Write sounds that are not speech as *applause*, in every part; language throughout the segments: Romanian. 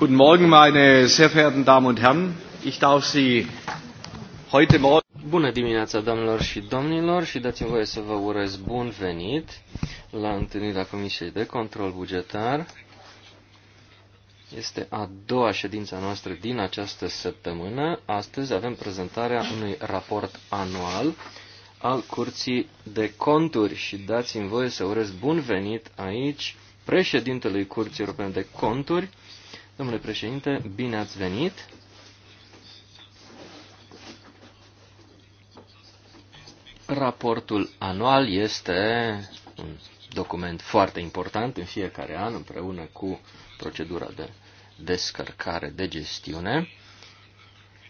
Guten Morgen, meine sehr verehrten Damen und Herren. Ich darf Sie heute Morgen. Bună dimineața, doamnelor și domnilor, și dați-mi voie să vă urez bun venit la întâlnirea Comisiei de Control Bugetar. Este a doua ședință noastră din această săptămână. Astăzi avem prezentarea unui raport anual al Curții de Conturi și dați-mi voie să urez bun venit aici președintelui Curții Europene de Conturi, Domnule președinte, bine ați venit. Raportul anual este un document foarte important în fiecare an, împreună cu procedura de descărcare de gestiune.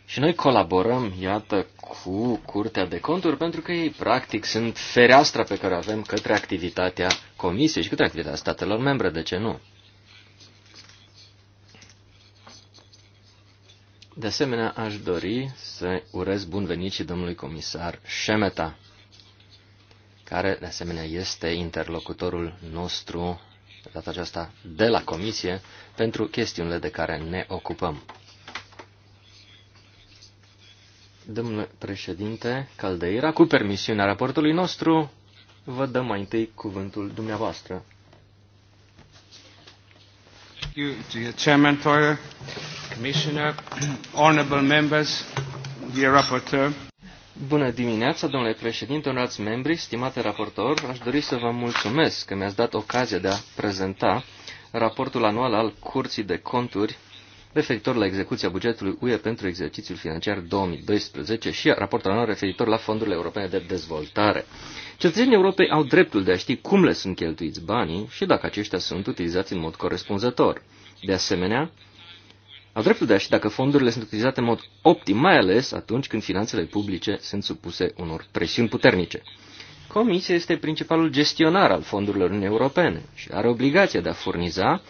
Și noi colaborăm, iată, cu Curtea de Conturi, pentru că ei, practic, sunt fereastra pe care o avem către activitatea Comisiei și către activitatea statelor membre, de ce nu? De asemenea, aș dori să urez bun venit și domnului comisar Șemeta, care, de asemenea, este interlocutorul nostru, de data aceasta, de la Comisie, pentru chestiunile de care ne ocupăm. Domnule președinte Caldeira, cu permisiunea raportului nostru, vă dăm mai întâi cuvântul dumneavoastră. You, dear Chairman Toyer, Commissioner, honorable members, dear rapporteur. Bună dimineața, domnule președinte, onorați membri, stimate raportor, aș dori să vă mulțumesc că mi-ați dat ocazia de a prezenta raportul anual al Curții de Conturi referitor la execuția bugetului UE pentru exercițiul financiar 2012 și raportul anual referitor la fondurile europene de dezvoltare. Cetățenii Europei au dreptul de a ști cum le sunt cheltuiți banii și dacă aceștia sunt utilizați în mod corespunzător. De asemenea, au dreptul de a ști dacă fondurile sunt utilizate în mod optim, mai ales atunci când finanțele publice sunt supuse unor presiuni puternice. Comisia este principalul gestionar al fondurilor în Europene și are obligația de a furniza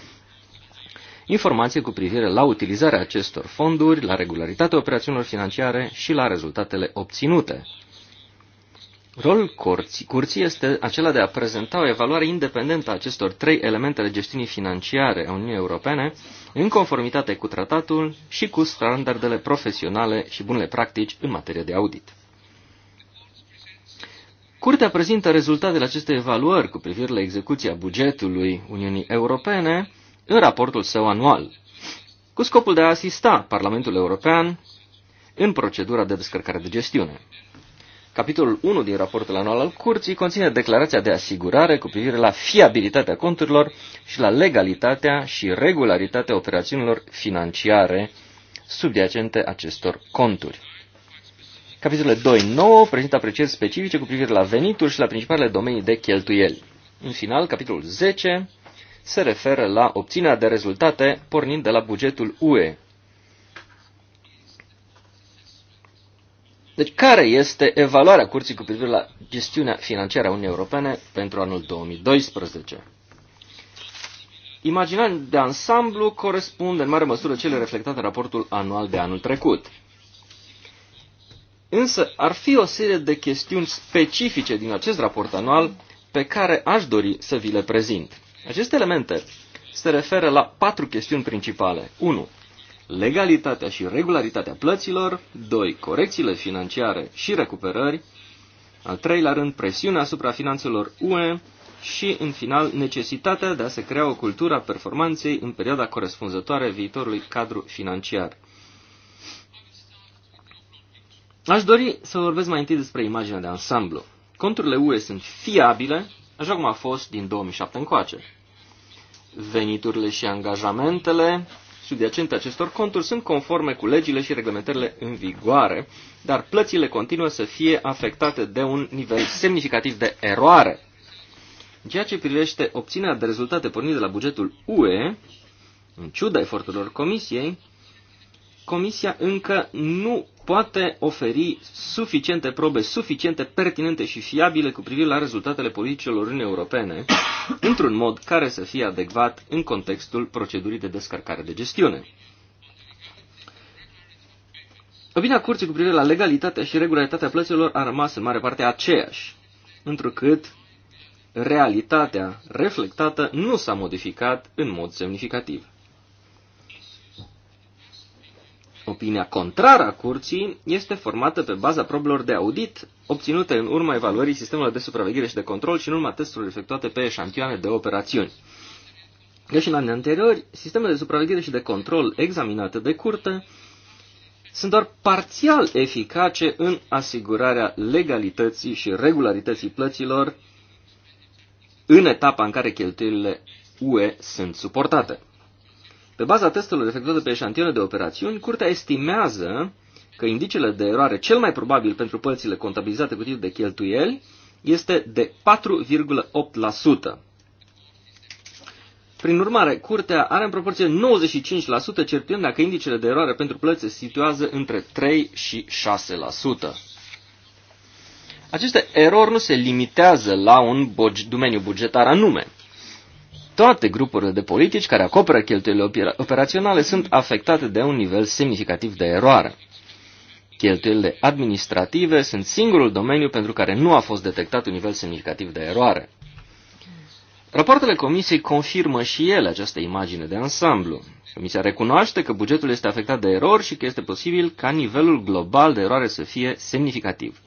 informații cu privire la utilizarea acestor fonduri, la regularitatea operațiunilor financiare și la rezultatele obținute. Rolul curții, curții este acela de a prezenta o evaluare independentă a acestor trei elemente ale gestiunii financiare a Uniunii Europene, în conformitate cu tratatul și cu standardele profesionale și bunele practici în materie de audit. Curtea prezintă rezultatele acestei evaluări cu privire la execuția bugetului Uniunii Europene în raportul său anual, cu scopul de a asista Parlamentul European în procedura de descărcare de gestiune. Capitolul 1 din raportul anual al curții conține declarația de asigurare cu privire la fiabilitatea conturilor și la legalitatea și regularitatea operațiunilor financiare subiacente acestor conturi. Capitolele 2.9 prezintă aprecieri specifice cu privire la venituri și la principalele domenii de cheltuieli. În final, capitolul 10 se referă la obținerea de rezultate pornind de la bugetul UE. Deci, care este evaluarea Curții cu privire la gestiunea financiară a Uniunii Europene pentru anul 2012? Imaginarea de ansamblu corespunde în mare măsură cele reflectate în raportul anual de anul trecut. Însă ar fi o serie de chestiuni specifice din acest raport anual pe care aș dori să vi le prezint. Aceste elemente se referă la patru chestiuni principale. 1. Legalitatea și regularitatea plăților. 2. Corecțiile financiare și recuperări. Al treilea rând, presiunea asupra finanțelor UE și, în final, necesitatea de a se crea o cultură a performanței în perioada corespunzătoare viitorului cadru financiar. Aș dori să vorbesc mai întâi despre imaginea de ansamblu. Conturile UE sunt fiabile așa cum a fost din 2007 încoace. Veniturile și angajamentele subiacente acestor conturi sunt conforme cu legile și reglementările în vigoare, dar plățile continuă să fie afectate de un nivel semnificativ de eroare. În ceea ce privește obținerea de rezultate pornite de la bugetul UE, în ciuda eforturilor Comisiei, Comisia încă nu poate oferi suficiente probe, suficiente, pertinente și fiabile cu privire la rezultatele politicilor în Europene, *coughs* într-un mod care să fie adecvat în contextul procedurii de descărcare de gestiune. Opinia curții cu privire la legalitatea și regularitatea plăților a rămas în mare parte aceeași, întrucât realitatea reflectată nu s-a modificat în mod semnificativ. Opinia contrară a curții este formată pe baza probelor de audit obținute în urma evaluării sistemelor de supraveghere și de control și în urma testurilor efectuate pe eșantioane de operațiuni. Deci, în anii anteriori, sistemele de supraveghere și de control examinate de curte sunt doar parțial eficace în asigurarea legalității și regularității plăților în etapa în care cheltuielile UE sunt suportate. Pe baza testelor efectuate pe eșantionul de operațiuni, curtea estimează că indicele de eroare cel mai probabil pentru părțile contabilizate cu titlul de cheltuieli este de 4,8%. Prin urmare, curtea are în proporție 95% certitudine dacă indicele de eroare pentru plăți se situează între 3 și 6%. Aceste erori nu se limitează la un domeniu bugetar anume toate grupurile de politici care acoperă cheltuielile operaționale sunt afectate de un nivel semnificativ de eroare. Cheltuielile administrative sunt singurul domeniu pentru care nu a fost detectat un nivel semnificativ de eroare. Rapoartele comisiei confirmă și ele această imagine de ansamblu. Comisia recunoaște că bugetul este afectat de erori și că este posibil ca nivelul global de eroare să fie semnificativ.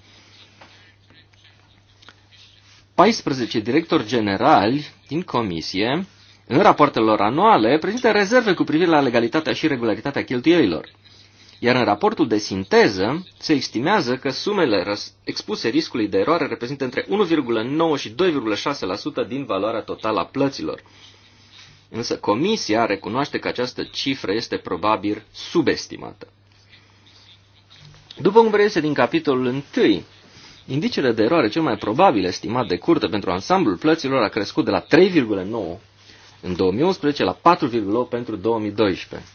14 directori generali din comisie, în rapoartele lor anuale, prezintă rezerve cu privire la legalitatea și regularitatea cheltuielilor. Iar în raportul de sinteză se estimează că sumele expuse riscului de eroare reprezintă între 1,9 și 2,6% din valoarea totală a plăților. Însă comisia recunoaște că această cifră este probabil subestimată. După cum reiese din capitolul 1, Indicele de eroare cel mai probabil estimat de curte pentru ansamblul plăților a crescut de la 3,9 în 2011 la 4,8 pentru 2012.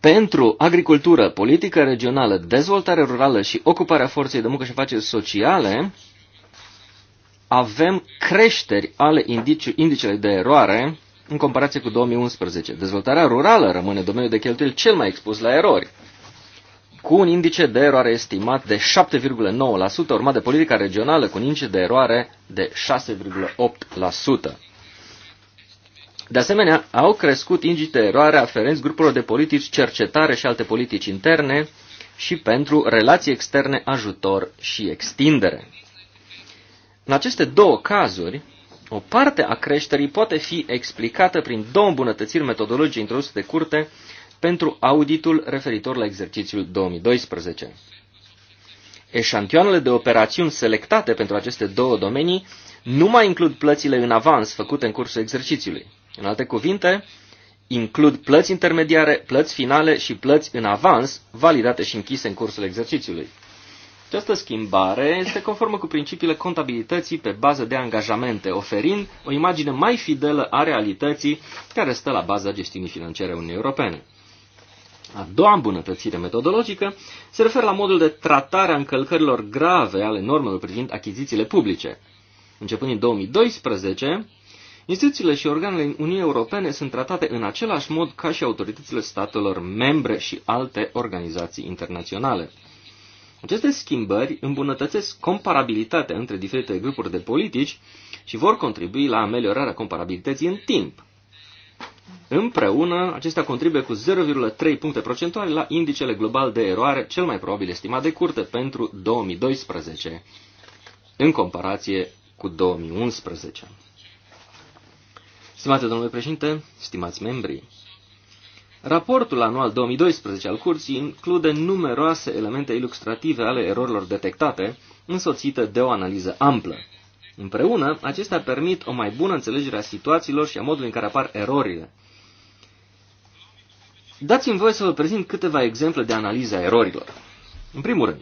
Pentru agricultură, politică regională, dezvoltare rurală și ocuparea forței de muncă și afaceri sociale, avem creșteri ale indicele de eroare în comparație cu 2011. Dezvoltarea rurală rămâne domeniul de cheltuieli cel mai expus la erori, cu un indice de eroare estimat de 7,9%, urmat de politica regională cu un indice de eroare de 6,8%. De asemenea, au crescut indicii de eroare aferenți grupurilor de politici cercetare și alte politici interne și pentru relații externe, ajutor și extindere. În aceste două cazuri, o parte a creșterii poate fi explicată prin două îmbunătățiri metodologice introduse de curte pentru auditul referitor la exercițiul 2012. Eșantioanele de operațiuni selectate pentru aceste două domenii nu mai includ plățile în avans făcute în cursul exercițiului. În alte cuvinte, includ plăți intermediare, plăți finale și plăți în avans validate și închise în cursul exercițiului. Această schimbare este conformă cu principiile contabilității pe bază de angajamente, oferind o imagine mai fidelă a realității care stă la baza gestiunii financiare a Uniunii Europene. A doua îmbunătățire metodologică se referă la modul de tratare a încălcărilor grave ale normelor privind achizițiile publice. Începând din 2012, instituțiile și organele Uniunii Europene sunt tratate în același mod ca și autoritățile statelor membre și alte organizații internaționale. Aceste schimbări îmbunătățesc comparabilitatea între diferite grupuri de politici și vor contribui la ameliorarea comparabilității în timp. Împreună, acestea contribuie cu 0,3 puncte procentuale la indicele global de eroare, cel mai probabil estimat de curte pentru 2012, în comparație cu 2011. Stimate domnule președinte, stimați membri, raportul anual 2012 al curții include numeroase elemente ilustrative ale erorilor detectate, însoțite de o analiză amplă. Împreună, acestea permit o mai bună înțelegere a situațiilor și a modului în care apar erorile. Dați-mi voie să vă prezint câteva exemple de analiză a erorilor. În primul rând,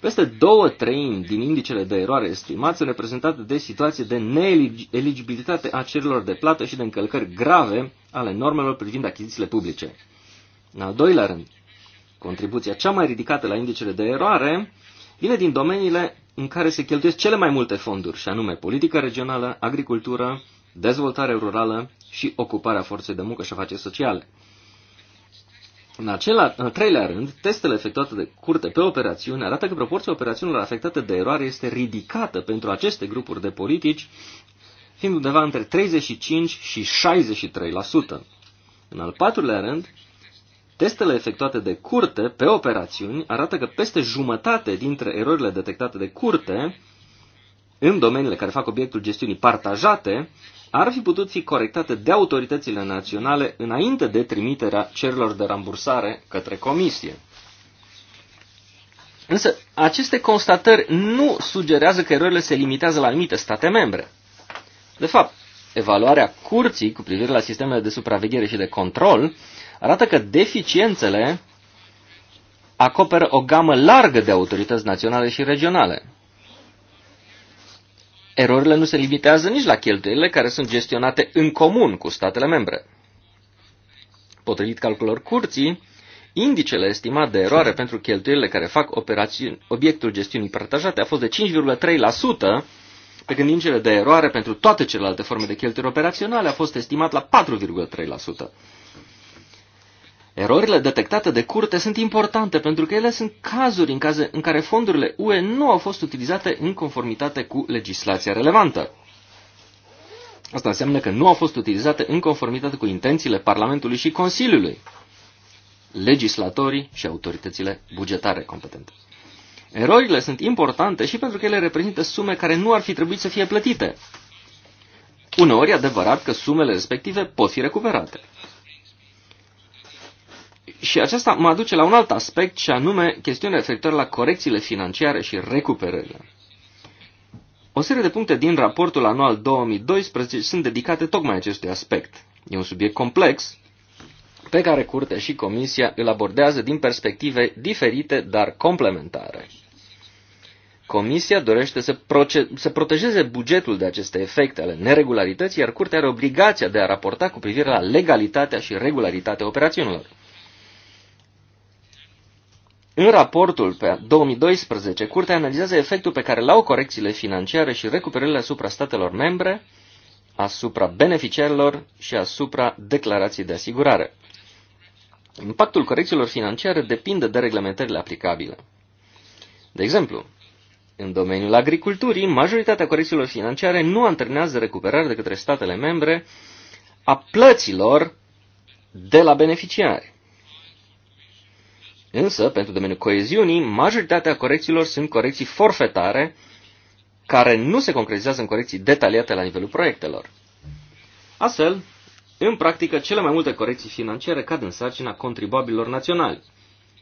peste două treimi din indicele de eroare estimat sunt reprezentate de situații de neeligibilitate a cererilor de plată și de încălcări grave ale normelor privind achizițiile publice. În al doilea rând, contribuția cea mai ridicată la indicele de eroare vine din domeniile în care se cheltuiesc cele mai multe fonduri, și anume politica regională, agricultură, dezvoltare rurală și ocuparea forței de muncă și afaceri sociale. În, acela, în treilea rând, testele efectuate de curte pe operațiune arată că proporția operațiunilor afectate de eroare este ridicată pentru aceste grupuri de politici, fiind undeva între 35 și 63%. În al patrulea rând, Testele efectuate de curte pe operațiuni arată că peste jumătate dintre erorile detectate de curte în domeniile care fac obiectul gestiunii partajate ar fi putut fi corectate de autoritățile naționale înainte de trimiterea cererilor de rambursare către comisie. Însă, aceste constatări nu sugerează că erorile se limitează la anumite state membre. De fapt, evaluarea curții cu privire la sistemele de supraveghere și de control arată că deficiențele acoperă o gamă largă de autorități naționale și regionale. Erorile nu se limitează nici la cheltuielile care sunt gestionate în comun cu statele membre. Potrivit calculor curții, indicele estimat de eroare pentru cheltuielile care fac obiectul gestiunii partajate a fost de 5,3%, pe când indicele de eroare pentru toate celelalte forme de cheltuieli operaționale a fost estimat la 4,3%. Erorile detectate de curte sunt importante pentru că ele sunt cazuri în, caze în care fondurile UE nu au fost utilizate în conformitate cu legislația relevantă. Asta înseamnă că nu au fost utilizate în conformitate cu intențiile Parlamentului și Consiliului, legislatorii și autoritățile bugetare competente. Erorile sunt importante și pentru că ele reprezintă sume care nu ar fi trebuit să fie plătite. Uneori e adevărat că sumele respective pot fi recuperate. Și aceasta mă aduce la un alt aspect, și anume chestiunea referitoare la corecțiile financiare și recuperările. O serie de puncte din raportul anual 2012 sunt dedicate tocmai acestui aspect. E un subiect complex pe care Curtea și Comisia îl abordează din perspective diferite, dar complementare. Comisia dorește să, proce- să protejeze bugetul de aceste efecte ale neregularității, iar Curtea are obligația de a raporta cu privire la legalitatea și regularitatea operațiunilor. În raportul pe 2012, Curtea analizează efectul pe care l-au corecțiile financiare și recuperările asupra statelor membre, asupra beneficiarilor și asupra declarației de asigurare. Impactul corecțiilor financiare depinde de reglementările aplicabile. De exemplu, în domeniul agriculturii, majoritatea corecțiilor financiare nu antrenează recuperare de către statele membre a plăților de la beneficiari. Însă, pentru domeniul coeziunii, majoritatea corecțiilor sunt corecții forfetare, care nu se concretizează în corecții detaliate la nivelul proiectelor. Astfel, în practică, cele mai multe corecții financiare cad în sarcina contribuabililor naționali.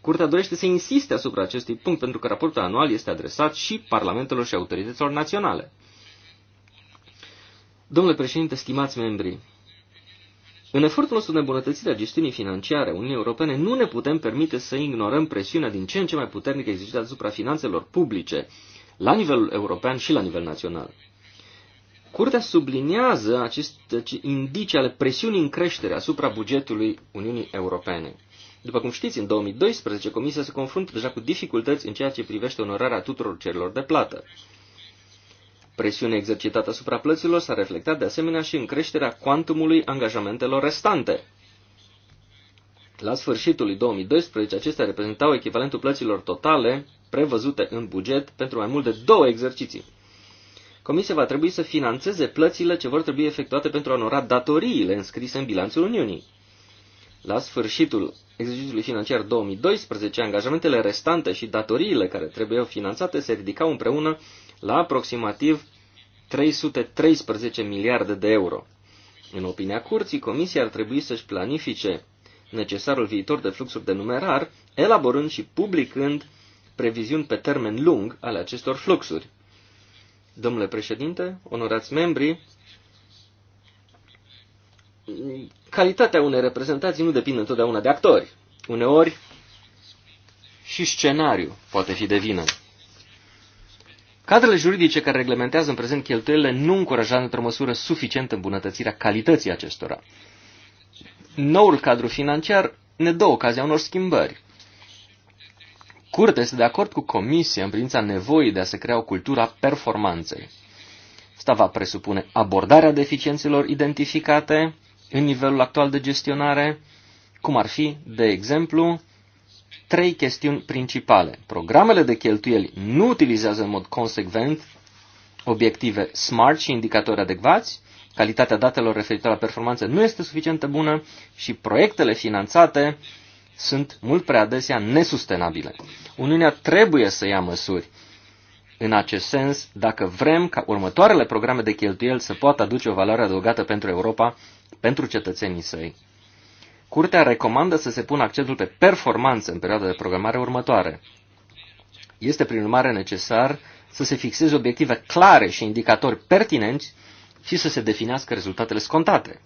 Curtea dorește să insiste asupra acestui punct pentru că raportul anual este adresat și parlamentelor și autorităților naționale. Domnule președinte, stimați membri, în efortul nostru de îmbunătățire a gestiunii financiare a Uniunii Europene, nu ne putem permite să ignorăm presiunea din ce în ce mai puternică exercitată asupra finanțelor publice, la nivel european și la nivel național. Curtea subliniază aceste indicii ale presiunii în creștere asupra bugetului Uniunii Europene. După cum știți, în 2012 Comisia se confruntă deja cu dificultăți în ceea ce privește onorarea tuturor cererilor de plată. Presiunea exercitată asupra plăților s-a reflectat de asemenea și în creșterea cuantumului angajamentelor restante. La sfârșitul lui 2012, acestea reprezentau echivalentul plăților totale prevăzute în buget pentru mai mult de două exerciții. Comisia va trebui să financeze plățile ce vor trebui efectuate pentru a onora datoriile înscrise în bilanțul Uniunii. La sfârșitul exercițiului financiar 2012, angajamentele restante și datoriile care trebuiau finanțate se ridicau împreună la aproximativ 313 miliarde de euro. În opinia curții, Comisia ar trebui să-și planifice necesarul viitor de fluxuri de numerar, elaborând și publicând previziuni pe termen lung ale acestor fluxuri. Domnule președinte, onorați membri, calitatea unei reprezentații nu depinde întotdeauna de actori. Uneori și scenariu poate fi de vină. Cadrele juridice care reglementează în prezent cheltuielile nu încurajează într-o măsură suficientă îmbunătățirea calității acestora. Noul cadru financiar ne dă ocazia unor schimbări. Curtea este de acord cu Comisia în privința nevoii de a se crea o cultură a performanței. Asta va presupune abordarea deficiențelor identificate în nivelul actual de gestionare, cum ar fi, de exemplu, trei chestiuni principale. Programele de cheltuieli nu utilizează în mod consecvent obiective smart și indicatori adecvați, calitatea datelor referitoare la performanță nu este suficient de bună și proiectele finanțate sunt mult prea adesea nesustenabile. Uniunea trebuie să ia măsuri în acest sens dacă vrem ca următoarele programe de cheltuieli să poată aduce o valoare adăugată pentru Europa, pentru cetățenii săi Curtea recomandă să se pună accentul pe performanță în perioada de programare următoare. Este prin urmare necesar să se fixeze obiective clare și indicatori pertinenți și să se definească rezultatele scontate.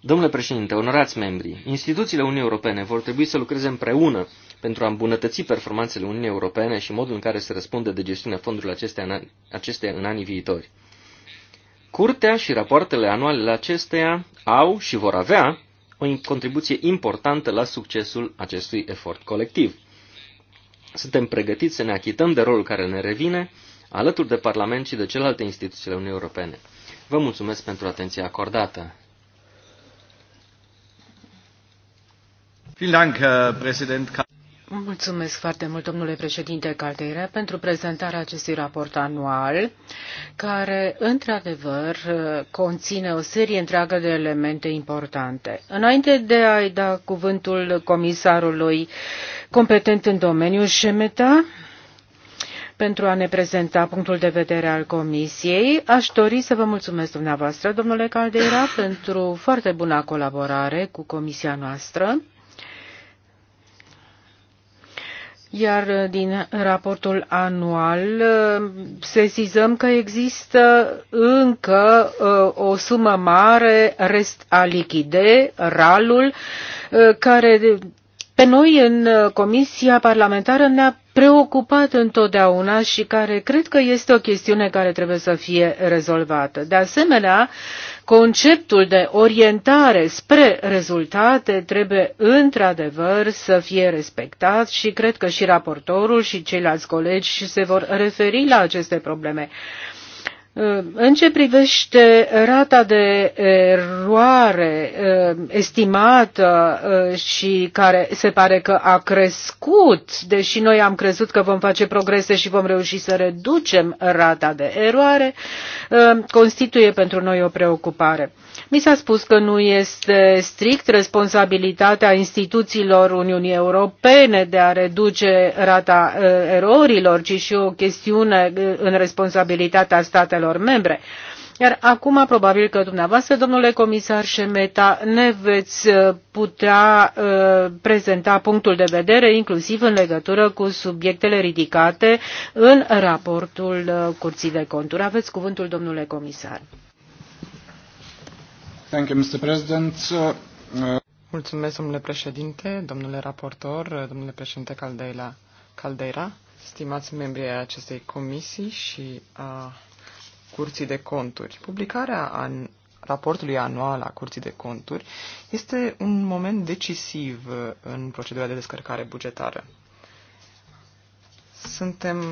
Domnule președinte, onorați membri, instituțiile Uniunii Europene vor trebui să lucreze împreună pentru a îmbunătăți performanțele Uniunii Europene și modul în care se răspunde de gestiunea fondurilor acestea în, an, acestea în anii viitori. Curtea și rapoartele anuale la acesteia au și vor avea o contribuție importantă la succesul acestui efort colectiv. Suntem pregătiți să ne achităm de rolul care ne revine, alături de Parlament și de celelalte instituții Uniunii Europene. Vă mulțumesc pentru atenția acordată. Vielen Dank, Herr Präsident. Mulțumesc foarte mult, domnule președinte Caldeira, pentru prezentarea acestui raport anual, care, într-adevăr, conține o serie întreagă de elemente importante. Înainte de a-i da cuvântul comisarului competent în domeniu, Șemeta, pentru a ne prezenta punctul de vedere al Comisiei. Aș dori să vă mulțumesc dumneavoastră, domnule Caldeira, pentru foarte bună colaborare cu Comisia noastră. Iar din raportul anual uh, sesizăm că există încă uh, o sumă mare rest a lichide, ralul, uh, care pe noi în Comisia Parlamentară ne-a preocupat întotdeauna și care cred că este o chestiune care trebuie să fie rezolvată. De asemenea, conceptul de orientare spre rezultate trebuie într-adevăr să fie respectat și cred că și raportorul și ceilalți colegi se vor referi la aceste probleme. Uh, Uh, în ce privește rata de eroare uh, estimată uh, și care se pare că a crescut, deși noi am crezut că vom face progrese și vom reuși să reducem rata de eroare, constituie pentru noi o preocupare. Mi s-a spus că nu este strict responsabilitatea instituțiilor Uniunii Europene de a reduce rata uh, erorilor, ci și o chestiune uh, în responsabilitatea statelor membre. Iar acum, probabil că dumneavoastră, domnule comisar Șemeta, ne veți uh, putea uh, prezenta punctul de vedere, inclusiv în legătură cu subiectele ridicate în raportul uh, Curții de Conturi. Aveți cuvântul, domnule comisar. Thank you, Mr. President. Uh, uh, Mulțumesc, domnule președinte, domnule raportor, domnule președinte Caldeira, Caldeira stimați membri ai acestei comisii și a uh, Curții de Conturi. Publicarea an raportului anual a Curții de Conturi este un moment decisiv în procedura de descărcare bugetară. Suntem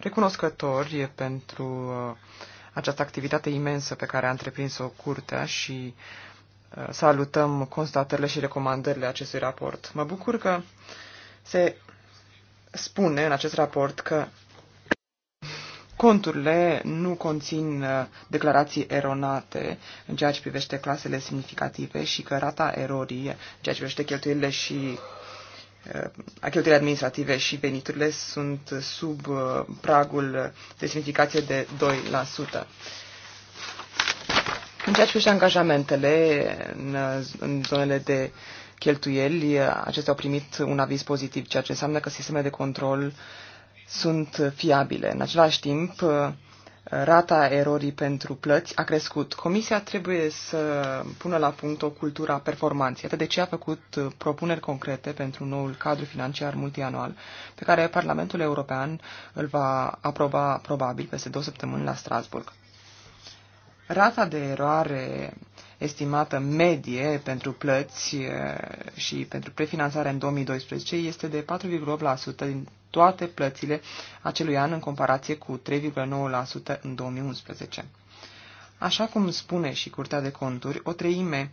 recunoscători pentru uh, această activitate imensă pe care a întreprins-o curtea și uh, salutăm constatările și recomandările acestui raport. Mă bucur că se spune în acest raport că conturile nu conțin uh, declarații eronate în ceea ce privește clasele semnificative și că rata erorii în ceea ce privește cheltuielile și Eh, a cheltuielile administrative și veniturile sunt sub eh, pragul de semnificație de 2%. În ceea ce privește angajamentele în, în zonele de cheltuieli, acestea au primit un aviz pozitiv, ceea ce înseamnă că sistemele de control sunt fiabile. În același timp, rata erorii pentru plăți a crescut. Comisia trebuie să pună la punct o cultură a performanței. de ce a făcut propuneri concrete pentru noul cadru financiar multianual, pe care Parlamentul European îl va aproba probabil peste două săptămâni la Strasburg. Rata de eroare estimată medie pentru plăți eh, și pentru prefinanțare în 2012 este de 4,8% din toate plățile acelui an în comparație cu 3,9% în 2011. Așa cum spune și Curtea de Conturi, o treime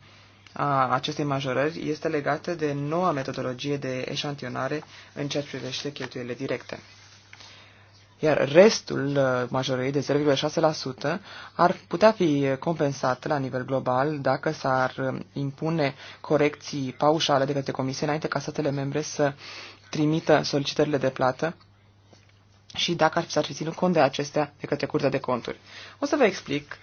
a acestei majorări este legată de noua metodologie de eșantionare în ceea ce privește cheltuielile directe iar restul uh, majorării de 0,6% ar putea fi compensat la nivel global dacă s-ar um, impune corecții paușale de către Comisie înainte ca statele membre să trimită solicitările de plată și dacă ar fi, s-ar fi ținut cont de acestea de către Curtea de Conturi. O să vă explic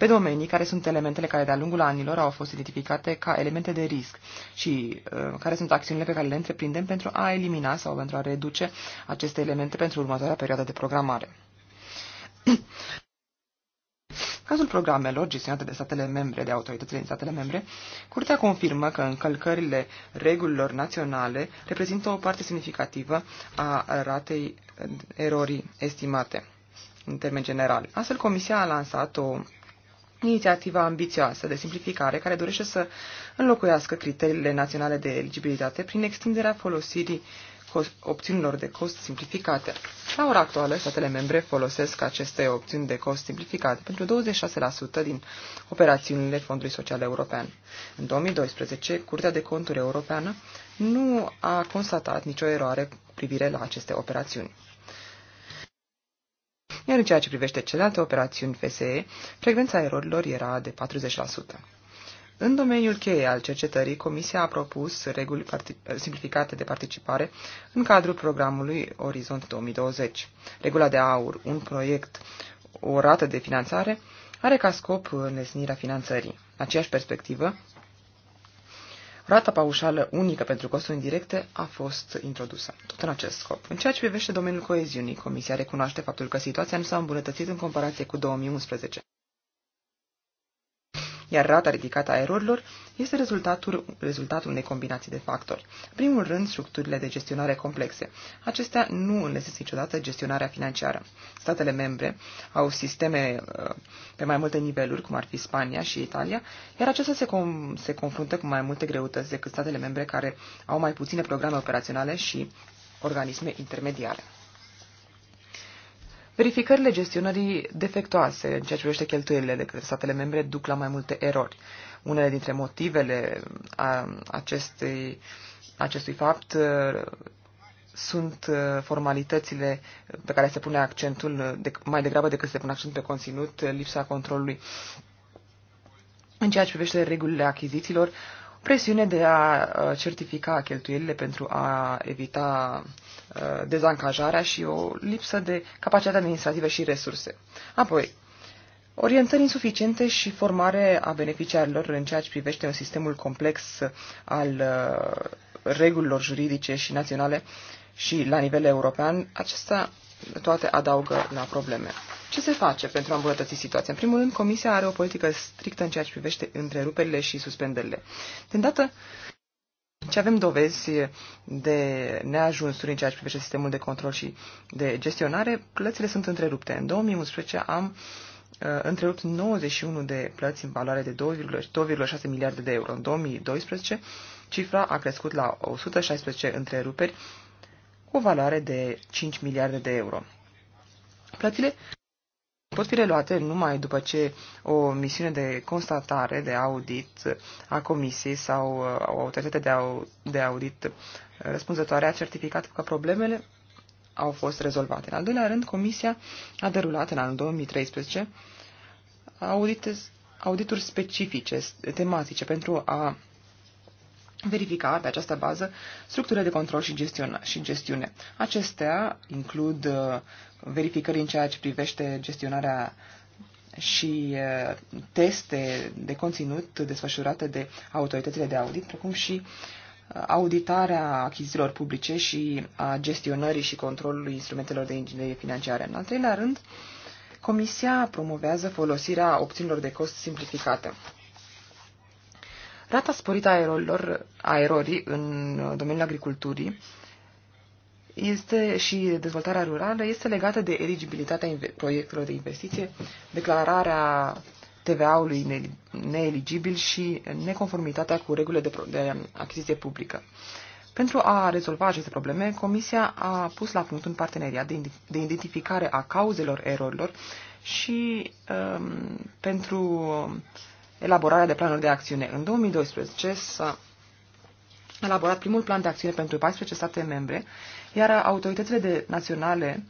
pe domenii care sunt elementele care de-a lungul anilor au fost identificate ca elemente de risc și uh, care sunt acțiunile pe care le întreprindem pentru a elimina sau pentru a reduce aceste elemente pentru următoarea perioadă de programare. *clears throat* cazul programelor gestionate de statele membre, de autoritățile din statele membre, Curtea confirmă că încălcările regulilor naționale reprezintă o parte semnificativă a ratei erorii estimate în termen general. Astfel, Comisia a lansat o inițiativa ambițioasă de simplificare care dorește să înlocuiască criteriile naționale de eligibilitate prin extinderea folosirii opțiunilor de cost simplificate. La ora actuală, statele membre folosesc aceste opțiuni de cost simplificate pentru 26% din operațiunile Fondului Social European. În 2012, Curtea de Conturi Europeană nu a constatat nicio eroare cu privire la aceste operațiuni iar în ceea ce privește celelalte operațiuni FSE, frecvența erorilor era de 40%. În domeniul cheie al cercetării, Comisia a propus reguli simplificate de participare în cadrul programului Orizont 2020. Regula de aur, un proiect, o rată de finanțare, are ca scop înlesnirea finanțării. În aceeași perspectivă, rata paușală unică pentru costuri indirecte a fost introdusă, tot în acest scop. În ceea ce privește domeniul coeziunii, Comisia recunoaște faptul că situația nu s-a îmbunătățit în comparație cu 2011 iar rata ridicată a erorilor este rezultatul, rezultatul unei combinații de factori. În primul rând, structurile de gestionare complexe. Acestea nu înlesesc niciodată gestionarea financiară. Statele membre au sisteme uh, pe mai multe niveluri, cum ar fi Spania și Italia, iar acestea se, com- se confruntă cu mai multe greutăți decât statele membre care au mai puține programe operaționale și organisme intermediare. Verificările gestionării defectoase în ceea ce privește cheltuielile de către statele membre duc la mai multe erori. Unele dintre motivele a acestei, acestui fapt sunt formalitățile pe care se pune accentul de, mai degrabă decât se pune accent pe conținut, lipsa controlului. În ceea ce privește regulile achizițiilor, presiune de a uh, certifica cheltuielile pentru a evita uh, dezancajarea și o lipsă de capacitate administrativă și resurse. Apoi, orientări insuficiente și formare a beneficiarilor în ceea ce privește un sistemul complex al uh, regulilor juridice și naționale și la nivel european, acestea toate adaugă la probleme. Ce se face pentru a îmbunătăți situația? În primul rând, Comisia are o politică strictă în ceea ce privește întreruperile și suspendările. De îndată ce avem dovezi de neajunsuri în ceea ce privește sistemul de control și de gestionare, plățile sunt întrerupte. În 2011 am uh, întrerupt 91 de plăți în valoare de 2,6 miliarde de euro. În 2012 cifra a crescut la 116 întreruperi cu o valoare de 5 miliarde de euro. Plățile pot fi reluate numai după ce o misiune de constatare, de audit a comisiei sau uh, o autoritate de, au, de audit răspunzătoare a certificat că problemele au fost rezolvate. În al doilea rând, comisia a derulat în anul 2013 audite, audituri specifice, tematice, pentru a verifica pe această bază structurile de control și, gestion- și gestiune. Acestea includ uh, verificări în ceea ce privește gestionarea și uh, teste de conținut desfășurate de autoritățile de audit, precum și uh, auditarea achizițiilor publice și a gestionării și controlului instrumentelor de inginerie financiare. În al treilea rând, Comisia promovează folosirea opțiunilor de cost simplificate. Rata sporită a erorilor, a erorii în domeniul agriculturii este și dezvoltarea rurală este legată de eligibilitatea proiectelor de investiție, declararea TVA-ului neeligibil și neconformitatea cu regulile de, de achiziție publică. Pentru a rezolva aceste probleme, Comisia a pus la punct un parteneriat de identificare a cauzelor erorilor și um, pentru elaborarea de planuri de acțiune. În 2012 s-a elaborat primul plan de acțiune pentru 14 state membre, iar autoritățile de naționale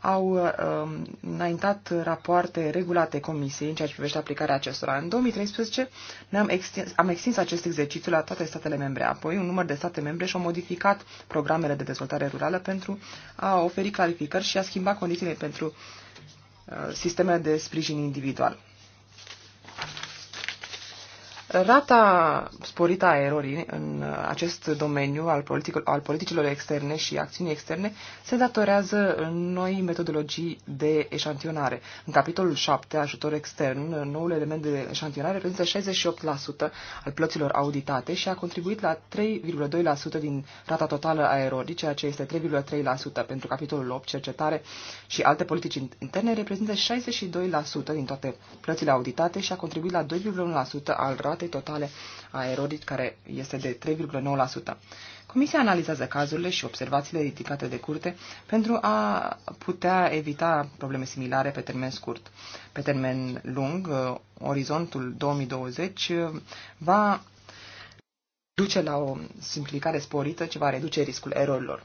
au um, înaintat rapoarte regulate Comisiei în ceea ce privește aplicarea acestora. În 2013 ne-am extins, am extins acest exercițiu la toate statele membre. Apoi, un număr de state membre și-au modificat programele de dezvoltare rurală pentru a oferi clarificări și a schimba condițiile pentru uh, sistemele de sprijin individual. Rata sporită a erorii în acest domeniu al, politic- al politicilor externe și acțiunii externe se datorează în noi metodologii de eșantionare. În capitolul 7, ajutor extern, noul element de eșantionare reprezintă 68% al plăților auditate și a contribuit la 3,2% din rata totală a erorii, ceea ce este 3,3% pentru capitolul 8, cercetare și alte politici interne, reprezintă 62% din toate plățile auditate și a contribuit la 2,1% al ratei ratei totale a erorii, care este de 3,9%. Comisia analizează cazurile și observațiile ridicate de curte pentru a putea evita probleme similare pe termen scurt. Pe termen lung, uh, orizontul 2020 uh, va duce la o simplificare sporită ce va reduce riscul erorilor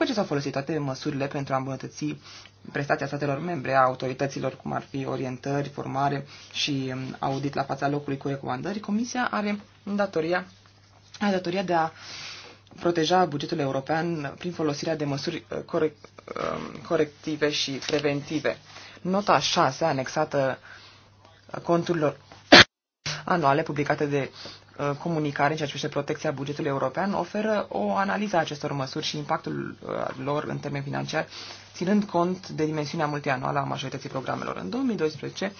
după ce s-au folosit toate măsurile pentru a îmbunătăți prestația statelor membre, a autorităților, cum ar fi orientări, formare și um, audit la fața locului cu recomandări, Comisia are datoria, are datoria de a proteja bugetul european prin folosirea de măsuri uh, core, um, corective și preventive. Nota 6, anexată conturilor anuale publicate de Uh, comunicare în ceea ce privește protecția bugetului european oferă o analiză a acestor măsuri și impactul uh, lor în termeni financiari, ținând cont de dimensiunea multianuală a majorității programelor. În 2012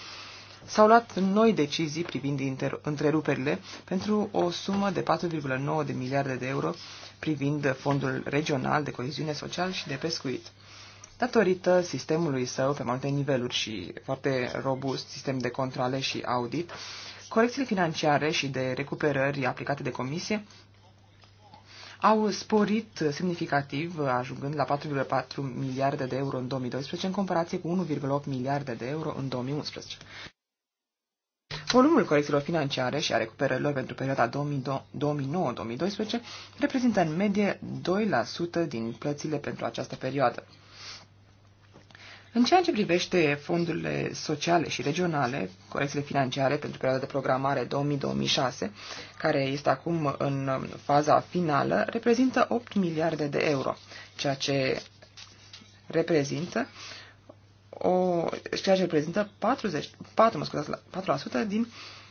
s-au luat noi decizii privind întreruperile pentru o sumă de 4,9 de miliarde de euro privind fondul regional de coeziune social și de pescuit. Datorită sistemului său pe multe niveluri și foarte robust sistem de controle și audit, Corecțiile financiare și de recuperări aplicate de comisie au sporit semnificativ, ajungând la 4,4 miliarde de euro în 2012, în comparație cu 1,8 miliarde de euro în 2011. Volumul corecțiilor financiare și a recuperărilor pentru perioada 2009-2012 reprezintă în medie 2% din plățile pentru această perioadă. În ceea ce privește fondurile sociale și regionale, corecțiile financiare pentru perioada de programare 2000-2006, care este acum în faza finală, reprezintă 8 miliarde de euro, ceea ce reprezintă o, ceea ce reprezintă 40, 4, mă scuzați, 4% din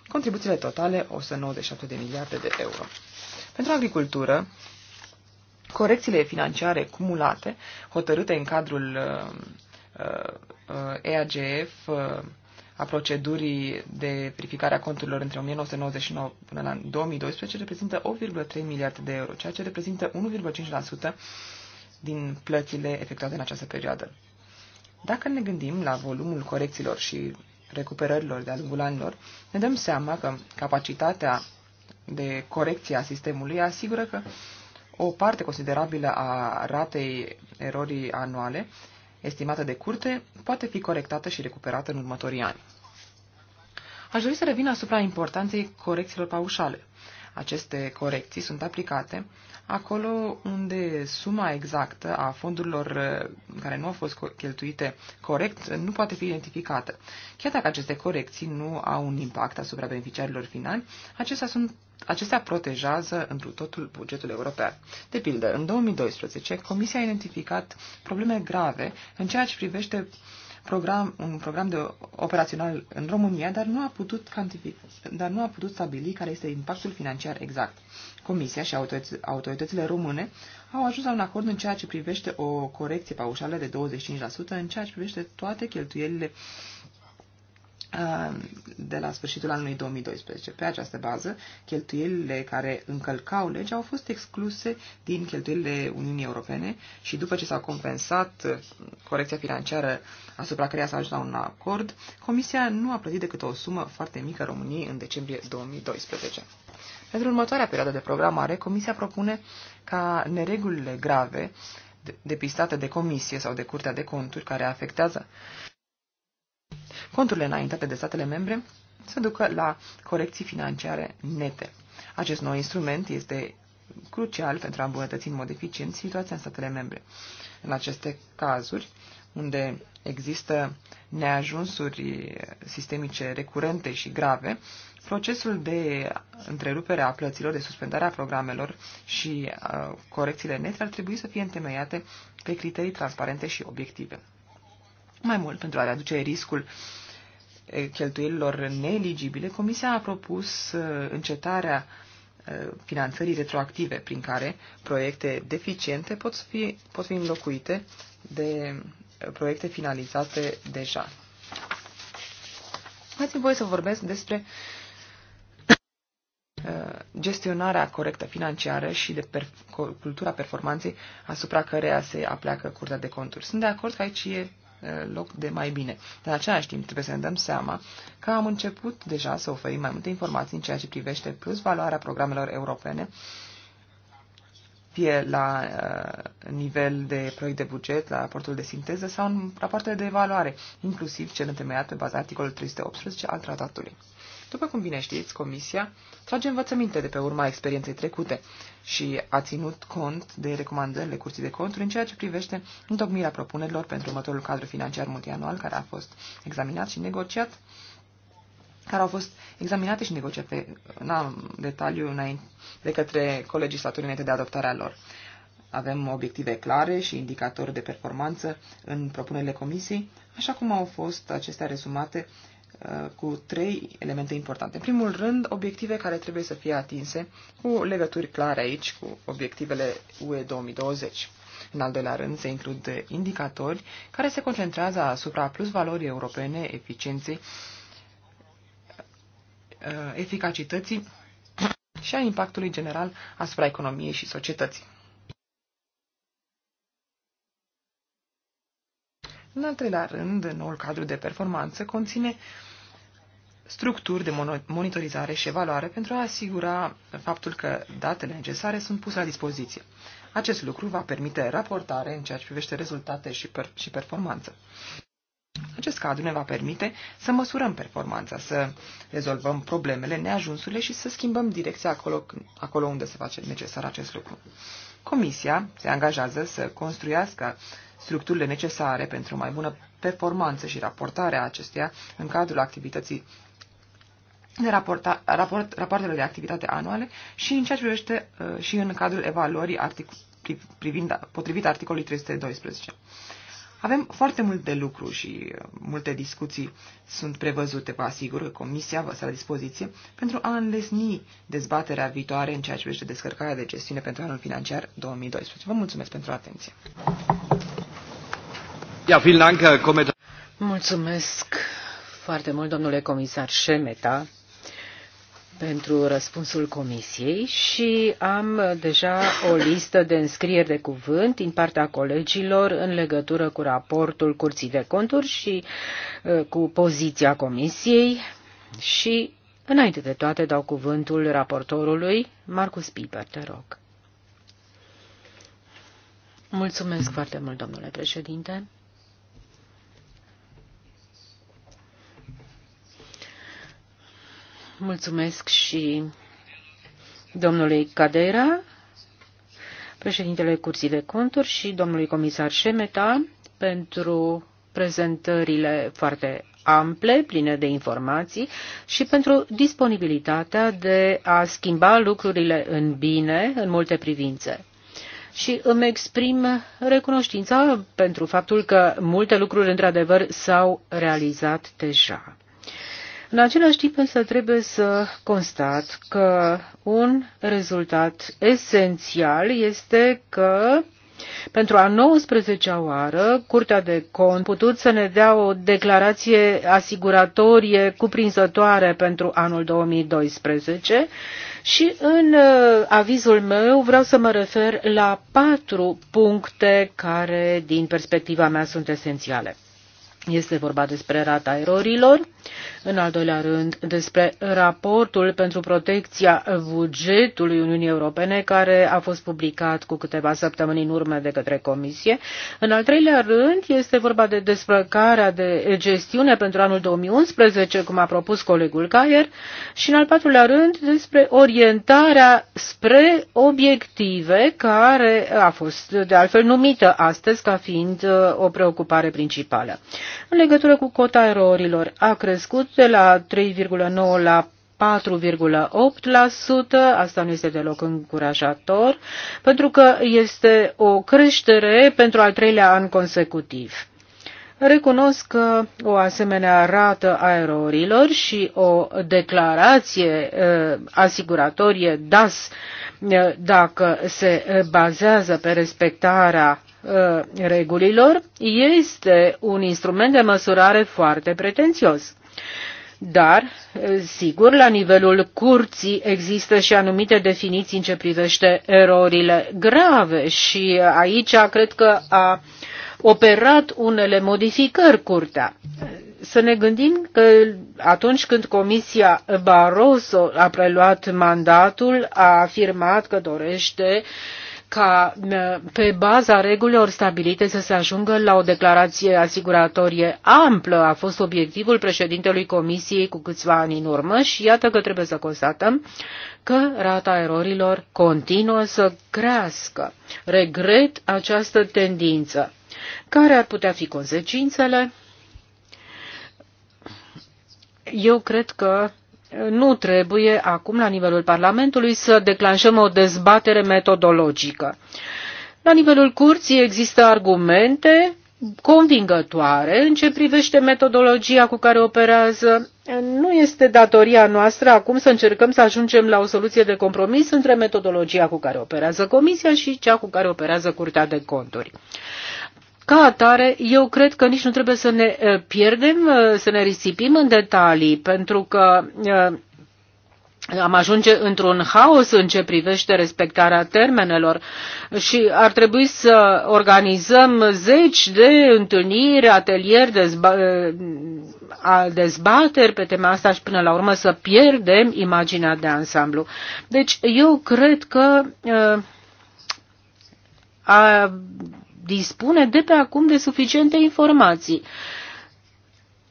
contribuțiile totale, 197 de miliarde de euro. Pentru agricultură, corecțiile financiare cumulate, hotărâte în cadrul uh, Uh, EAGF uh, a procedurii de verificare a conturilor între 1999 până la 2012 reprezintă 8,3 miliarde de euro, ceea ce reprezintă 1,5% din plățile efectuate în această perioadă. Dacă ne gândim la volumul corecțiilor și recuperărilor de-a lungul anilor, ne dăm seama că capacitatea de corecție a sistemului asigură că o parte considerabilă a ratei erorii anuale estimată de curte poate fi corectată și recuperată în următorii ani. Aș dori să revin asupra importanței corecțiilor paușale. Aceste corecții sunt aplicate acolo unde suma exactă a fondurilor uh, care nu au fost cheltuite corect uh, nu poate fi identificată. Chiar dacă aceste corecții nu au un impact asupra beneficiarilor finali, acestea sunt Acestea protejează întru totul bugetul european. De pildă, în 2012, Comisia a identificat probleme grave în ceea ce privește program, un program de operațional în România, dar nu, a putut dar nu a putut stabili care este impactul financiar exact. Comisia și autoritățile române au ajuns la un acord în ceea ce privește o corecție paușală de 25% în ceea ce privește toate cheltuielile uh, Uh, de la sfârșitul anului 2012. Pe această bază, cheltuielile care încălcau legea au fost excluse din cheltuielile Uniunii Europene și după ce s-a compensat uh, corecția financiară asupra căreia s-a ajuns la un acord, Comisia nu a plătit decât o sumă foarte mică României în decembrie 2012. Pentru următoarea perioadă de programare, Comisia propune ca neregulile grave depistate de comisie sau de curtea de conturi care afectează conturile înaintate de statele membre să ducă la corecții financiare nete. Acest nou instrument este crucial pentru a îmbunătăți în mod eficient situația în statele membre. În aceste cazuri, unde există neajunsuri sistemice recurente și grave, procesul de întrerupere a plăților, de suspendare a programelor și uh, corecțiile nete ar trebui să fie întemeiate pe criterii transparente și obiective. Mai mult, pentru a reduce riscul cheltuielilor neeligibile, Comisia a propus încetarea finanțării retroactive, prin care proiecte deficiente pot fi, pot fi înlocuite de proiecte finalizate deja. Ați voie să vorbesc despre gestionarea corectă financiară și de per- cultura performanței asupra căreia se apleacă Curtea de Conturi. Sunt de acord că aici e Eh, loc de mai bine. Dar în același timp trebuie să ne dăm seama că am început deja să oferim mai multe informații în ceea ce privește plus valoarea programelor europene, fie la eh, nivel de proiect de buget, la raportul de sinteză sau în rapoartele de evaluare, inclusiv cel întemeiat pe baza articolului 318 al tratatului. După cum bine știți, Comisia trage învățăminte de pe urma experienței trecute și a ținut cont de recomandările Curții de Conturi în ceea ce privește întocmirea propunerilor pentru următorul cadru financiar multianual care a fost examinat și negociat care au fost examinate și negociate în detaliu înainte, de către statului înainte de adoptarea lor. Avem obiective clare și indicatori de performanță în propunerile comisiei, așa cum au fost acestea rezumate Uh, cu trei elemente importante. În primul rând, obiective care trebuie să fie atinse, cu legături clare aici cu obiectivele UE 2020. În al doilea rând, se includ indicatori care se concentrează asupra plus valorii europene, eficienței, uh, eficacității și a impactului general asupra economiei și societății. În al treilea rând, noul cadru de performanță conține structuri de monitorizare și evaluare pentru a asigura faptul că datele necesare sunt puse la dispoziție. Acest lucru va permite raportare în ceea ce privește rezultate și, per- și performanță. Acest cadru ne va permite să măsurăm performanța, să rezolvăm problemele, neajunsurile și să schimbăm direcția acolo, acolo unde se face necesar acest lucru. Comisia se angajează să construiască structurile necesare pentru mai bună performanță și raportarea acesteia în cadrul activității de raporta, raport, rapoartele de activitate anuale și în ceea ce privește uh, și în cadrul evaluării artic, privind, potrivit articolului 312. Avem foarte mult de lucru și uh, multe discuții sunt prevăzute, vă asigur că Comisia vă stă la dispoziție pentru a înlesni dezbaterea viitoare în ceea ce privește descărcarea de gestiune pentru anul financiar 2012. Vă mulțumesc pentru atenție. Ja, vielen Dank, Herr Mulțumesc foarte mult, domnule comisar Șemeta pentru răspunsul comisiei și am deja o listă de înscrieri de cuvânt din partea colegilor în legătură cu raportul Curții de Conturi și uh, cu poziția comisiei și înainte de toate dau cuvântul raportorului Marcus Piper, te rog. Mulțumesc foarte mult, domnule președinte. Mulțumesc și domnului Cadera, președintele Curții de Conturi și domnului comisar Șemeta pentru prezentările foarte ample, pline de informații și pentru disponibilitatea de a schimba lucrurile în bine în multe privințe. Și îmi exprim recunoștința pentru faptul că multe lucruri într-adevăr s-au realizat deja. În același timp însă trebuie să constat că un rezultat esențial este că pentru a 19-a oară, Curtea de Cont a putut să ne dea o declarație asiguratorie cuprinzătoare pentru anul 2012 și în uh, avizul meu vreau să mă refer la patru puncte care, din perspectiva mea, sunt esențiale. Este vorba despre rata erorilor, în al doilea rând, despre raportul pentru protecția bugetului Uniunii Europene, care a fost publicat cu câteva săptămâni în urmă de către Comisie. În al treilea rând, este vorba de desfăcarea de gestiune pentru anul 2011, cum a propus colegul Caier, și în al patrulea rând, despre orientarea spre obiective, care a fost de altfel numită astăzi ca fiind uh, o preocupare principală. În legătură cu cota erorilor, a crescut de la 3,9 la 4,8%, asta nu este deloc încurajator, pentru că este o creștere pentru al treilea an consecutiv. Recunosc că o asemenea rată a erorilor și o declarație eh, asiguratorie DAS, eh, dacă se bazează pe respectarea eh, regulilor, este un instrument de măsurare foarte pretențios. Dar, sigur, la nivelul curții există și anumite definiții în ce privește erorile grave și aici cred că a operat unele modificări curtea. Să ne gândim că atunci când Comisia Barroso a preluat mandatul, a afirmat că dorește ca pe baza regulilor stabilite să se ajungă la o declarație asiguratorie amplă a fost obiectivul președintelui Comisiei cu câțiva ani în urmă și iată că trebuie să constatăm că rata erorilor continuă să crească. Regret această tendință. Care ar putea fi consecințele? Eu cred că nu trebuie acum la nivelul Parlamentului să declanșăm o dezbatere metodologică. La nivelul curții există argumente convingătoare în ce privește metodologia cu care operează. Nu este datoria noastră acum să încercăm să ajungem la o soluție de compromis între metodologia cu care operează Comisia și cea cu care operează Curtea de Conturi. Ca atare, eu cred că nici nu trebuie să ne eh, pierdem, eh, să ne risipim în detalii, pentru că eh, am ajunge într-un haos în ce privește respectarea termenelor și ar trebui să organizăm zeci de întâlniri, atelieri, dezba dezbateri pe tema asta și până la urmă să pierdem imaginea de ansamblu. Deci eu cred că a, dispune de pe acum de suficiente informații.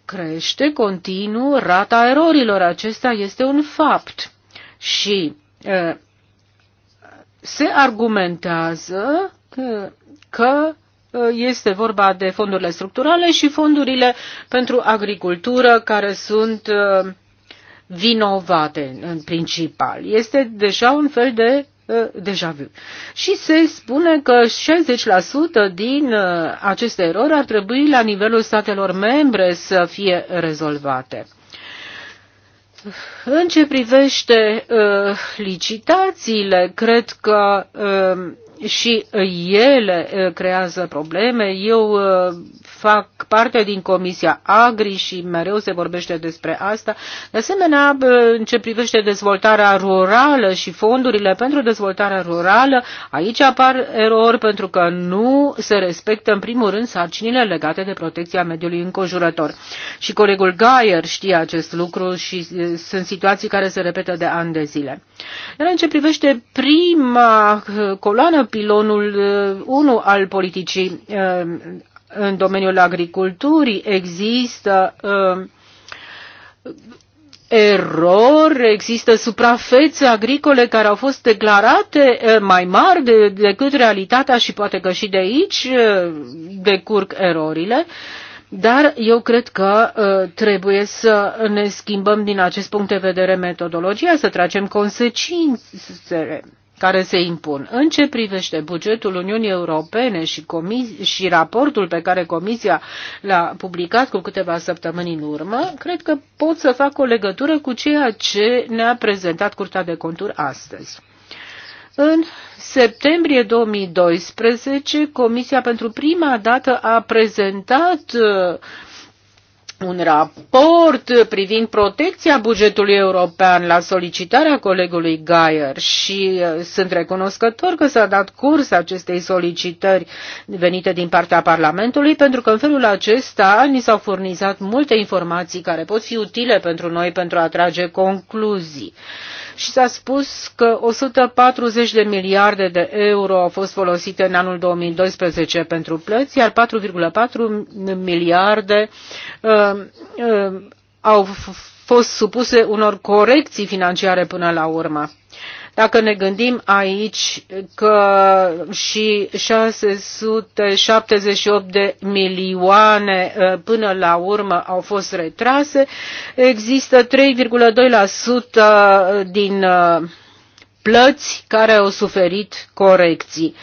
Crește continuu rata erorilor, acesta este un fapt. Și se argumentează că, că este vorba de fondurile structurale și fondurile pentru agricultură care sunt vinovate în principal. Este deja un fel de Uh, deja vu. Și se spune că 60% din uh, aceste erori ar trebui la nivelul statelor membre să fie rezolvate. În ce privește uh, licitațiile, cred că uh, și ele uh, creează probleme. Eu uh, fac parte din Comisia Agri și mereu se vorbește despre asta. De asemenea, uh, în ce privește dezvoltarea rurală și fondurile pentru dezvoltarea rurală, aici apar erori pentru că nu se respectă în primul rând sarcinile legate de protecția mediului înconjurător. Și colegul Gaier știe acest lucru și sunt situații care se repetă de ani de zile. Iar în ce privește prima coloană pilonul 1 uh, al politicii uh, în domeniul agriculturii există uh, erori, există suprafețe agricole care au fost declarate mai mari de, decât realitatea și poate că și de aici decurg erorile. Dar eu cred că uh, trebuie să ne schimbăm din acest punct de vedere metodologia, să tragem consecințele care se impun. În ce privește bugetul Uniunii Europene și, comis- și raportul pe care Comisia l-a publicat cu câteva săptămâni în urmă, cred că pot să fac o legătură cu ceea ce ne-a prezentat Curtea de Conturi astăzi. În septembrie 2012, Comisia pentru prima dată a prezentat uh, un raport privind protecția bugetului european la solicitarea colegului Gaier și uh, sunt recunoscător că s-a dat curs acestei solicitări venite din partea Parlamentului pentru că în felul acesta ni s-au furnizat multe informații care pot fi utile pentru noi pentru a trage concluzii și s-a spus că 140 de miliarde de euro au fost folosite în anul 2012 pentru plăți, iar 4,4 miliarde uh, uh, au fost supuse unor corecții financiare până la urmă. Dacă ne gândim aici că și 678 de milioane ă, până la urmă au fost retrase, există 3,2% din ă, plăți care au suferit corecții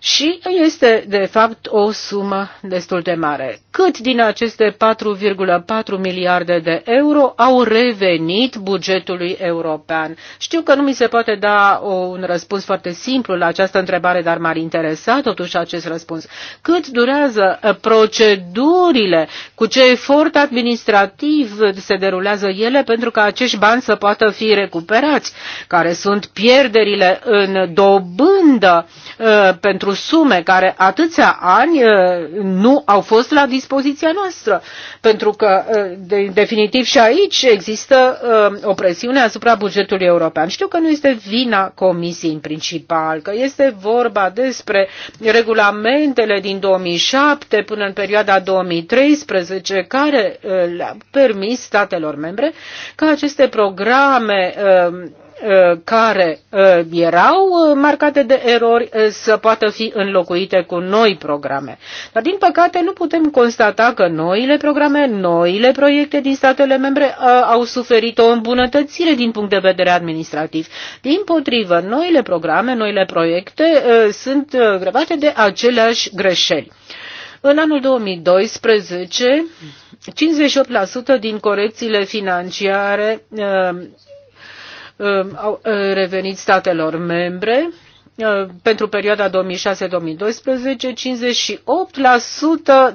și este de fapt o sumă destul de mare. Cât din aceste 4,4 miliarde de euro au revenit bugetului european? Știu că nu mi se poate da o, un răspuns foarte simplu la această întrebare, dar m-ar interesa totuși acest răspuns. Cât durează uh, procedurile? Cu ce efort administrativ se derulează ele pentru ca acești bani să poată fi recuperați? Care sunt pierderile în dobândă uh, pentru pentru sume care atâția ani uh, nu au fost la dispoziția noastră. Pentru că, uh, de, definitiv, și aici există uh, o presiune asupra bugetului european. Știu că nu este vina Comisiei în principal, că este vorba despre regulamentele din 2007 până în perioada 2013 care le-a permis statelor membre ca aceste programe Uh, care uh, erau uh, marcate de erori să poată fi înlocuite cu noi programe. Dar, din păcate, nu putem constata că noile programe, noile proiecte din statele membre au suferit o îmbunătățire din punct de vedere administrativ. Din potrivă, noile programe, noile proiecte sunt grevate de aceleași greșeli. În anul 2012, 58% din corecțiile financiare Uh, au uh, revenit statelor membre uh, pentru perioada 2006-2012, 58%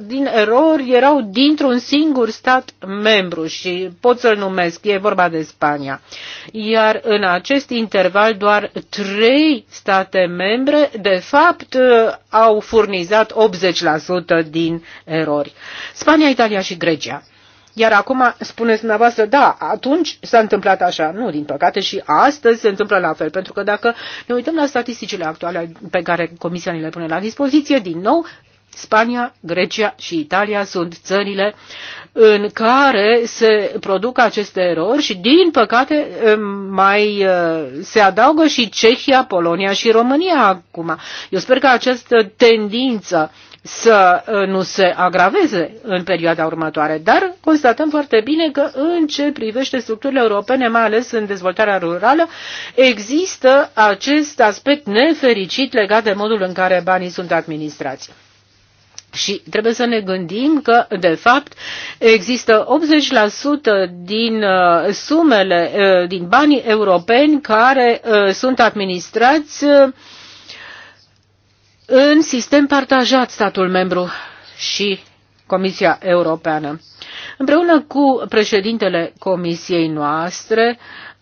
din erori erau dintr-un singur stat membru și pot să-l numesc, e vorba de Spania. Iar în acest interval doar trei state membre, de fapt, au furnizat 80% din erori. Spania, Italia și Grecia. Iar acum spuneți dumneavoastră, da, atunci s-a întâmplat așa. Nu, din păcate și astăzi se întâmplă la fel, pentru că dacă ne uităm la statisticile actuale pe care Comisia ni le pune la dispoziție, din nou, Spania, Grecia și Italia sunt țările în care se produc aceste erori și, din păcate, mai eh, se adaugă și Cehia, Polonia și România acum. Eu sper că această tendință să uh, nu se agraveze în perioada următoare. Dar constatăm foarte bine că în ce privește structurile europene, mai ales în dezvoltarea rurală, există acest aspect nefericit legat de modul în care banii sunt administrați. Și trebuie să ne gândim că, de fapt, există 80% din uh, sumele, uh, din banii europeni care sunt administrați în sistem partajat statul membru și Comisia Europeană. Împreună cu președintele Comisiei noastre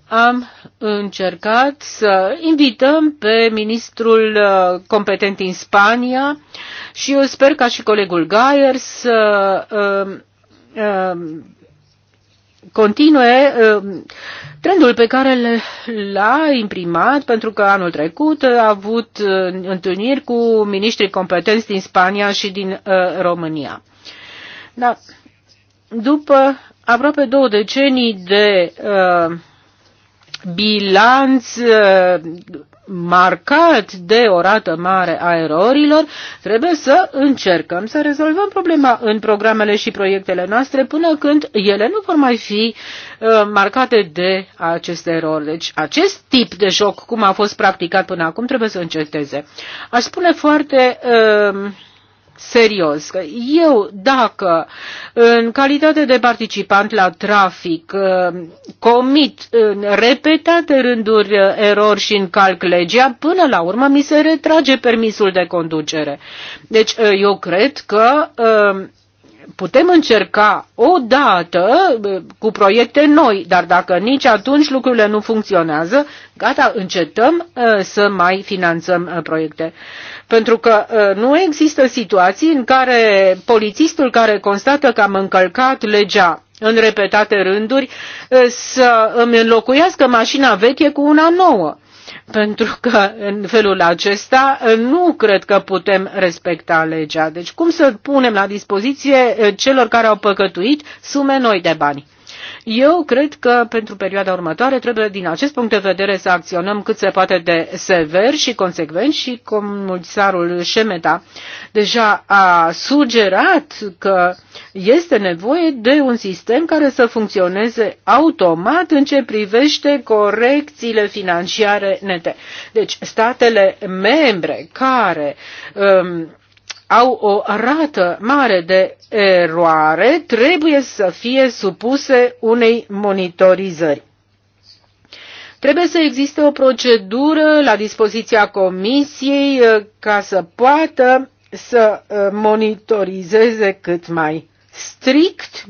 am încercat să invităm pe ministrul uh, competent din Spania și eu sper ca și colegul Gaier să uh, uh, continue uh, trendul pe care l-a imprimat, pentru că anul trecut a avut uh, întâlniri cu miniștrii competenți din Spania și din uh, România. Da. După aproape două decenii de uh, bilanț uh, marcat de o rată mare a erorilor, trebuie să încercăm să rezolvăm problema în programele și proiectele noastre până când ele nu vor mai fi uh, marcate de aceste erori. Deci acest tip de joc, cum a fost practicat până acum, trebuie să înceteze. Aș spune foarte uh, serios. Eu, dacă în calitate de participant la trafic uh, comit în repetate rânduri uh, erori și încalc legea, până la urmă mi se retrage permisul de conducere. Deci uh, eu cred că putem încerca o dată cu proiecte noi, dar dacă nici atunci lucrurile nu funcționează, gata, încetăm ă, să mai finanțăm ă, proiecte. Pentru că ă, nu există situații în care polițistul care constată că am încălcat legea în repetate rânduri să îmi înlocuiască mașina veche cu una nouă pentru că în felul acesta eh, nu cred că putem respecta legea. Deci cum să punem la dispoziție eh, celor care au păcătuit sume noi de bani? Eu cred că pentru perioada următoare trebuie din acest punct de vedere să acționăm cât se poate de sever și consecvent și comisarul Șemeta deja a sugerat că este nevoie de un sistem care să funcționeze automat în ce privește corecțiile financiare nete. Deci statele membre care um, au o rată mare de eroare trebuie să fie supuse unei monitorizări. Trebuie să existe o procedură la dispoziția comisiei uh, ca să poată să uh, monitorizeze cât mai strict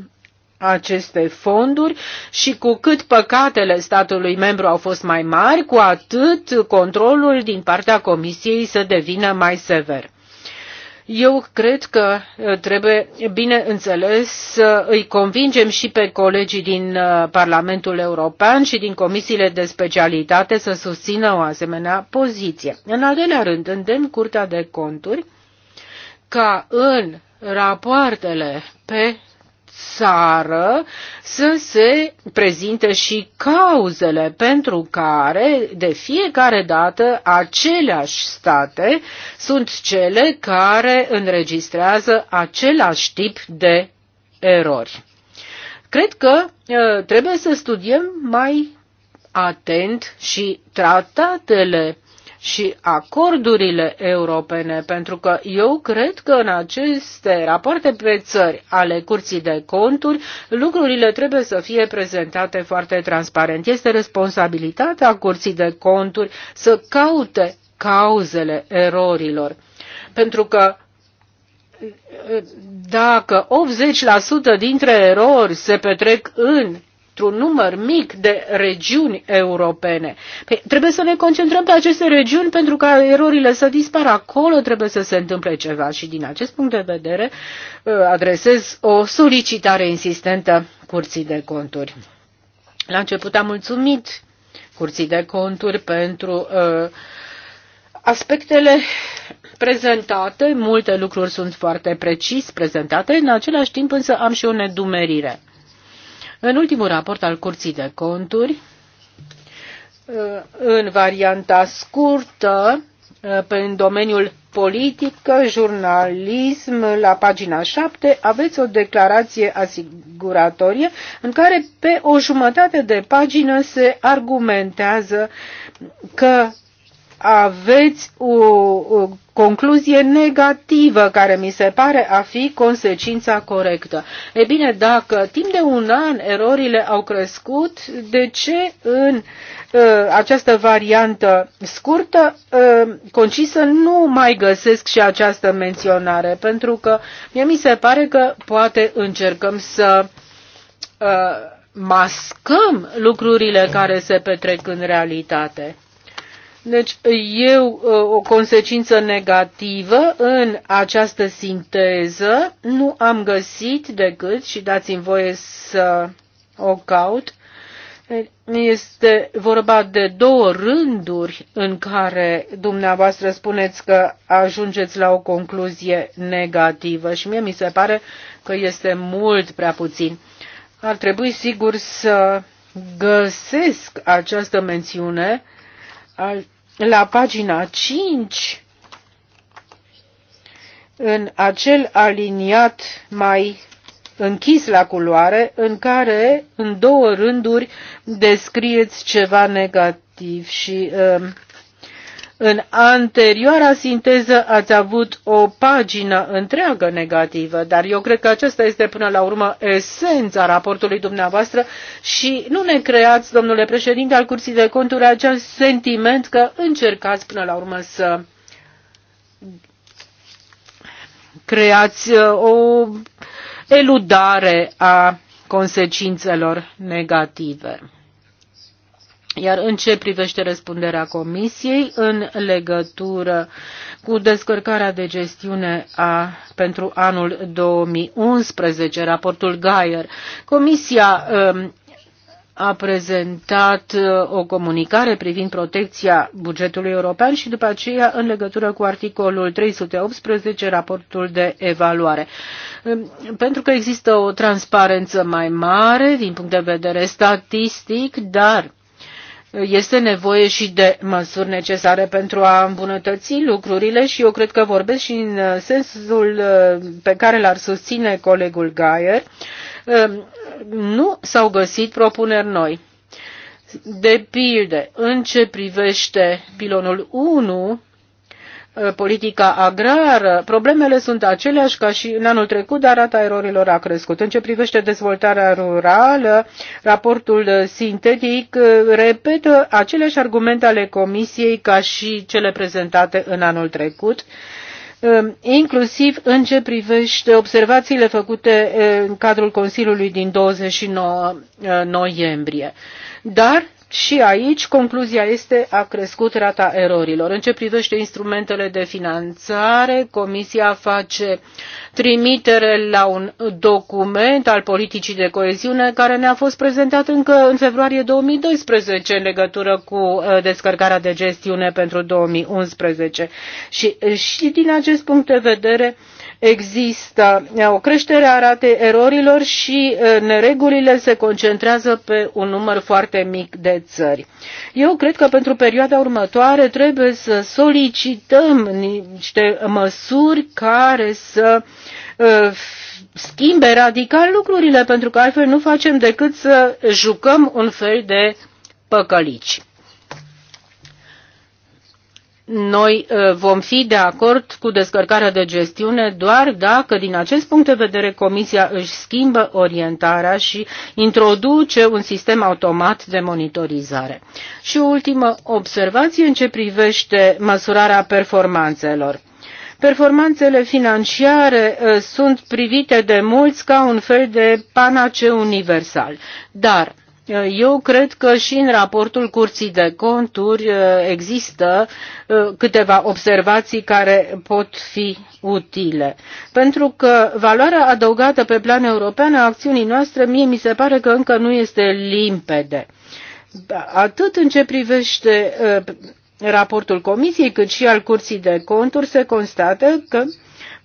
aceste fonduri și cu cât păcatele statului membru au fost mai mari, cu atât controlul din partea Comisiei să devină mai sever. Eu cred că uh, trebuie, bine să îi convingem și pe colegii din uh, Parlamentul European și din comisiile de specialitate să susțină o asemenea poziție. În al doilea rând, îndemn Curtea de Conturi ca în rapoartele pe țară să se prezinte și cauzele pentru care de fiecare dată aceleași state sunt cele care înregistrează același tip de erori. Cred că uh, trebuie să studiem mai atent și tratatele și acordurile europene, pentru că eu cred că în aceste rapoarte pe țări ale curții de conturi, lucrurile trebuie să fie prezentate foarte transparent. Este responsabilitatea curții de conturi să caute cauzele erorilor. Pentru că dacă 80% dintre erori se petrec în într-un număr mic de regiuni europene. Păi, trebuie să ne concentrăm pe aceste regiuni pentru ca erorile să dispară. Acolo trebuie să se întâmple ceva și din acest punct de vedere uh, adresez o solicitare insistentă Curții de Conturi. La început am mulțumit Curții de Conturi pentru uh, aspectele prezentate, multe lucruri sunt foarte precis prezentate, în același timp însă am și o nedumerire. În ultimul raport al Curții de Conturi, uh, în varianta scurtă, în uh, domeniul politică, jurnalism, la pagina 7, aveți o declarație asiguratorie în care pe o jumătate de pagină se argumentează că aveți o, o concluzie negativă care mi se pare a fi consecința corectă. E bine, dacă timp de un an erorile au crescut, de ce în uh, această variantă scurtă, uh, concisă, nu mai găsesc și această menționare? Pentru că mie mi se pare că poate încercăm să uh, mascăm lucrurile care se petrec în realitate. Deci eu ă, o consecință negativă în această sinteză nu am găsit decât și dați-mi voie să o caut. Este vorba de două rânduri în care dumneavoastră spuneți că ajungeți la o concluzie negativă și mie mi se pare că este mult prea puțin. Ar trebui sigur să găsesc această mențiune la pagina 5, în acel aliniat mai închis la culoare, în care în două rânduri descrieți ceva negativ și uh, în anterioara sinteză ați avut o pagină întreagă negativă, dar eu cred că acesta este până la urmă esența raportului dumneavoastră și nu ne creați, domnule președinte al Curții de Conturi, acel sentiment că încercați până la urmă să creați uh, o eludare a consecințelor negative. Iar în ce privește răspunderea Comisiei în legătură cu descărcarea de gestiune a, pentru anul 2011, raportul Gaier, Comisia um, a prezentat uh, o comunicare privind protecția bugetului european și după aceea în legătură cu articolul 318, raportul de evaluare. Um, pentru că există o transparență mai mare din punct de vedere statistic, dar este nevoie și de măsuri necesare pentru a îmbunătăți lucrurile și eu cred că vorbesc și în uh, sensul uh, pe care l-ar susține colegul Gaier. Um, nu s-au găsit propuneri noi. De pilde, în ce privește pilonul 1, Uh, politica agrară, problemele sunt aceleași ca și în anul trecut, dar rata erorilor a crescut. În ce privește dezvoltarea rurală, raportul sintetic uh, repetă aceleași argumente ale Comisiei ca și cele prezentate în anul trecut um, inclusiv în ce privește observațiile făcute uh, în cadrul Consiliului din 29 noiembrie. Dar și aici concluzia este a crescut rata erorilor. În ce privește instrumentele de finanțare, Comisia face trimitere la un document al politicii de coeziune care ne-a fost prezentat încă în februarie 2012 în legătură cu uh, descărcarea de gestiune pentru 2011. Și, uh, și din acest punct de vedere, există uh, o creștere a ratei erorilor și neregulile se concentrează pe un număr foarte mic de țări. Eu cred că pentru perioada următoare trebuie să solicităm niște măsuri care să uh, schimbe radical lucrurile, pentru că altfel nu facem decât să jucăm un fel de păcălici noi uh, vom fi de acord cu descărcarea de gestiune doar dacă, din acest punct de vedere, Comisia își schimbă orientarea și introduce un sistem automat de monitorizare. Și o ultimă observație în ce privește măsurarea performanțelor. Performanțele financiare uh, sunt privite de mulți ca un fel de panace universal, dar Eh, eu cred că și în raportul Curții de Conturi eh, există eh, câteva observații care pot fi utile. Pentru că valoarea adăugată pe plan european a acțiunii noastre, mie mi se pare că încă nu este limpede. Atât în ce privește raportul Comisiei, cât și al Curții de Conturi, se constată că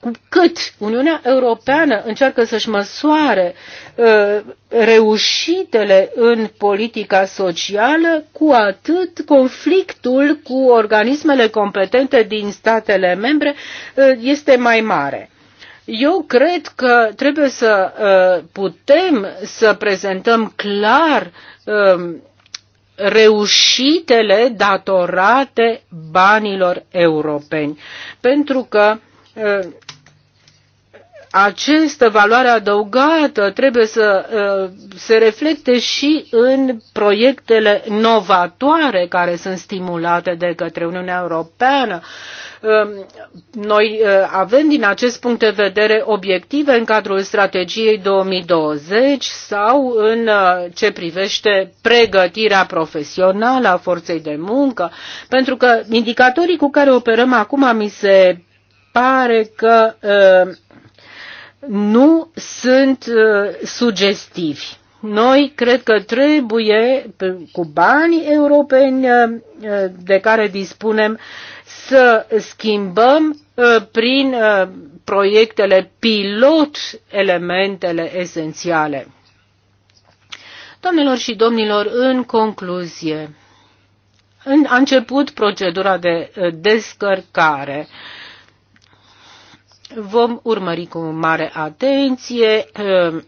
cu cât Uniunea Europeană încearcă să-și măsoare ă, reușitele în politica socială, cu atât conflictul cu organismele competente din statele membre ă, este mai mare. Eu cred că trebuie să ă, putem să prezentăm clar reușitele datorate banilor europeni, pentru că această valoare adăugată trebuie să uh, se reflecte și în proiectele novatoare care sunt stimulate de către Uniunea Europeană. Um, noi uh, avem din acest punct de vedere obiective în cadrul strategiei 2020 sau în uh, ce privește pregătirea profesională a forței de muncă, pentru că indicatorii cu care operăm acum mi se pare că uh, nu sunt uh, sugestivi. Noi cred că trebuie, cu banii europeni uh, uh, de care dispunem, să schimbăm prin proiectele pilot elementele esențiale. Domnilor și domnilor, în concluzie, a început procedura de descărcare. Uh, Vom urmări cu mare atenție ehm,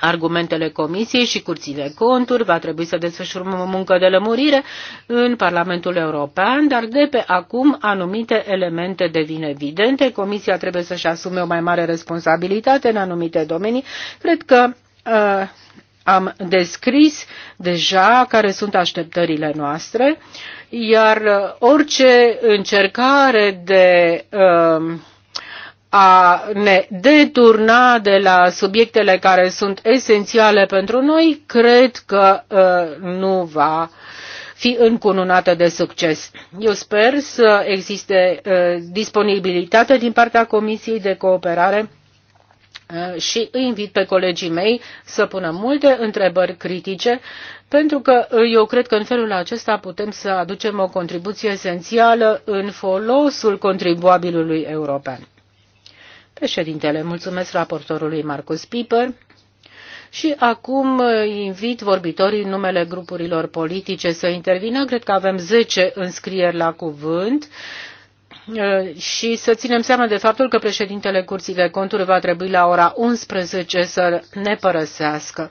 argumentele Comisiei și Curții de Conturi. Va trebui să desfășurăm o muncă de lămurire în Parlamentul European, dar de pe acum anumite elemente devin evidente. Comisia trebuie să-și asume o mai mare responsabilitate în anumite domenii. Cred că uh, am descris deja care sunt așteptările noastre, iar eh, orice încercare de uh, a ne deturna de la subiectele care sunt esențiale pentru noi, cred că uh, nu va fi încununată de succes. Eu sper să existe uh, disponibilitate din partea Comisiei de Cooperare uh, și îi invit pe colegii mei să pună multe întrebări critice, pentru că eu cred că în felul acesta putem să aducem o contribuție esențială în folosul contribuabilului european. Președintele, mulțumesc raportorului Marcus Piper. Și acum invit vorbitorii în numele grupurilor politice să intervină. Cred că avem 10 înscrieri la cuvânt uh, și să ținem seama de faptul că președintele Curții de Conturi va trebui la ora 11 să ne părăsească.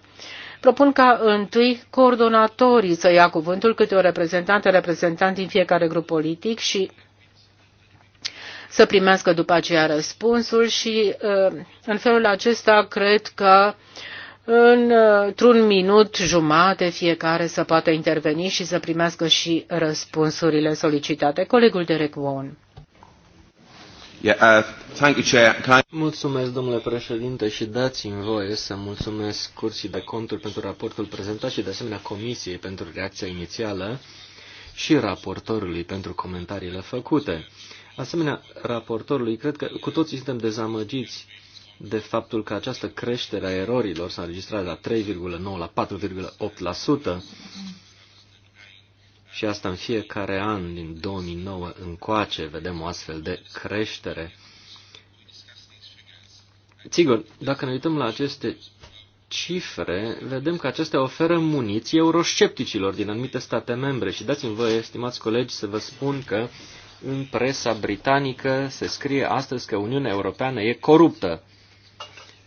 Propun ca întâi coordonatorii să ia cuvântul câte o reprezentantă, reprezentant din fiecare grup politic și să primească după aceea răspunsul și uh, în felul acesta cred că uh, într-un minut jumate fiecare să poată interveni și să primească și răspunsurile solicitate. Colegul Derek Vaughan. Uh, mulțumesc, domnule președinte, și dați-mi voie să mulțumesc Curții de Conturi pentru raportul prezentat și, de asemenea, Comisiei pentru reacția inițială și raportorului pentru comentariile făcute. Asemenea, raportorului, cred că cu toții suntem dezamăgiți de faptul că această creștere a erorilor s-a înregistrat la 3,9 la 4,8% și asta în fiecare an din 2009 încoace vedem o astfel de creștere. Sigur, dacă ne uităm la aceste cifre, vedem că acestea oferă muniții euroscepticilor din anumite state membre și dați-mi voi, estimați colegi, să vă spun că în presa britanică se scrie astăzi că Uniunea Europeană e coruptă.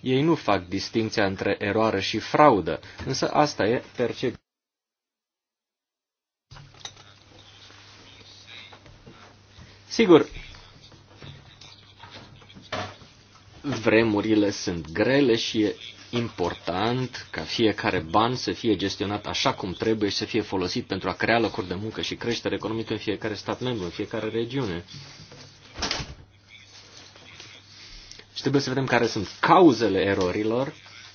Ei nu fac distinția între eroare și fraudă, însă asta e percepția. Sigur, vremurile sunt grele și e important ca fiecare ban să fie gestionat așa cum trebuie și să fie folosit pentru a crea locuri de muncă și creștere economică în fiecare stat membru, în fiecare regiune. Și trebuie să vedem care sunt cauzele erorilor,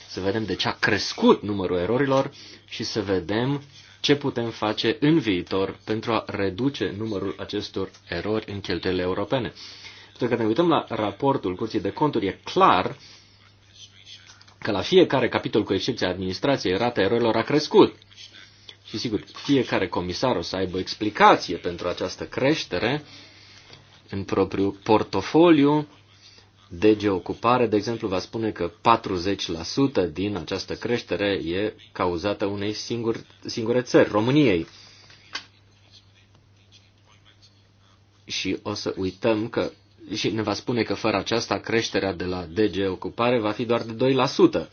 să vedem de ce a crescut numărul erorilor și să vedem ce putem face în viitor pentru a reduce numărul acestor erori în cheltuielile europene. Pentru că ne uităm la raportul Curții de Conturi, e clar că la fiecare capitol, cu excepția administrației, rata erorilor a crescut. Și sigur, fiecare comisar o să aibă explicație pentru această creștere în propriul portofoliu. de Ocupare, de exemplu, va spune că 40% din această creștere e cauzată unei singur, singure țări, României. Și o să uităm că și ne va spune că fără aceasta creșterea de la DG Ocupare va fi doar de 2%.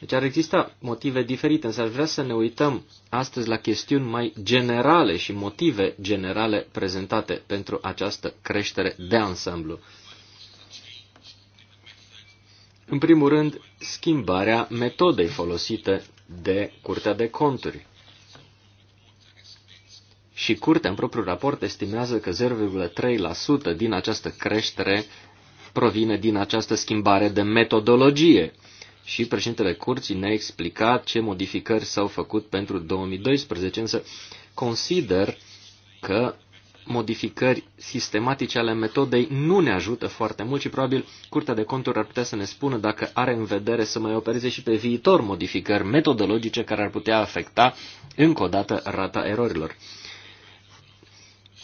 Deci ar exista motive diferite, însă aș vrea să ne uităm astăzi la chestiuni mai generale și motive generale prezentate pentru această creștere de ansamblu. În primul rând, schimbarea metodei folosite de Curtea de Conturi și curtea în propriul raport estimează că 0,3% din această creștere provine din această schimbare de metodologie. Și președintele curții ne-a explicat ce modificări s-au făcut pentru 2012, însă consider că modificări sistematice ale metodei nu ne ajută foarte mult și probabil Curtea de Conturi ar putea să ne spună dacă are în vedere să mai opereze și pe viitor modificări metodologice care ar putea afecta încă o dată rata erorilor.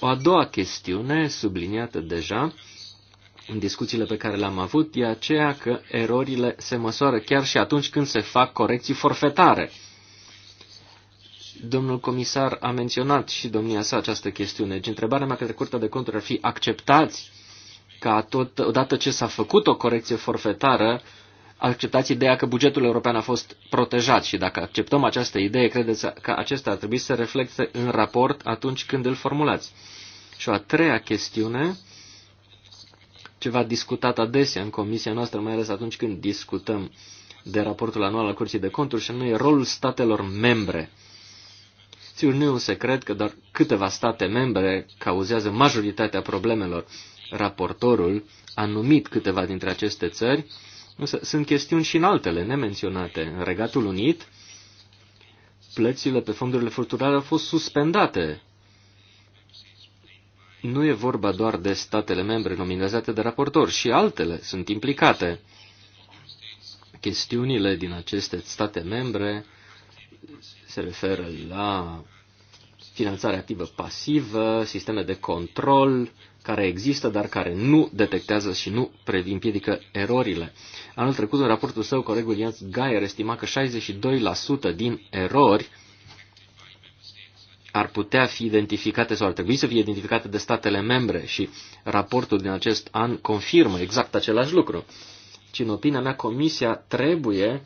O a doua chestiune, subliniată deja în discuțiile pe care le-am avut, e aceea că erorile se măsoară chiar și atunci când se fac corecții forfetare. Domnul comisar a menționat și domnia sa această chestiune. Deci întrebarea mea către Curtea de Conturi ar fi acceptați ca tot, odată ce s-a făcut o corecție forfetară, acceptați ideea că bugetul european a fost protejat și dacă acceptăm această idee, credeți că acesta ar trebui să reflecte în raport atunci când îl formulați. Și o a treia chestiune, ceva discutat adesea în comisia noastră, mai ales atunci când discutăm de raportul anual al Curții de Conturi, și anume rolul statelor membre. Sigur, nu e un secret că doar câteva state membre cauzează majoritatea problemelor. Raportorul a numit câteva dintre aceste țări, Însă sunt chestiuni și în altele nemenționate. În Regatul Unit, plățile pe fondurile furturale au fost suspendate. Nu e vorba doar de statele membre nominalizate de raportor, și altele sunt implicate. Chestiunile din aceste state membre se referă la finanțare activă pasivă, sisteme de control, care există, dar care nu detectează și nu împiedică erorile. Anul trecut, în raportul său, colegul Jens Gaier estima că 62% din erori ar putea fi identificate sau ar trebui să fie identificate de statele membre și raportul din acest an confirmă exact același lucru. Ci, în opinia mea, Comisia trebuie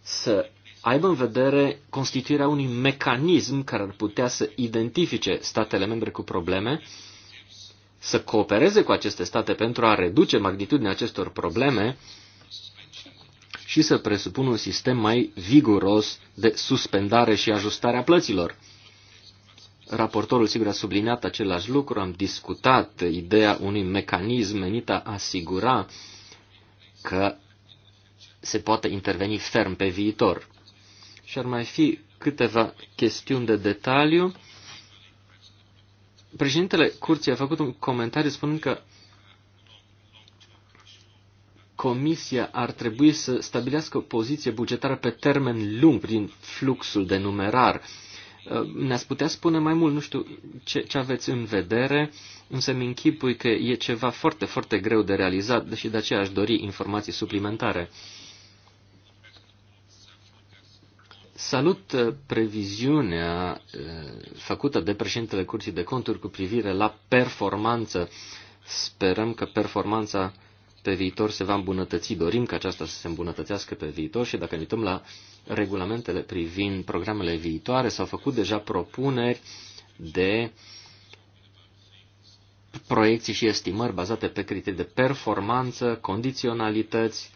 să aibă în vedere constituirea unui mecanism care ar putea să identifice statele membre cu probleme să coopereze cu aceste state pentru a reduce magnitudinea acestor probleme și să presupună un sistem mai viguros de suspendare și ajustare a plăților. Raportorul sigur a subliniat același lucru, am discutat ideea unui mecanism menit a asigura că se poate interveni ferm pe viitor. Și ar mai fi câteva chestiuni de detaliu Președintele Curții a făcut un comentariu spunând că Comisia ar trebui să stabilească o poziție bugetară pe termen lung prin fluxul de numerar. Uh, ne-ați putea spune mai mult, nu știu ce, ce aveți în vedere, însă mi închipui că e ceva foarte, foarte greu de realizat, deși de aceea aș dori informații suplimentare. Salut uh, previziunea uh, făcută de președintele Curții de Conturi cu privire la performanță. Sperăm că performanța pe viitor se va îmbunătăți. Dorim ca aceasta să se îmbunătățească pe viitor și dacă ne uităm la regulamentele privind programele viitoare, s-au făcut deja propuneri de proiecții și estimări bazate pe criterii de performanță, condiționalități,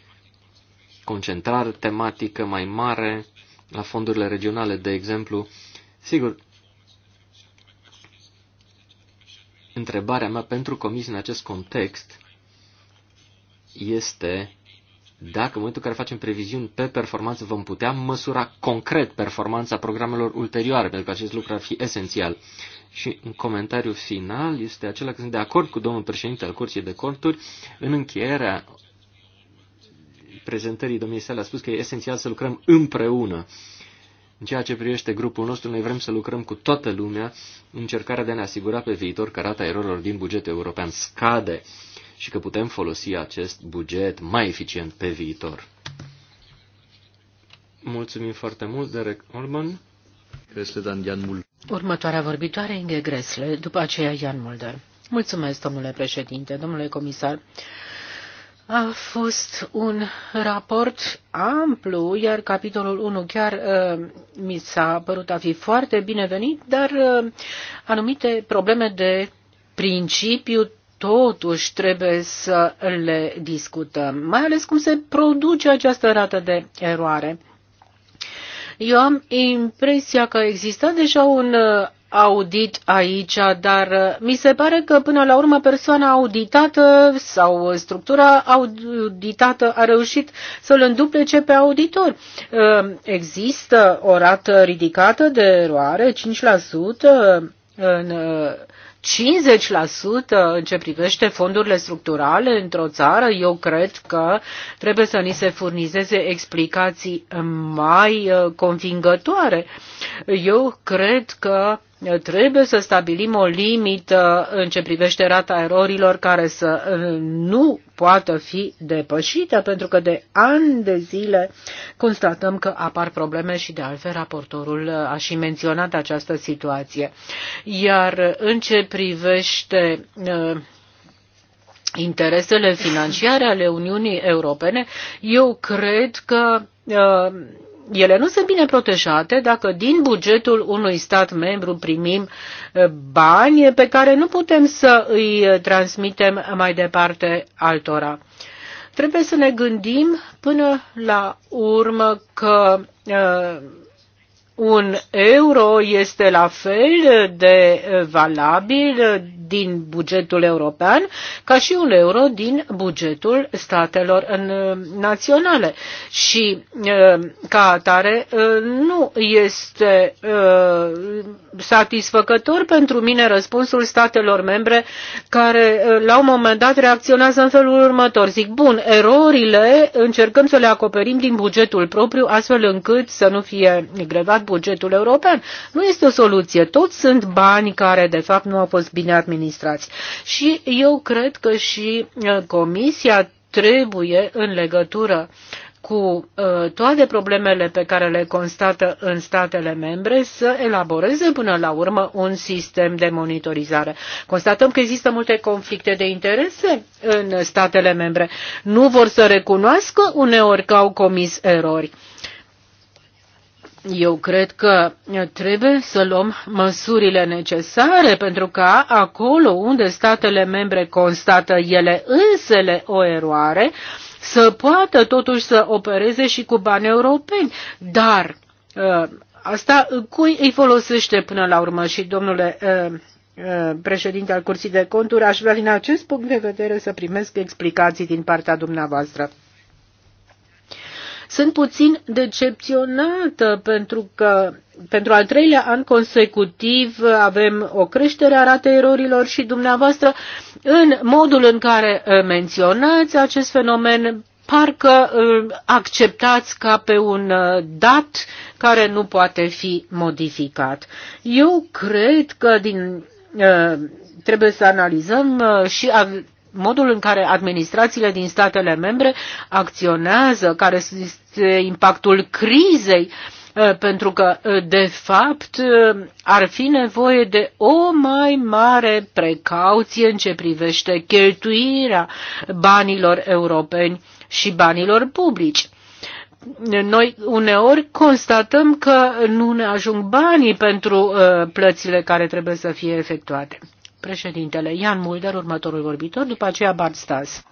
concentrare tematică mai mare la fondurile regionale, de exemplu. Sigur, întrebarea mea pentru comisie în acest context este dacă în momentul în care facem previziuni pe performanță vom putea măsura concret performanța programelor ulterioare, pentru că acest lucru ar fi esențial. Și un comentariu final este acela că sunt de acord cu domnul președinte al Curții de Corturi în încheierea prezentării domniei sale a spus că e esențial să lucrăm împreună. În ceea ce privește grupul nostru, noi vrem să lucrăm cu toată lumea în încercarea de a ne asigura pe viitor că rata erorilor din bugetul european scade și că putem folosi acest buget mai eficient pe viitor. Mulțumim foarte mult, Derek Orban. Următoarea vorbitoare, Inge Gresle, după aceea Ian Mulder. Mulțumesc, domnule președinte, domnule comisar. A fost un raport amplu, iar capitolul 1 chiar uh, mi s-a părut a fi foarte binevenit, dar uh, anumite probleme de principiu totuși trebuie să le discutăm, mai ales cum se produce această rată de eroare. Eu am impresia că exista deja un uh, audit aici, dar uh, mi se pare că până la urmă persoana auditată sau structura auditată a reușit să-l înduplece pe auditor. Uh, există o rată ridicată de eroare, 5% în 50% în ce privește fondurile structurale într-o țară, eu cred că trebuie să ni se furnizeze explicații mai uh, convingătoare. Eu cred că Trebuie să stabilim o limită în ce privește rata erorilor care să uh, nu poată fi depășită, pentru că de ani de zile constatăm că apar probleme și de altfel raportorul uh, a și menționat această situație. Iar în ce privește uh, interesele financiare ale Uniunii Europene, eu cred că ele nu sunt bine protejate dacă din bugetul unui stat membru primim eh, bani pe care nu putem să îi eh, transmitem mai departe altora. Trebuie să ne gândim până la urmă că eh, un euro este la fel de valabil din bugetul european, ca și un euro din bugetul statelor uh, naționale. Și uh, ca atare uh, nu este satisfăcător pentru mine răspunsul statelor membre care la un moment dat reacționează în felul următor. Zic, bun, erorile încercăm să le acoperim din bugetul propriu astfel încât să nu fie grevat bugetul european. Nu este o soluție. Toți sunt bani care de fapt nu au fost bine administrați administrați. Și eu cred că și uh, Comisia trebuie în legătură cu uh, toate problemele pe care le constată în statele membre să elaboreze până la urmă un sistem de monitorizare. Constatăm că există multe conflicte de interese în statele membre. Nu vor să recunoască uneori că au comis erori eu cred că trebuie să luăm măsurile necesare pentru ca acolo unde statele membre constată ele însele o eroare, să poată totuși să opereze și cu bani europeni. Dar uh, asta cui îi folosește până la urmă și domnule uh, uh, președinte al Curții de Conturi, aș vrea din acest punct de vedere să primesc explicații din partea dumneavoastră. Sunt puțin decepționată pentru că pentru al treilea an consecutiv avem o creștere a ratei erorilor și dumneavoastră în modul în care eh, menționați acest fenomen parcă eh, acceptați ca pe un eh, dat care nu poate fi modificat. Eu cred că din trebuie să analizăm și modul în care administrațiile din statele membre acționează, care este impactul crizei, uh, pentru că, uh, de fapt, uh, ar fi nevoie de o mai mare precauție în ce privește cheltuirea banilor europeni și banilor publici noi uneori constatăm că nu ne ajung banii pentru plățile care trebuie să fie efectuate. Președintele Ian Mulder, următorul vorbitor, după aceea Bart Stas.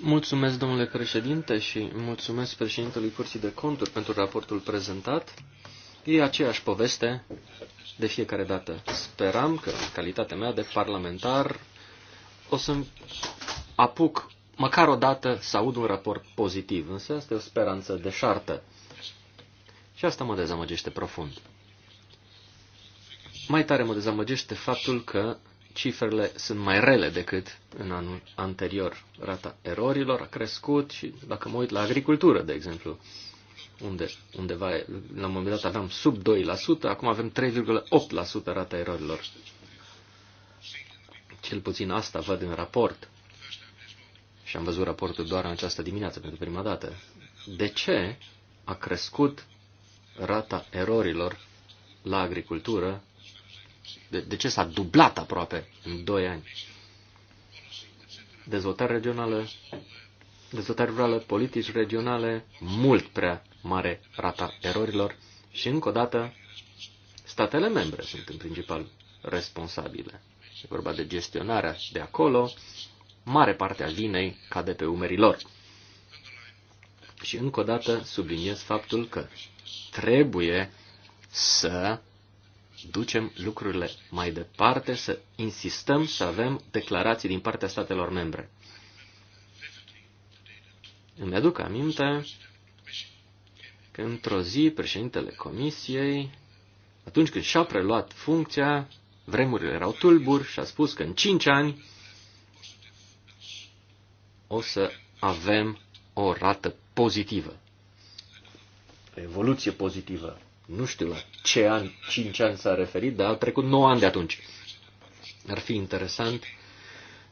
Mulțumesc, domnule președinte, și mulțumesc președintelui Curții de Conturi pentru raportul prezentat. E aceeași poveste de fiecare dată. Speram că, în calitatea mea de parlamentar, o să apuc măcar o dată să aud un raport pozitiv, însă asta e o speranță deșartă. Și asta mă dezamăgește profund. Mai tare mă dezamăgește faptul că cifrele sunt mai rele decât în anul anterior. Rata erorilor a crescut și dacă mă uit la agricultură, de exemplu, unde undeva la un moment dat aveam sub 2%, acum avem 3,8% rata erorilor. Cel puțin asta văd în raport. Și am văzut raportul doar în această dimineață, pentru prima dată. De ce a crescut rata erorilor la agricultură de, de ce s-a dublat aproape în 2 ani? Dezvoltare regională, dezvoltare rurală, politici regionale, mult prea mare rata erorilor și, încă o dată, statele membre sunt în principal responsabile. E vorba de gestionarea de acolo, mare parte a vinei cade pe umerii lor. Și încă o dată subliniez faptul că trebuie să ducem lucrurile mai departe, să insistăm să avem declarații din partea statelor membre. Îmi aduc aminte că într-o zi președintele Comisiei, atunci când și-a preluat funcția, vremurile erau tulburi și a spus că în cinci ani o să avem o rată pozitivă. O evoluție pozitivă nu știu la ce an, 5 ani s-a referit, dar a trecut 9 ani de atunci. Ar fi interesant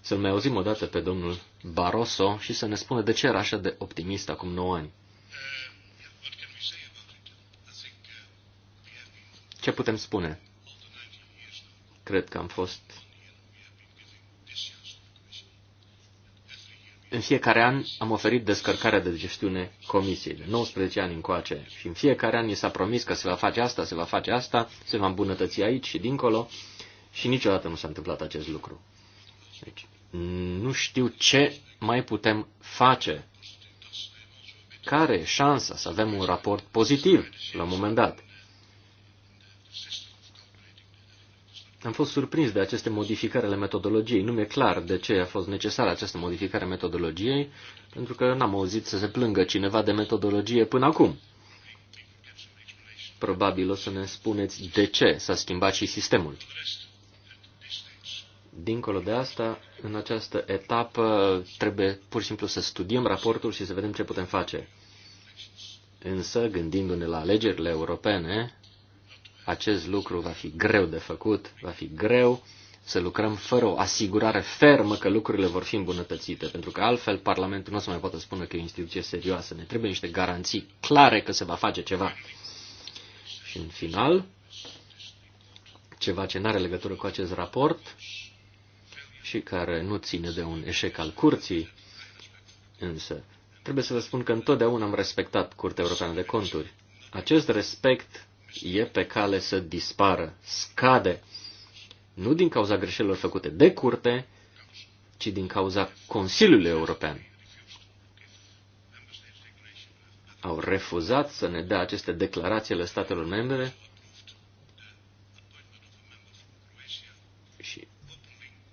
să-l mai auzim odată pe domnul Barroso și să ne spună de ce era așa de optimist acum 9 ani. Ce putem spune? Cred că am fost în fiecare an am oferit descărcarea de gestiune comisiei, de 19 ani încoace, și în fiecare an mi s-a promis că se va face asta, se va face asta, se va îmbunătăți aici și dincolo, și niciodată nu s-a întâmplat acest lucru. Deci, nu știu ce mai putem face. Care e șansa să avem un raport pozitiv la un moment dat? Am fost surprins de aceste modificări ale metodologiei. Nu mi-e clar de ce a fost necesară această modificare a metodologiei, pentru că n-am auzit să se plângă cineva de metodologie până acum. Probabil o să ne spuneți de ce s-a schimbat și sistemul. Dincolo de asta, în această etapă trebuie pur și simplu să studiem raportul și să vedem ce putem face. Însă, gândindu-ne la alegerile europene, acest lucru va fi greu de făcut, va fi greu să lucrăm fără o asigurare fermă că lucrurile vor fi îmbunătățite, pentru că altfel Parlamentul nu se mai poate spune că e o instituție serioasă. Ne trebuie niște garanții clare că se va face ceva. Și în final, ceva ce nu are legătură cu acest raport și care nu ține de un eșec al curții, însă trebuie să vă spun că întotdeauna am respectat Curtea Europeană de Conturi. Acest respect e pe cale să dispară, scade, nu din cauza greșelilor făcute de curte, ci din cauza Consiliului European. Au refuzat să ne dea aceste declarații ale statelor membre și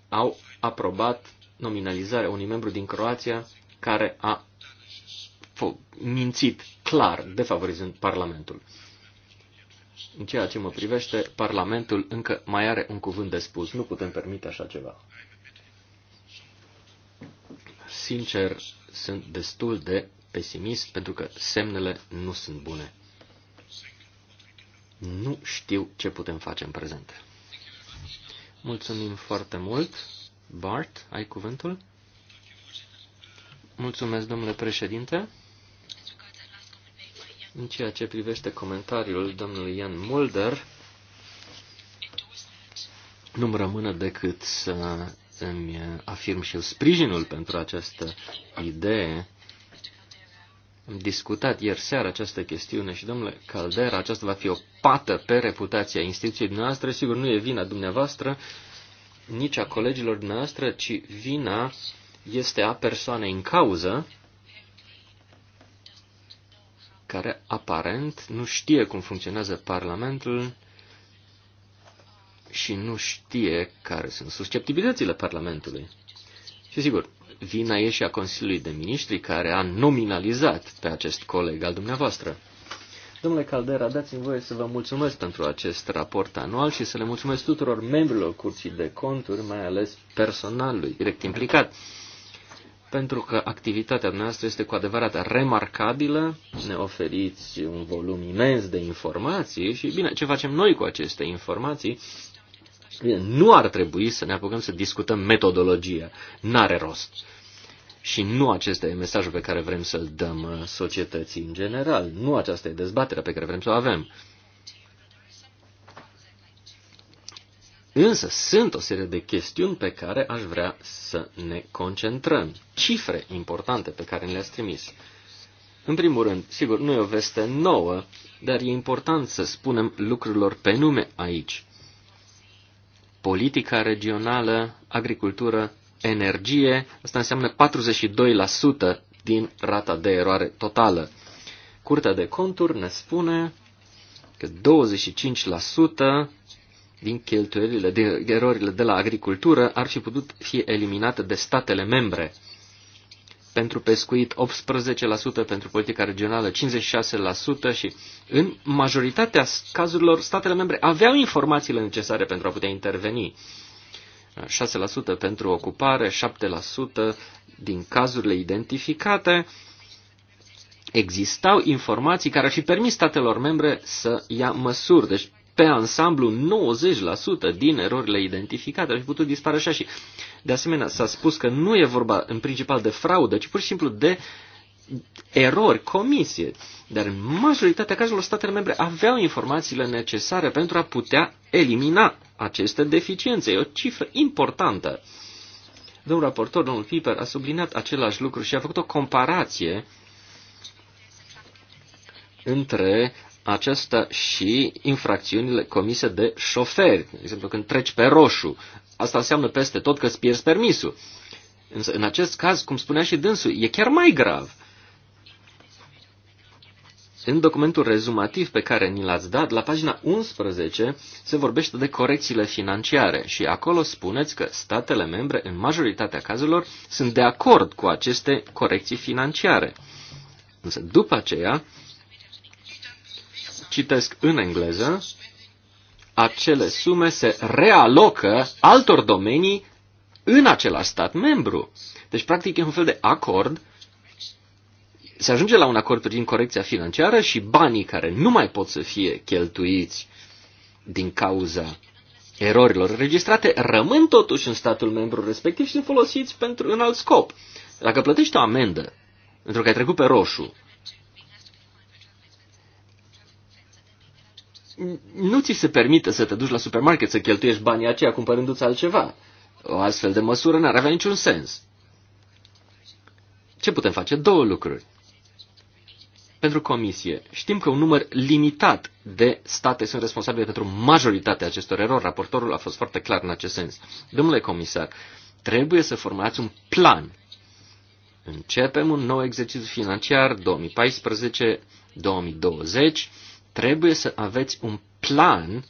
au aprobat nominalizarea unui membru din Croația care a mințit clar defavorizând Parlamentul. În ceea ce mă privește, Parlamentul încă mai are un cuvânt de spus. Nu putem permite așa ceva. Sincer, sunt destul de pesimist pentru că semnele nu sunt bune. Nu știu ce putem face în prezent. Mulțumim foarte mult. Bart, ai cuvântul? Mulțumesc, domnule președinte. În ceea ce privește comentariul domnului Ian Mulder, nu-mi rămână decât să îmi afirm și eu sprijinul pentru această idee. Am discutat ieri seară această chestiune și, domnule Caldera, aceasta va fi o pată pe reputația instituției dumneavoastră. Sigur, nu e vina dumneavoastră, nici a colegilor dumneavoastră, ci vina este a persoanei în cauză care aparent nu știe cum funcționează Parlamentul și nu știe care sunt susceptibilitățile Parlamentului. Și sigur, vina e și a Consiliului de Ministri care a nominalizat pe acest coleg al dumneavoastră. Domnule Caldera, dați-mi voie să vă mulțumesc pentru acest raport anual și să le mulțumesc tuturor membrilor Curții de Conturi, mai ales personalului direct implicat pentru că activitatea noastră este cu adevărat remarcabilă, ne oferiți un volum imens de informații și, bine, ce facem noi cu aceste informații? Bine, nu ar trebui să ne apucăm să discutăm metodologia, n-are rost. Și nu acesta e mesajul pe care vrem să-l dăm uh, societății în general, nu aceasta e dezbaterea pe care vrem să o avem. Însă sunt o serie de chestiuni pe care aș vrea să ne concentrăm. Cifre importante pe care le-ați trimis. În primul rând, sigur, nu e o veste nouă, dar e important să spunem lucrurilor pe nume aici. Politica regională, agricultură, energie, asta înseamnă 42% din rata de eroare totală. Curtea de conturi ne spune că 25% din cheltuielile, din erorile de la agricultură ar fi putut fi eliminate de statele membre. Pentru pescuit 18%, pentru politica regională 56% și în majoritatea cazurilor statele membre aveau informațiile necesare pentru a putea interveni. 6% pentru ocupare, 7% din cazurile identificate, existau informații care ar fi permis statelor membre să ia măsuri. Deci pe ansamblu 90% din erorile identificate ar fi putut dispare așa și de asemenea s-a spus că nu e vorba în principal de fraudă, ci pur și simplu de erori comisie. Dar în majoritatea cazurilor statele membre aveau informațiile necesare pentru a putea elimina aceste deficiențe. E o cifră importantă. Domnul raportor, domnul Piper, a subliniat același lucru și a făcut o comparație între aceasta și infracțiunile comise de șoferi. De exemplu, când treci pe roșu, asta înseamnă peste tot că îți pierzi permisul. Însă, în acest caz, cum spunea și dânsul, e chiar mai grav. În documentul rezumativ pe care ni l-ați dat, la pagina 11, se vorbește de corecțiile financiare și acolo spuneți că statele membre, în majoritatea cazurilor, sunt de acord cu aceste corecții financiare. Însă, după aceea, citesc în engleză, acele sume se realocă altor domenii în același stat membru. Deci, practic, e un fel de acord. Se ajunge la un acord prin corecția financiară și banii care nu mai pot să fie cheltuiți din cauza erorilor registrate rămân totuși în statul membru respectiv și sunt folosiți pentru un alt scop. Dacă plătești o amendă pentru că ai trecut pe roșu nu ți se permite să te duci la supermarket să cheltuiești banii aceia cumpărându-ți altceva. O astfel de măsură n-ar avea niciun sens. Ce putem face? Două lucruri. Pentru comisie, știm că un număr limitat de state sunt responsabile pentru majoritatea acestor erori. Raportorul a fost foarte clar în acest sens. Domnule comisar, trebuie să formulați un plan. Începem un nou exercițiu financiar 2014-2020 Trebuie să aveți un plan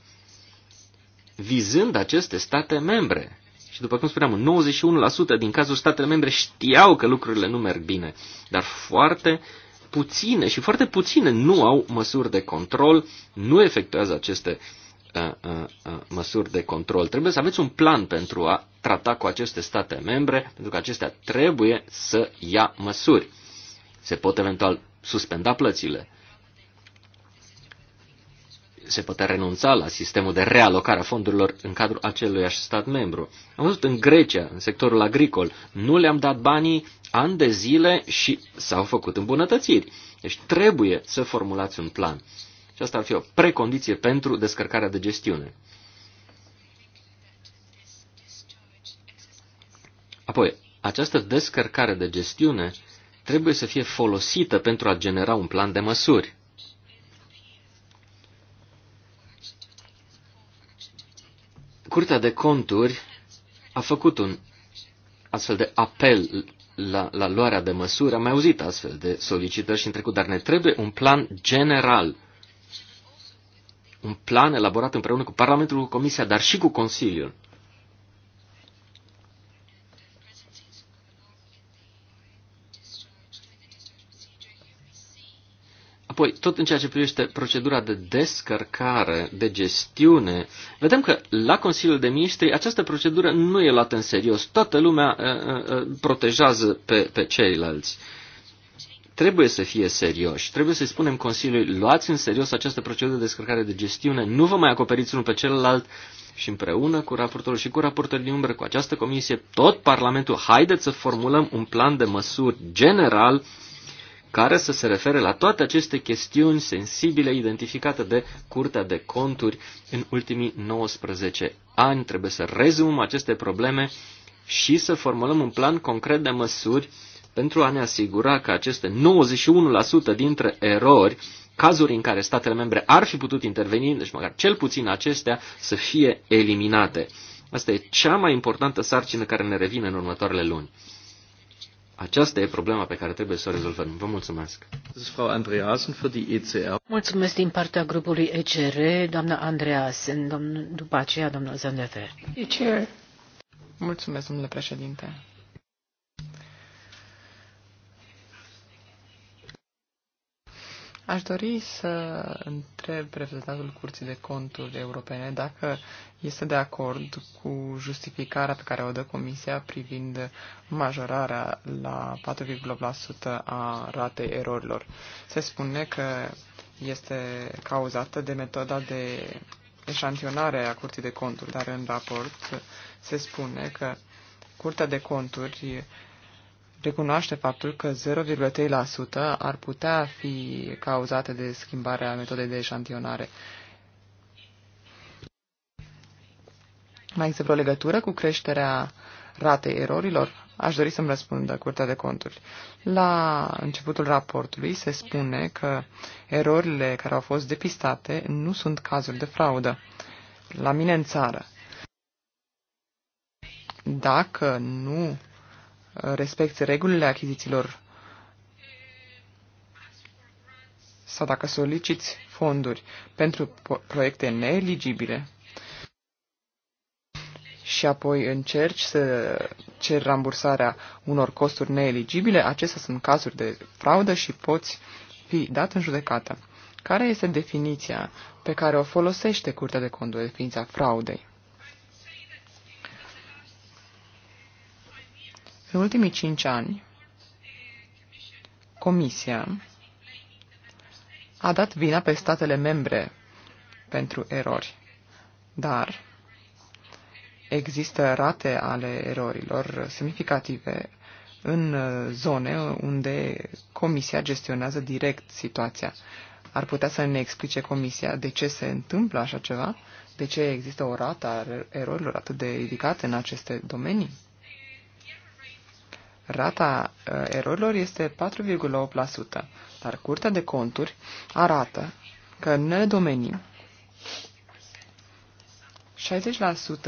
vizând aceste state membre. Și după cum spuneam, 91% din cazul statele membre știau că lucrurile nu merg bine, dar foarte puține și foarte puține nu au măsuri de control, nu efectuează aceste uh, uh, uh, măsuri de control. Trebuie să aveți un plan pentru a trata cu aceste state membre, pentru că acestea trebuie să ia măsuri. Se pot eventual suspenda plățile, se putea renunța la sistemul de realocare a fondurilor în cadrul aceluiași stat membru. Am văzut în Grecia, în sectorul agricol, nu le-am dat banii ani de zile și s-au făcut îmbunătățiri. Deci trebuie să formulați un plan. Și asta ar fi o precondiție pentru descărcarea de gestiune. Apoi, această descărcare de gestiune trebuie să fie folosită pentru a genera un plan de măsuri. Curtea de conturi a făcut un astfel de apel la, la luarea de măsuri. Am mai auzit astfel de solicitări și în trecut, dar ne trebuie un plan general. Un plan elaborat împreună cu Parlamentul, cu Comisia, dar și cu Consiliul. Apoi, tot în ceea ce privește procedura de descărcare, de gestiune, vedem că la Consiliul de Ministri această procedură nu e luată în serios. Toată lumea uh, uh, uh protejează pe, pe ceilalți. Trebuie să fie serioși, trebuie să spunem Consiliului, luați în serios această procedură de descărcare de gestiune, nu vă mai acoperiți unul pe celălalt și împreună cu raportorul și cu raportorul din umbră, cu această comisie, tot Parlamentul, haideți să formulăm un plan de măsuri general uh, care să se refere la toate aceste chestiuni sensibile identificate de Curtea de Conturi în ultimii 19 ani. Trebuie să rezumăm aceste probleme și să formulăm un plan concret de măsuri pentru a ne asigura că aceste 91% dintre erori, cazuri în care statele membre ar fi putut interveni, deci măcar cel puțin acestea, să fie eliminate. Asta e cea mai importantă sarcină care ne revine în următoarele luni. Aceasta e problema pe care trebuie să o rezolvăm. Vă mulțumesc. Mulțumesc din partea grupului ECR, doamna Andreasen, domn, după aceea domnul Zandefer. ECR. Mulțumesc, domnule președinte. Aș dori să întreb reprezentantul Curții de Conturi Europene dacă este de acord cu justificarea pe care o dă Comisia privind majorarea la 4,8% a ratei erorilor. Se spune că este cauzată de metoda de eșantionare a Curții de Conturi, dar în raport se spune că Curtea de Conturi recunoaște faptul că 0,3% ar putea fi cauzate de schimbarea metodei de eșantionare. Mai există vreo legătură cu creșterea ratei erorilor? Aș dori să-mi răspundă Curtea de Conturi. La începutul raportului se spune că erorile care au fost depistate nu sunt cazuri de fraudă. La mine în țară, dacă nu respecte regulile achizițiilor sau dacă soliciți fonduri pentru proiecte neeligibile și apoi încerci să ceri rambursarea unor costuri neeligibile, acestea sunt cazuri de fraudă și poți fi dat în judecată. Care este definiția pe care o folosește Curtea de Conturi, definiția fraudei? În ultimii cinci ani, Comisia a dat vina pe statele membre pentru erori, dar există rate ale erorilor semnificative în uh, zone unde Comisia gestionează direct situația. Ar putea să ne explice Comisia de ce se întâmplă așa ceva? De ce există o rată a er-, erorilor atât de ridicată în aceste domenii? Rata uh, erorilor este 4,8%, dar Curtea de Conturi arată că în unele domenii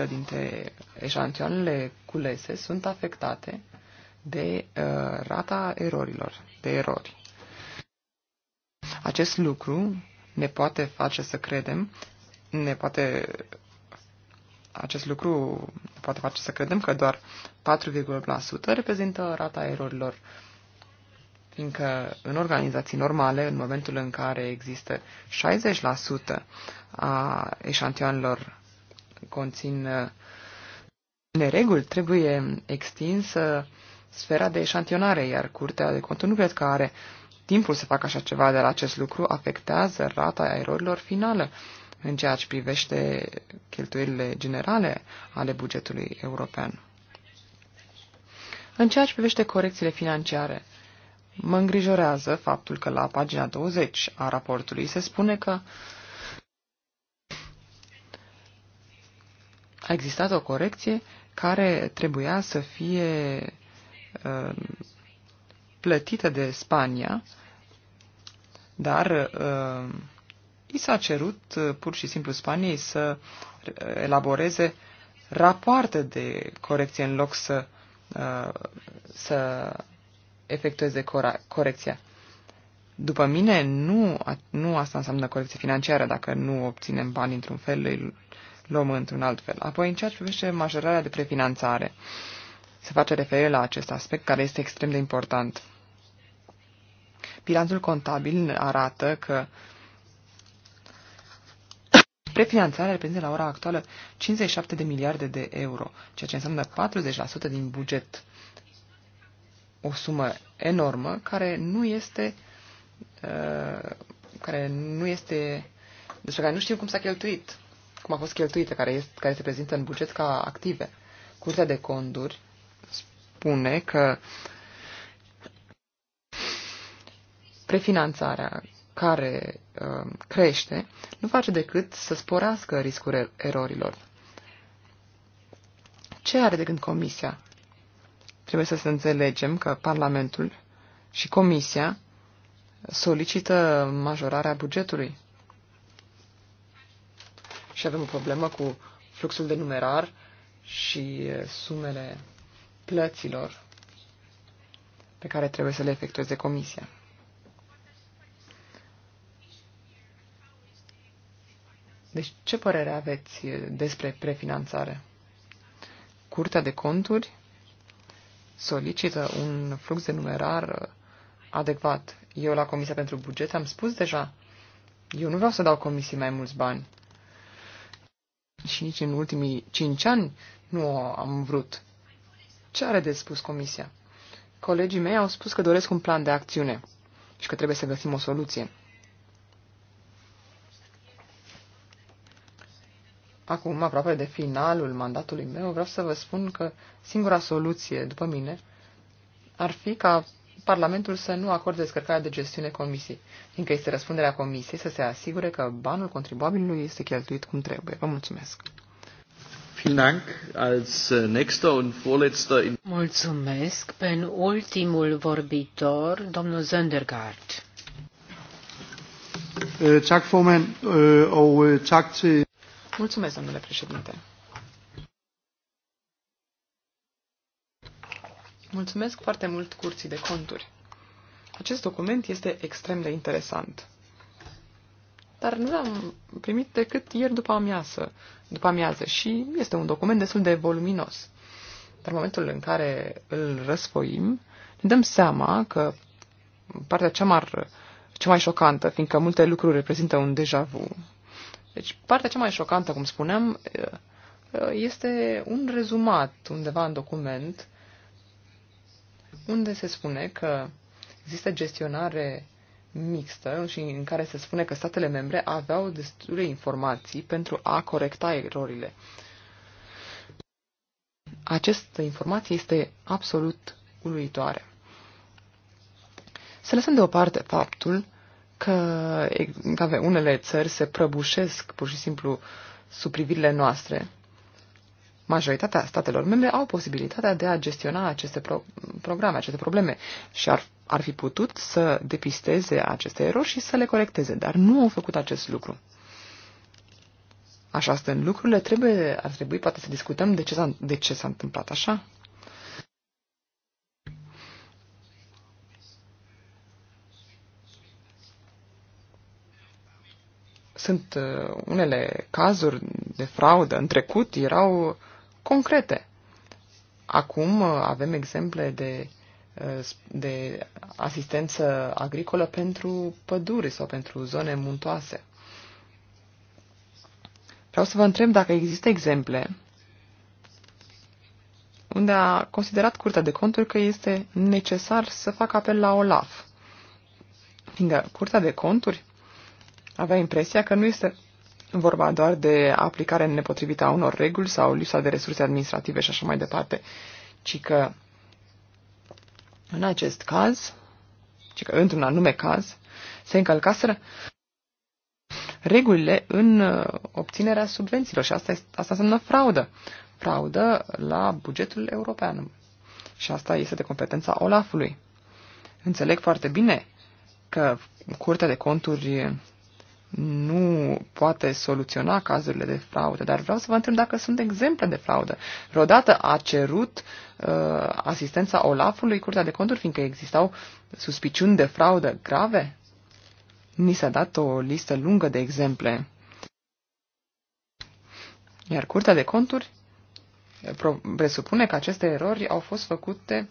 60% dintre eșantioanele culese sunt afectate de uh, rata erorilor, de erori. Acest lucru ne poate face să credem, ne poate acest lucru poate face să credem că doar 4,1% reprezintă rata erorilor, fiindcă în organizații normale, în momentul în care există 60% a eșantioanelor conțin uh, nereguli, trebuie extinsă sfera de eșantionare, iar curtea de conturi nu cred că are timpul să facă așa ceva, dar acest lucru afectează rata erorilor finală, în ceea ce privește cheltuielile generale ale bugetului european. În ceea ce privește corecțiile financiare, mă îngrijorează faptul că la pagina 20 a raportului se spune că a existat o corecție care trebuia să fie uh, plătită de Spania, dar uh, i s-a cerut uh, pur și simplu Spaniei să uh, elaboreze rapoarte de corecție în loc să, uh, să efectueze corecția. După mine, nu, nu asta înseamnă corecție financiară. Dacă nu obținem bani într-un fel, îi luăm într-un alt fel. Apoi, în ceea ce privește majorarea de prefinanțare, se face referire la acest aspect care este extrem de important. Bilanțul contabil arată că uh, Prefinanțarea reprezintă la ora actuală 57 de miliarde de euro, ceea ce înseamnă 40% din buget. O sumă enormă care nu este, uh, care nu este, despre care nu știm cum s-a cheltuit, cum a fost cheltuită, care, este, care se prezintă în buget ca active. Curtea de conduri spune că prefinanțarea care uh, crește nu face decât să sporească riscul er- erorilor. Ce are de gând Comisia? Trebuie să înțelegem că Parlamentul și Comisia solicită majorarea bugetului. Și avem o problemă cu fluxul de numerar și sumele plăților pe care trebuie să le efectueze Comisia. Deci, ce părere aveți despre prefinanțare? Curtea de conturi solicită un flux de numerar uh, adecvat. Eu la Comisia pentru Buget am spus deja, eu nu vreau să dau comisii mai mulți bani. Și nici în ultimii cinci ani nu am vrut. Ce are de spus comisia? Colegii mei au spus că doresc un plan de acțiune și că trebuie să găsim o soluție. acum, aproape de finalul mandatului meu, vreau să vă spun că singura soluție, după mine, ar fi ca Parlamentul să nu acorde descărcarea de gestiune comisiei, fiindcă este răspunderea comisiei să se asigure că banul contribuabilului este cheltuit cum trebuie. Vă mulțumesc! Äh, mulțumesc. Pe ultimul vorbitor, domnul Zendergaard. Uh, øh, Tak, formand, øh, og øh, tak til... Mulțumesc, domnule președinte. Mulțumesc foarte mult curții de conturi. Acest document este extrem de interesant. Dar nu l-am primit decât ieri după amiază, după amiază și este un document destul de voluminos. Dar în momentul în care îl răsfoim, ne dăm seama că partea cea mai, cea mai șocantă, fiindcă multe lucruri reprezintă un deja vu, deci, partea cea mai șocantă, cum spuneam, este un rezumat undeva în document unde se spune că există gestionare mixtă și în care se spune că statele membre aveau destule informații pentru a corecta erorile. Această informație este absolut uluitoare. Să lăsăm deoparte faptul că, că unele țări se prăbușesc pur și simplu sub privirile noastre, majoritatea statelor membre au posibilitatea de a gestiona aceste pro- programe, aceste probleme și ar, ar fi putut să depisteze aceste erori și să le corecteze, dar nu au făcut acest lucru. Așa stând lucrurile, trebuie, ar trebui poate să discutăm de ce s-a, de ce s-a întâmplat așa. Sunt uh, unele cazuri de fraudă în trecut erau concrete. Acum uh, avem exemple de, uh, de asistență agricolă pentru păduri sau pentru zone muntoase. Vreau să vă întreb dacă există exemple unde a considerat Curtea de Conturi că este necesar să facă apel la OLAF. Fiindcă Curtea de Conturi avea impresia că nu este vorba doar de aplicare nepotrivită a unor reguli sau lipsa de resurse administrative și așa mai departe, ci că în acest caz, ci că într-un anume caz, se încălcaseră regulile în uh, obținerea subvențiilor și asta, este, asta înseamnă fraudă. Fraudă la bugetul european. Și asta este de competența Olafului. Înțeleg foarte bine că Curtea de Conturi nu poate soluționa cazurile de fraudă, dar vreau să vă întreb dacă sunt exemple de fraudă. Vreodată a cerut uh, asistența Olafului Curtea de Conturi, fiindcă existau suspiciuni de fraudă grave? Ni s-a dat o listă lungă de exemple. Iar Curtea de Conturi uh, presupune că aceste erori au fost făcute,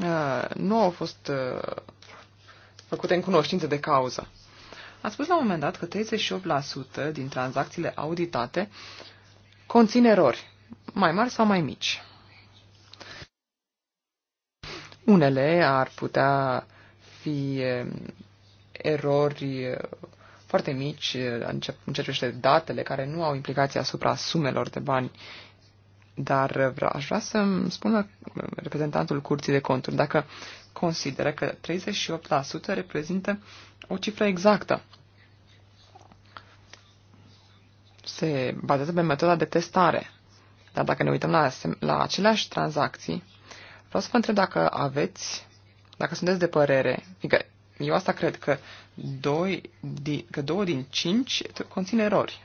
uh, nu au fost uh, făcute în cunoștință de cauză. A spus la un moment dat că 38% din tranzacțiile auditate conțin erori, mai mari sau mai mici. Unele ar putea fi eh, erori eh, foarte mici eh, în ce privește datele care nu au implicații asupra sumelor de bani. Dar aș vrea să-mi spună reprezentantul Curții de Conturi dacă consideră că 38% reprezintă o cifră exactă. Se bazează pe metoda de testare. Dar dacă ne uităm la, la aceleași tranzacții, vreau să vă întreb dacă aveți, dacă sunteți de părere, adică eu asta cred că 2 din, că 2 din 5 conține erori.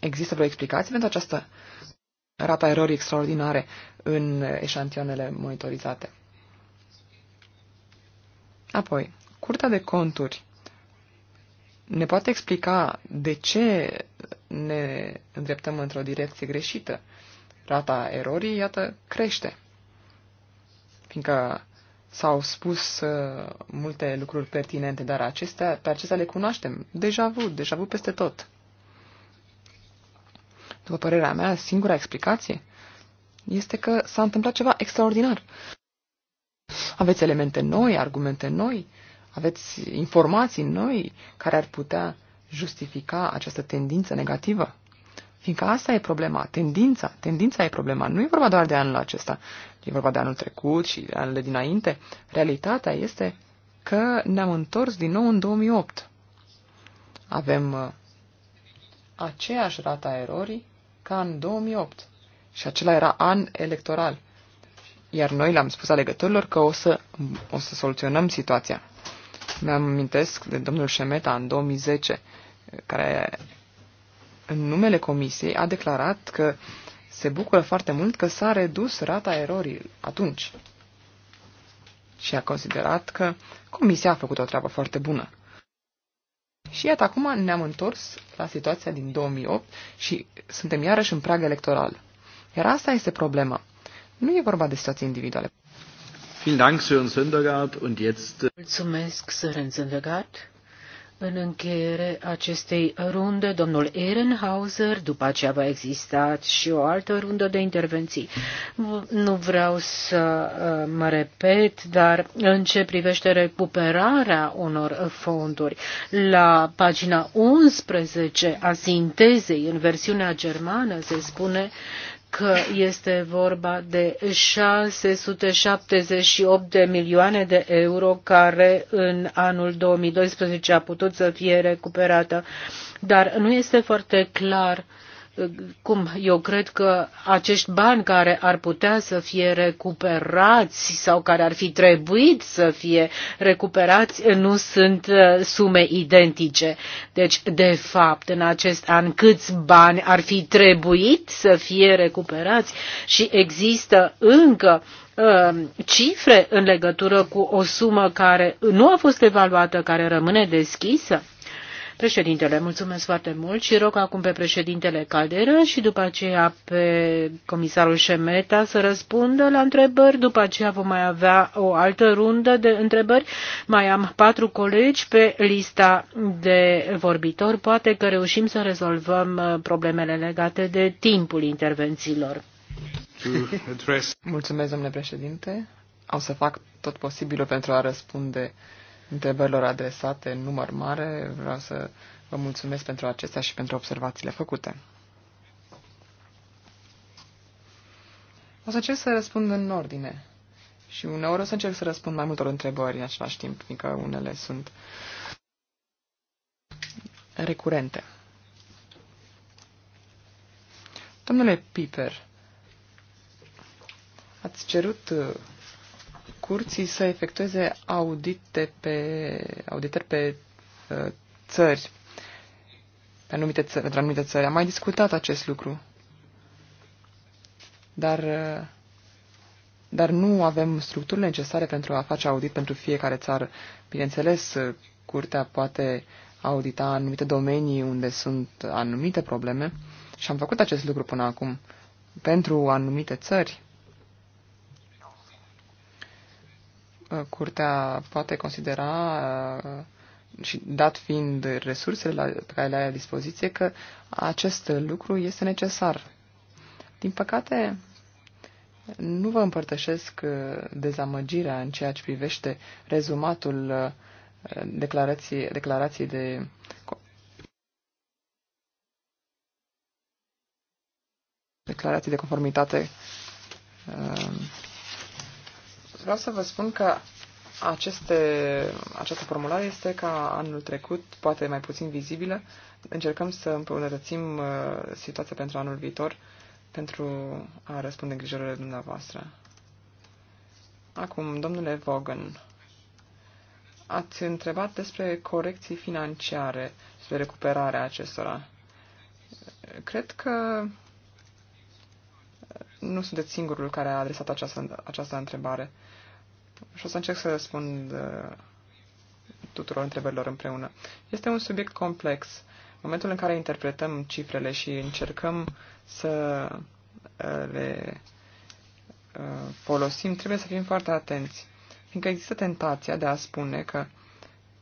Există vreo explicație pentru această rata erorii extraordinare în eșantioanele monitorizate. Apoi, Curtea de Conturi ne poate explica de ce ne îndreptăm într-o direcție greșită. Rata erorii, iată, crește. Fiindcă s-au spus uh, multe lucruri pertinente, dar acestea, pe acestea le cunoaștem. Deja vu, deja vu peste tot după părerea mea, singura explicație este că s-a întâmplat ceva extraordinar. Aveți elemente noi, argumente noi, aveți informații noi care ar putea justifica această tendință negativă. Fiindcă asta e problema, tendința, tendința e problema. Nu e vorba doar de anul acesta, e vorba de anul trecut și de anul dinainte. Realitatea este că ne-am întors din nou în 2008. Avem uh, aceeași rata erorii ca în 2008. Și acela era an electoral. Iar noi le-am spus alegătorilor că o să, o să soluționăm situația. Mi-am amintesc de domnul Șemeta în 2010, care în numele comisiei a declarat că se bucură foarte mult că s-a redus rata erorii atunci. Și a considerat că comisia a făcut o treabă foarte bună. Și iată, acum ne-am întors la situația din 2008 și suntem iarăși în prag electoral. Iar asta este problema. Nu e vorba de situații individuale. Äh, Mulțumesc, Søren Söndergaard. În încheiere acestei runde, domnul Ehrenhauser, după aceea va exista și o altă rundă de intervenții. Nu vreau să uh, mă repet, dar în ce privește recuperarea unor fonduri, la pagina 11 a sintezei, în versiunea germană, se spune că este vorba de 678 de milioane de euro care în anul 2012 a putut să fie recuperată, dar nu este foarte clar uh, cum eu cred că acești bani care ar putea să fie recuperați sau care ar fi trebuit să fie recuperați nu sunt uh, sume identice. Deci, de fapt, în acest an câți bani ar fi trebuit să fie recuperați și există încă uh, cifre în legătură cu o sumă care nu a fost evaluată, care rămâne deschisă? Președintele, mulțumesc foarte mult și rog acum pe președintele Caldera și după aceea pe comisarul Șemeta să răspundă la întrebări. După aceea vom mai avea o altă rundă de întrebări. Mai am patru colegi pe lista de vorbitori. Poate că reușim să rezolvăm uh, problemele legate de timpul intervențiilor. Mulțumesc, domnule președinte. O să fac tot posibilul pentru a răspunde întrebărilor adresate în număr mare. Vreau să vă mulțumesc pentru acestea și pentru observațiile făcute. O să încerc să răspund în ordine. Și uneori o să încerc să răspund mai multor întrebări în același timp, fiindcă unele sunt recurente. Domnule Piper, ați cerut uh, curții să efectueze audite pe, auditări pe uh, țări, pe anumite țări, pentru anumite țări. Am mai discutat acest lucru. Dar, uh, dar nu avem structurile necesare pentru a face audit pentru fiecare țară. Bineînțeles, curtea poate audita anumite domenii unde sunt anumite probleme și am făcut acest lucru până acum pentru anumite țări. Uh, curtea poate considera uh, și dat fiind resursele pe care le are la dispoziție, că acest lucru este necesar. Din păcate, nu vă împărtășesc uh, dezamăgirea în ceea ce privește rezumatul declarației, declarației de declarații de conformitate vreau să vă spun că aceste, această formulare este ca anul trecut, poate mai puțin vizibilă. Încercăm să îmbunătățim uh, situația pentru anul viitor pentru a răspunde îngrijorările dumneavoastră. Acum, domnule Vogan, ați întrebat despre corecții financiare, despre recuperarea acestora. Cred că nu sunteți singurul care a adresat această, această întrebare. Și o să încerc să răspund uh, tuturor întrebărilor împreună. Este un subiect complex. În momentul în care interpretăm cifrele și încercăm să uh, le uh, folosim, trebuie să fim foarte atenți, fiindcă există tentația de a spune că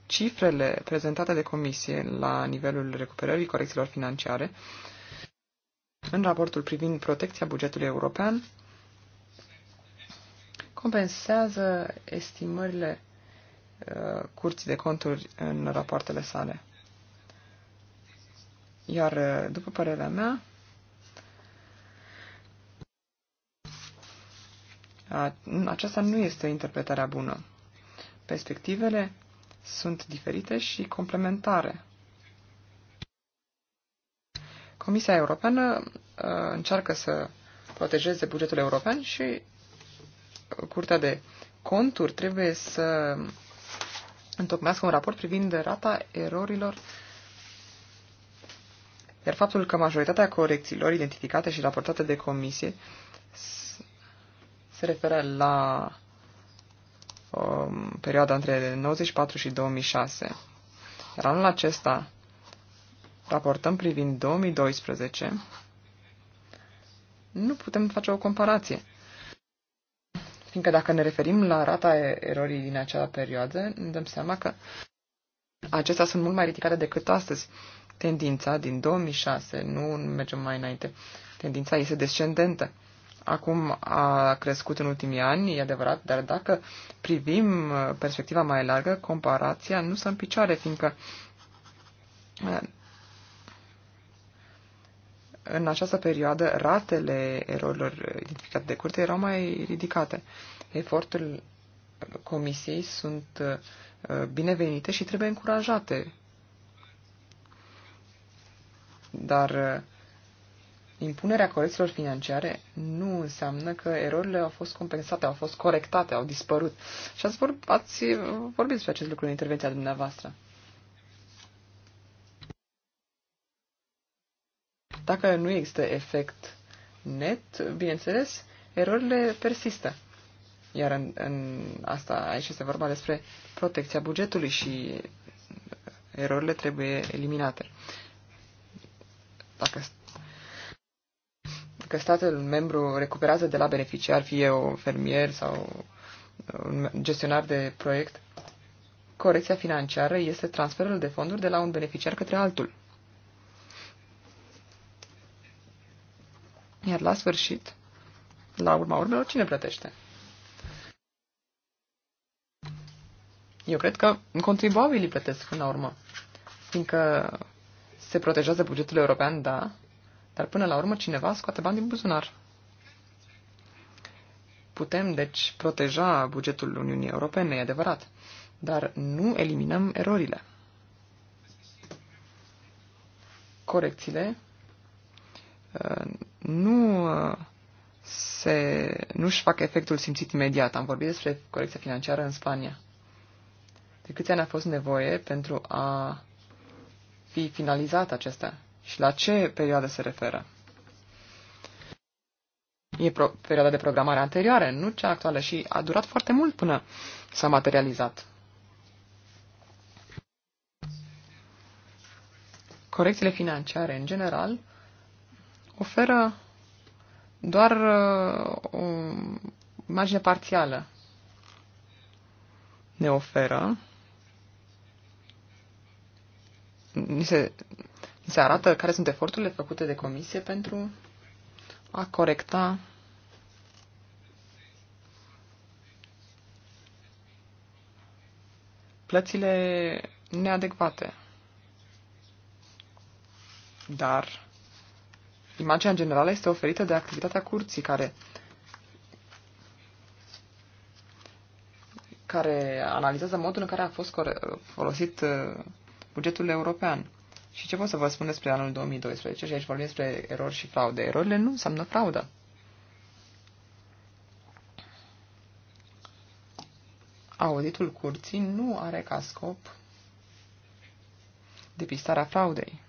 cifrele prezentate de comisie la nivelul recuperării corecțiilor financiare uh, în raportul privind protecția bugetului european compensează estimările uh, curții de conturi în rapoartele sale. Iar, uh, după părerea mea, aceasta nu este interpretarea bună. Perspectivele sunt diferite și complementare. Comisia Europeană uh, încearcă să protejeze bugetul european și uh, Curtea de Conturi trebuie să întocmească un raport privind rata erorilor iar faptul că majoritatea corecțiilor identificate și raportate de comisie se referă la um, perioada între 94 și 2006. Iar anul acesta raportăm privind 2012, nu putem face o comparație. Fiindcă dacă ne referim la rata erorii din acea perioadă, ne dăm seama că acestea sunt mult mai ridicate decât astăzi. Tendința din 2006, nu mergem mai înainte, tendința este descendentă. Acum a crescut în ultimii ani, e adevărat, dar dacă privim uh, perspectiva mai largă, comparația nu stă în picioare, fiindcă uh, în această perioadă ratele erorilor identificate de curte erau mai ridicate. Efortul comisiei sunt uh, binevenite și trebuie încurajate. Dar uh, impunerea corecțiilor financiare nu înseamnă că erorile au fost compensate, au fost corectate, au dispărut. Și ați, vorbit despre acest lucru în intervenția dumneavoastră. Dacă nu există efect net, bineînțeles, erorile persistă. Iar în, în asta aici este vorba despre protecția bugetului și erorile trebuie eliminate. Dacă, dacă statul membru recuperează de la beneficiar, fie o fermier sau un gestionar de proiect, corecția financiară este transferul de fonduri de la un beneficiar către altul. Iar la sfârșit, la urma urmelor, cine plătește? Eu cred că contribuabilii plătesc până la urmă, fiindcă se protejează bugetul european, da, dar până la urmă cineva scoate bani din buzunar. Putem, deci, proteja bugetul Uniunii Europene, e adevărat, dar nu eliminăm erorile. Corecțiile nu uh, se, nu-și fac efectul simțit imediat. Am vorbit despre corecția financiară în Spania. De câți ani a fost nevoie pentru a fi finalizat acesta și la ce perioadă se referă? E pro- perioada de programare anterioară, nu cea actuală și a durat foarte mult până s-a materializat. Corecțiile financiare, în general, oferă doar uh, o imagine parțială. Ne oferă. Ni se, ni se arată care sunt eforturile făcute de comisie pentru a corecta plățile neadecvate. Dar Imaginea generală este oferită de activitatea curții care care analizează modul în care a fost folosit uh, bugetul european. Și ce pot să vă spun despre anul 2012? Și aici vorbim despre erori și fraude. Erorile nu înseamnă fraudă. Auditul curții nu are ca scop depistarea fraudei.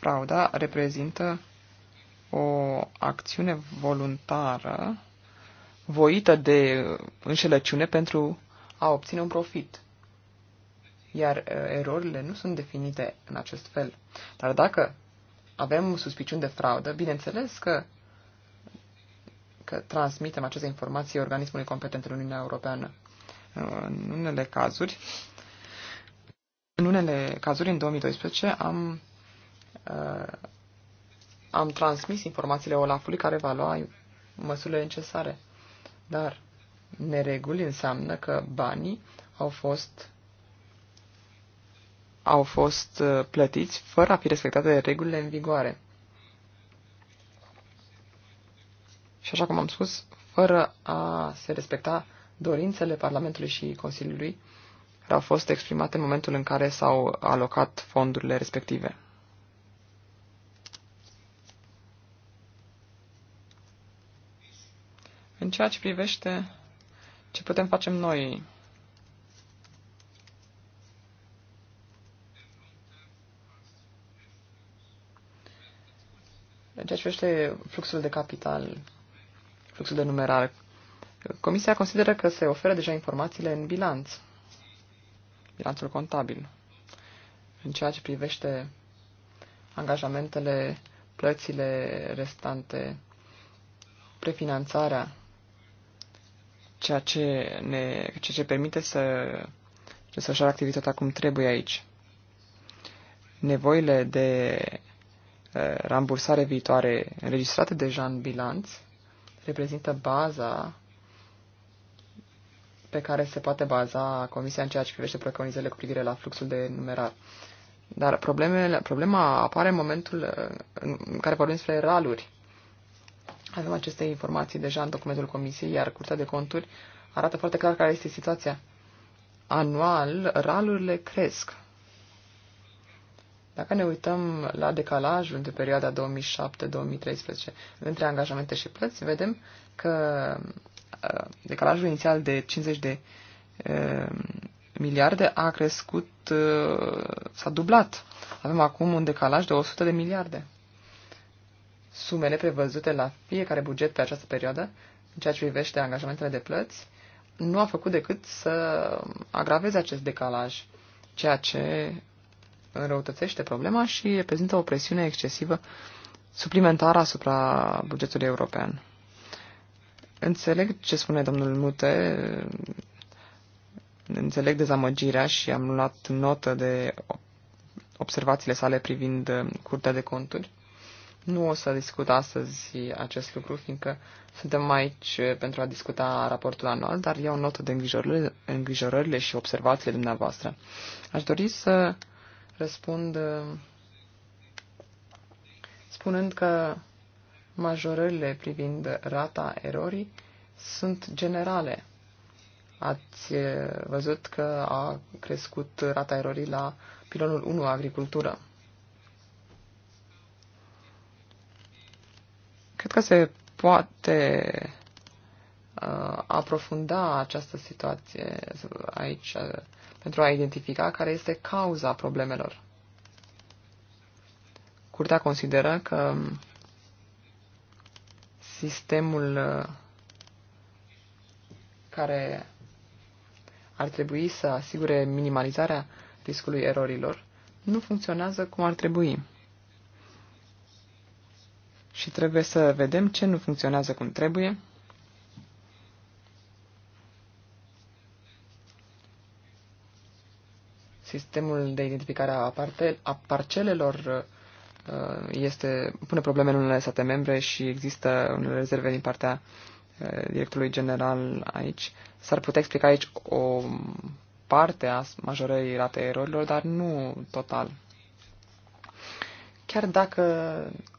Frauda reprezintă o acțiune voluntară voită de înșelăciune pentru a obține un profit. Iar erorile nu sunt definite în acest fel. Dar dacă avem suspiciuni de fraudă, bineînțeles că, că transmitem aceste informații organismului competent în Uniunea Europeană. În unele cazuri, în unele cazuri, în 2012, am Uh, am transmis informațiile Olafului care va lua măsurile necesare. Dar nereguli înseamnă că banii au fost au fost uh, plătiți fără a fi respectate regulile în vigoare. Și așa cum am spus, fără a se respecta dorințele Parlamentului și Consiliului care au fost exprimate în momentul în care s-au alocat fondurile respective. În ceea ce privește ce putem face noi, în ceea ce privește fluxul de capital, fluxul de numerar, Comisia consideră că se oferă deja informațiile în bilanț, bilanțul contabil, în ceea ce privește angajamentele, plățile restante, prefinanțarea ceea ce, ne, ceea ce permite să desfășoare activitatea cum trebuie aici. Nevoile de uh, rambursare viitoare înregistrate deja în bilanț reprezintă baza pe care se poate baza Comisia în ceea ce privește preconizările cu privire la fluxul de numerar. Dar problemele, problema apare în momentul uh, în care vorbim despre raluri. Avem aceste informații deja în documentul Comisiei, iar Curtea de Conturi arată foarte clar care este situația. Anual, ralurile cresc. Dacă ne uităm la decalajul între perioada 2007-2013 între angajamente și plăți, vedem că uh, decalajul inițial de 50 de uh, miliarde a crescut, uh, s-a dublat. Avem acum un decalaj de 100 de miliarde sumele prevăzute la fiecare buget pe această perioadă, în ceea ce privește angajamentele de plăți, nu a făcut decât să agraveze acest decalaj, ceea ce înrăutățește problema și reprezintă o presiune excesivă suplimentară asupra bugetului european. Înțeleg ce spune domnul Mute, înțeleg dezamăgirea și am luat notă de observațiile sale privind uh, curtea de conturi. Nu o să discut astăzi acest lucru, fiindcă suntem aici pentru a discuta raportul anual, dar iau notă de îngrijorările, îngrijorările și observațiile dumneavoastră. Aș dori să răspund spunând că majorările privind rata erorii sunt generale. Ați eh, văzut că a crescut rata erorii la pilonul 1 agricultură. Cred că se poate uh, aprofunda această situație aici uh, pentru a identifica care este cauza problemelor. Curtea consideră că sistemul uh, care ar trebui să asigure minimalizarea riscului erorilor nu funcționează cum ar trebui și trebuie să vedem ce nu funcționează cum trebuie. Sistemul de identificare a, parte, a parcelelor uh, este, pune probleme în unele state membre și există unele rezerve din partea uh, directorului general aici. S-ar putea explica aici o parte a majorării ratei erorilor, dar nu total. Chiar dacă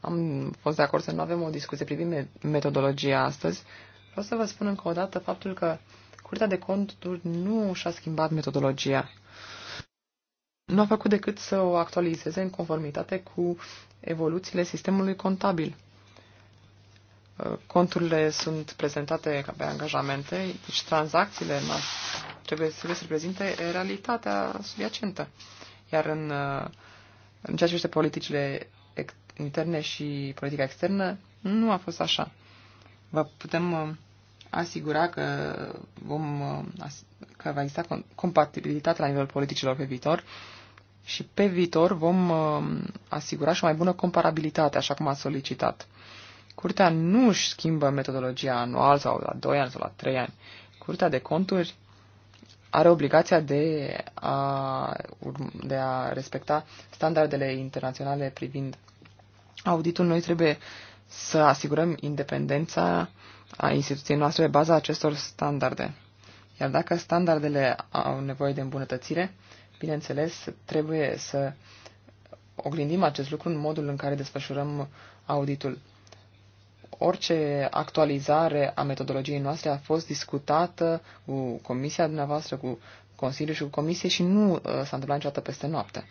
am fost de acord să nu avem o discuție privind metodologia astăzi, vreau să vă spun încă o dată faptul că Curtea de Conturi nu și-a schimbat metodologia. Nu a făcut decât să o actualizeze în conformitate cu evoluțiile sistemului contabil. Uh, conturile sunt prezentate ca pe angajamente, deci tranzacțiile trebuie, să reprezinte realitatea subiacentă. Iar în uh, în ceea ce este politicile interne și politica externă, nu a fost așa. Vă putem uh, asigura că, vom, uh, că va exista compatibilitate la nivel politicilor pe viitor și pe viitor vom uh, asigura și o mai bună comparabilitate, așa cum a solicitat. Curtea nu își schimbă metodologia anual sau la 2 ani sau la 3 ani. Curtea de conturi are obligația de a, de a respecta standardele internaționale privind auditul. Noi trebuie să asigurăm independența a instituției noastre pe baza acestor standarde. Iar dacă standardele au nevoie de îmbunătățire, bineînțeles, trebuie să oglindim acest lucru în modul în care desfășurăm auditul orice actualizare a metodologiei noastre a fost discutată cu comisia dumneavoastră, cu Consiliul și cu comisie și nu uh, s-a întâmplat niciodată peste noapte.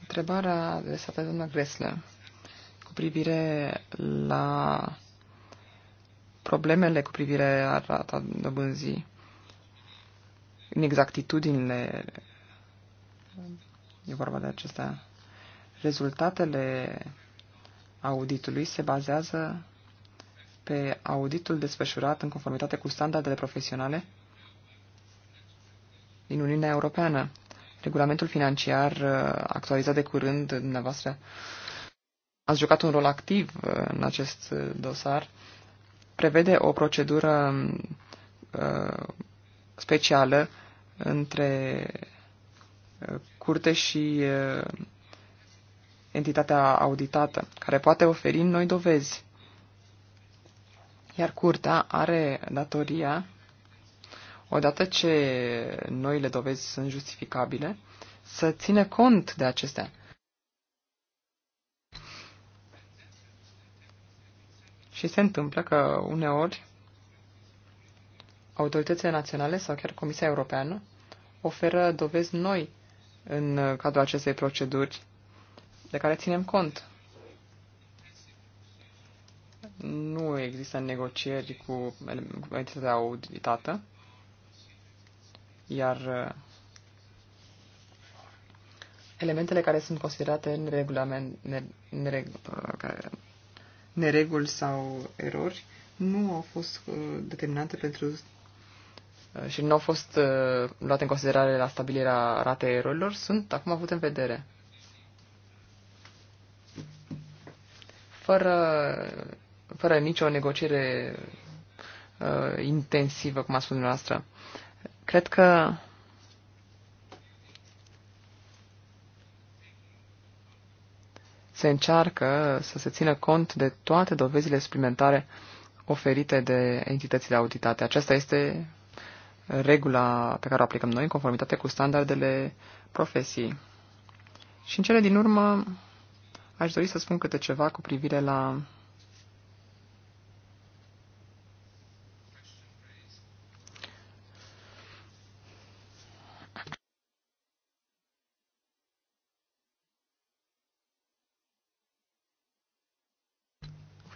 Întrebarea adresată de doamna Gresler cu privire la problemele cu privire la rata dobânzii, inexactitudinile, e vorba de acestea, rezultatele auditului se bazează pe auditul desfășurat în conformitate cu standardele profesionale din Uniunea Europeană. Regulamentul financiar uh, actualizat de curând, dumneavoastră ați jucat un rol activ uh, în acest uh, dosar, prevede o procedură uh, specială între curte și entitatea auditată, care poate oferi noi dovezi. Iar curtea are datoria, odată ce noile dovezi sunt justificabile, să ține cont de acestea Și se întâmplă că uneori autoritățile naționale sau chiar Comisia Europeană oferă dovezi noi în cadrul acestei proceduri de care ținem cont. Nu există negocieri cu entitatea auditată, iar uh, elementele care sunt considerate în regulament, în, în, în, nereguli sau erori nu au fost uh, determinante pentru uh, și nu au fost uh, luate în considerare la stabilirea ratei erorilor, sunt acum avute în vedere. Fără, fără nicio negociere uh, intensivă, cum a spus dumneavoastră. Cred că se încearcă să se țină cont de toate dovezile suplimentare oferite de entitățile auditate. Aceasta este regula pe care o aplicăm noi în conformitate cu standardele profesiei. Și în cele din urmă aș dori să spun câte ceva cu privire la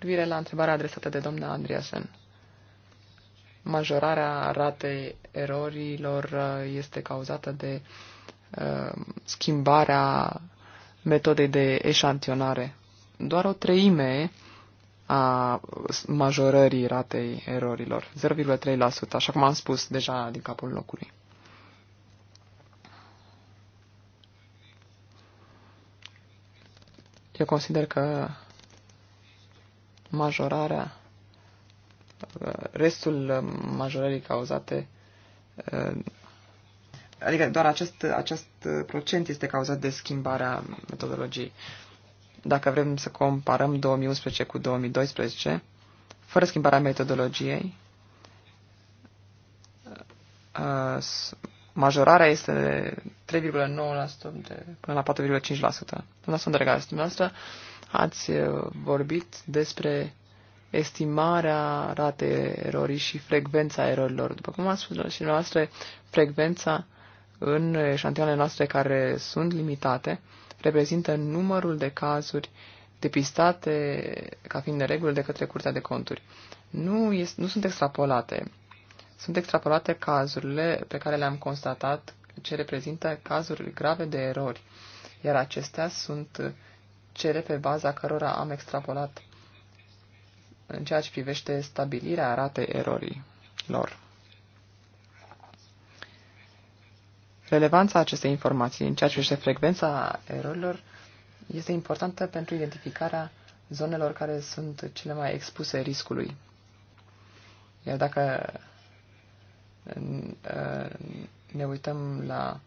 privire la întrebarea adresată de domnul Andreasen. Majorarea ratei erorilor uh, este cauzată de uh, schimbarea metodei de eșantionare. Doar o treime a majorării ratei erorilor, 0,3%, așa cum am spus deja din capul locului. Eu consider că majorarea, restul majorării cauzate, eh, adică doar acest, acest procent este cauzat de schimbarea metodologiei. Dacă vrem să comparăm 2011 cu 2012, fără schimbarea metodologiei, eh, majorarea este 3,9% până la 4,5%. Doamna de regală, Ați uh, vorbit despre estimarea ratei erorii și frecvența erorilor. După cum am spus și noastre, frecvența în eșantioanele noastre care sunt limitate reprezintă numărul de cazuri depistate ca fiind de regulă de către Curtea de Conturi. Nu, este, nu sunt extrapolate. Sunt extrapolate cazurile pe care le-am constatat ce reprezintă cazuri grave de erori, iar acestea sunt cere pe baza cărora am extrapolat în ceea ce privește stabilirea ratei erorii lor. Relevanța acestei informații în ceea ce privește frecvența erorilor este importantă pentru identificarea zonelor care sunt cele mai expuse riscului. Iar dacă ne uităm la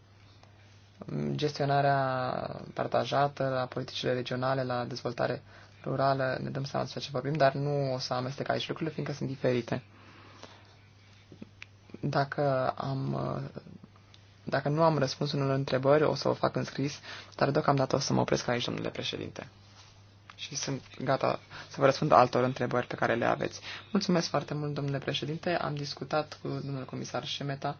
gestionarea partajată, la politicile regionale, la dezvoltare rurală, ne dăm seama despre ce vorbim, dar nu o să amestec aici lucrurile, fiindcă sunt diferite. Dacă, am, dacă nu am răspuns unor întrebări, o să o fac în scris, dar deocamdată o să mă opresc aici, domnule președinte. Și sunt gata să vă răspund altor întrebări pe care le aveți. Mulțumesc foarte mult, domnule președinte. Am discutat cu domnul comisar Șemeta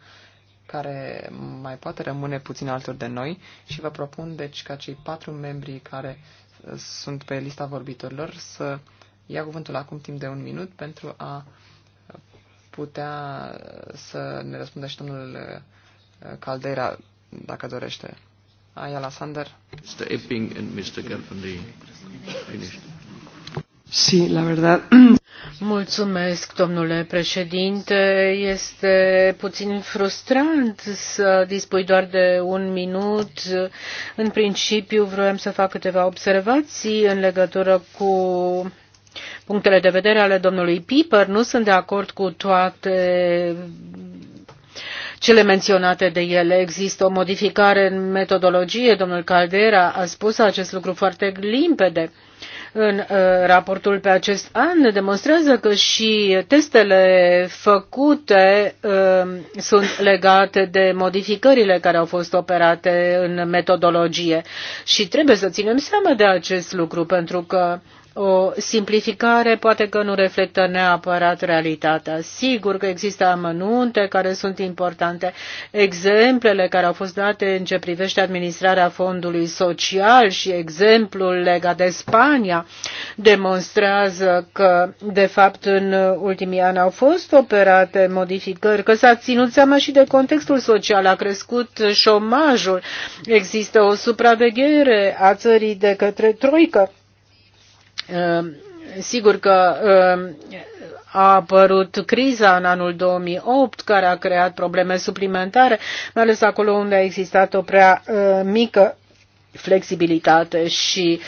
care mai poate rămâne puțin alături de noi și vă propun deci ca cei patru membri care uh, sunt pe lista vorbitorilor să ia cuvântul acum timp de un minut pentru a putea uh, să ne răspundă și domnul uh, Caldera dacă dorește. Aia la Sander. Mr. Epping and Mr. Garfunkel finished. Mulțumesc, domnule președinte. Este puțin frustrant să dispui doar de un minut. În principiu, vroiam să fac câteva observații în legătură cu punctele de vedere ale domnului Piper. Nu sunt de acord cu toate cele menționate de el. Există o modificare în metodologie, domnul Caldera a spus acest lucru foarte limpede în uh, raportul pe acest an demonstrează că și testele făcute um, sunt legate de modificările care au fost operate în metodologie și trebuie să ținem seama de acest lucru pentru că o simplificare poate că nu reflectă neapărat realitatea. Sigur că există amănunte care sunt importante. Exemplele care au fost date în ce privește administrarea fondului social și exemplul legat de Spania demonstrează că, de fapt, în ultimii ani au fost operate modificări, că s-a ținut seama și de contextul social, a crescut șomajul, există o supraveghere a țării de către troică Ehm, sigur că ehm, a apărut criza în anul 2008, care a creat probleme suplimentare, mai ales acolo unde a existat o prea ehm, mică flexibilitate și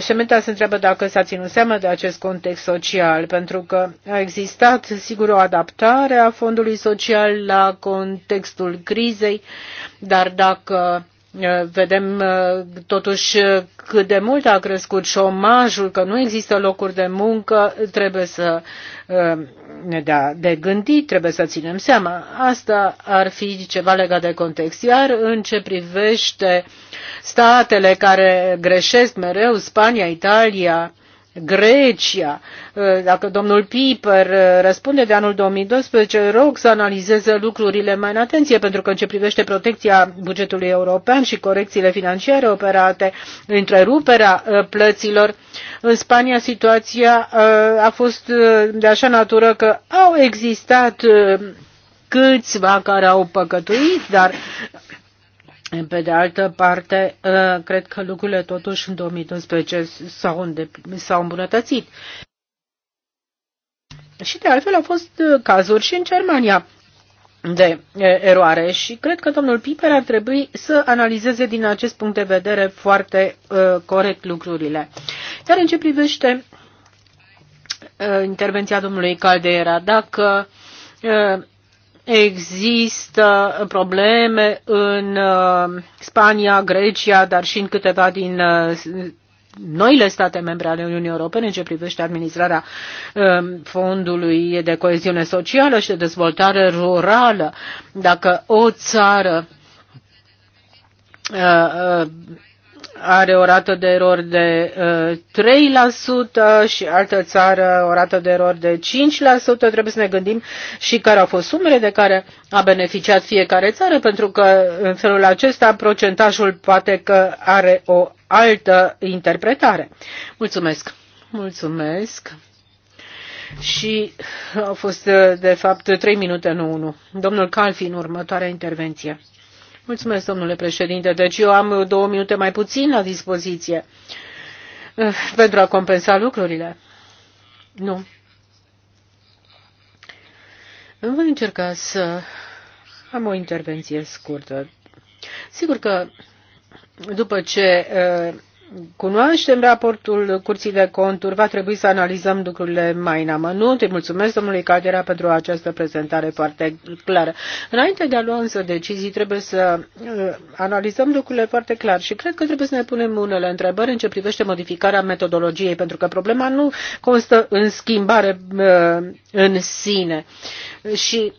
Șementa se întreabă dacă s-a ținut seama de acest context social, pentru că a existat, sigur, o adaptare a fondului social la contextul crizei, dar dacă Vedem uh, totuși cât de mult a crescut șomajul, că nu există locuri de muncă, trebuie să uh, ne dea de gândit, trebuie să ținem seama. Asta ar fi ceva legat de context. Iar în ce privește statele care greșesc mereu, Spania, Italia, Grecia. Uh, dacă domnul Piper uh, răspunde de anul 2012, rog să analizeze lucrurile mai în atenție, pentru că în ce privește protecția bugetului european și corecțiile financiare operate, întreruperea uh, plăților, în Spania situația a fost de așa natură că au existat câțiva care au păcătuit, dar pe de altă parte, uh, cred că lucrurile totuși în 2012 s-au îmbunătățit. Și de altfel au fost uh, cazuri și în Germania de uh, eroare și cred că domnul Piper ar trebui să analizeze din acest punct de vedere foarte corect lucrurile. Dar în ce privește intervenția domnului Caldera, dacă Există probleme în uh, Spania, Grecia, dar și în câteva din uh, noile state membre ale Uniunii Europene în ce privește administrarea uh, fondului de coeziune socială și de dezvoltare rurală. Dacă o țară are o rată de erori de uh, 3% și altă țară o rată de erori de 5%. Trebuie să ne gândim și care au fost sumele de care a beneficiat fiecare țară, pentru că în felul acesta procentajul poate că are o altă interpretare. Mulțumesc! Mulțumesc! Și au fost, de fapt, trei minute, nu 1. Domnul Calfin, următoarea intervenție. Mulțumesc, domnule președinte. Deci eu am două minute mai puțin la dispoziție eh, pentru a compensa lucrurile. Nu. Nu voi încerca să am o intervenție scurtă. Sigur că după ce eh, cunoaștem raportul Curții de Conturi, va trebui să analizăm lucrurile mai în amănunt. Îi mulțumesc domnului Cadera pentru această prezentare foarte clară. Înainte de a lua însă decizii, trebuie să uh, analizăm lucrurile foarte clar și cred că trebuie să ne punem unele întrebări în ce privește modificarea metodologiei, pentru că problema nu constă în schimbare uh, în sine. Și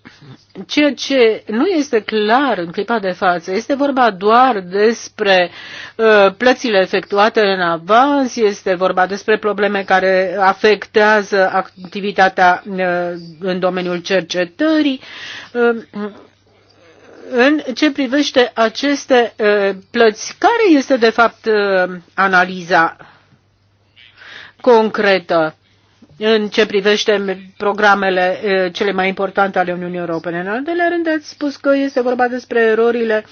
ceea ce nu este clar în clipa de față, este vorba doar despre uh, plățile efectuate în avans, este vorba despre probleme care afectează activitatea uh, în domeniul cercetării. Uh, în ce privește aceste plăți, care este de fapt analiza concretă? în ce privește programele cele mai importante ale Uniunii Europene. În al doilea rând, ați spus că este vorba despre erorile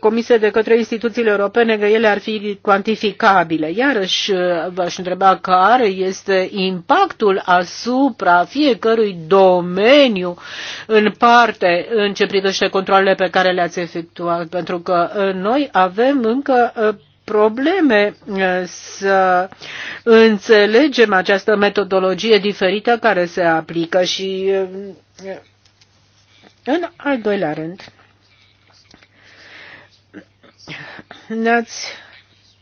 comise de către instituțiile europene, că ele ar fi cuantificabile. Iarăși v-aș întreba care este impactul asupra fiecărui domeniu în parte în ce privește controlele pe care le-ați efectuat, pentru că noi avem încă probleme să înțelegem această metodologie diferită care se aplică și în al doilea rând ne-ați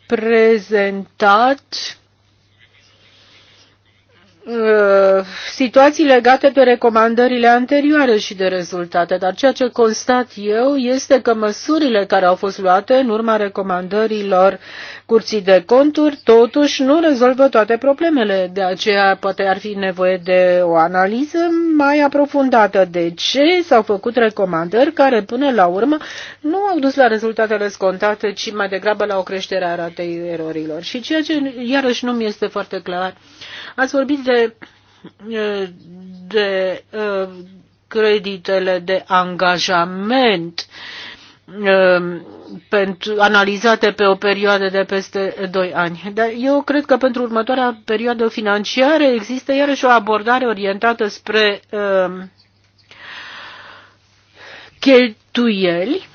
prezentat Uh, situații legate de recomandările anterioare și de rezultate, dar ceea ce constat eu este că măsurile care au fost luate în urma recomandărilor curții de conturi totuși nu rezolvă toate problemele, de aceea poate ar fi nevoie de o analiză mai aprofundată de ce s-au făcut recomandări care până la urmă nu au dus la rezultatele scontate, ci mai degrabă la o creștere a ratei erorilor. Și ceea ce iarăși nu mi este foarte clar Ați vorbit de, de creditele de angajament pentru, analizate pe o perioadă de peste 2 ani. Dar eu cred că pentru următoarea perioadă financiară există iarăși o abordare orientată spre uh, cheltuieli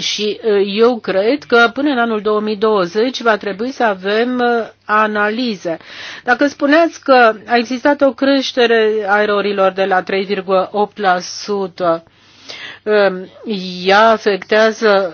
și eu cred că până în anul 2020 va trebui să avem analize. Dacă spuneați că a existat o creștere a erorilor de la 3,8%, ea afectează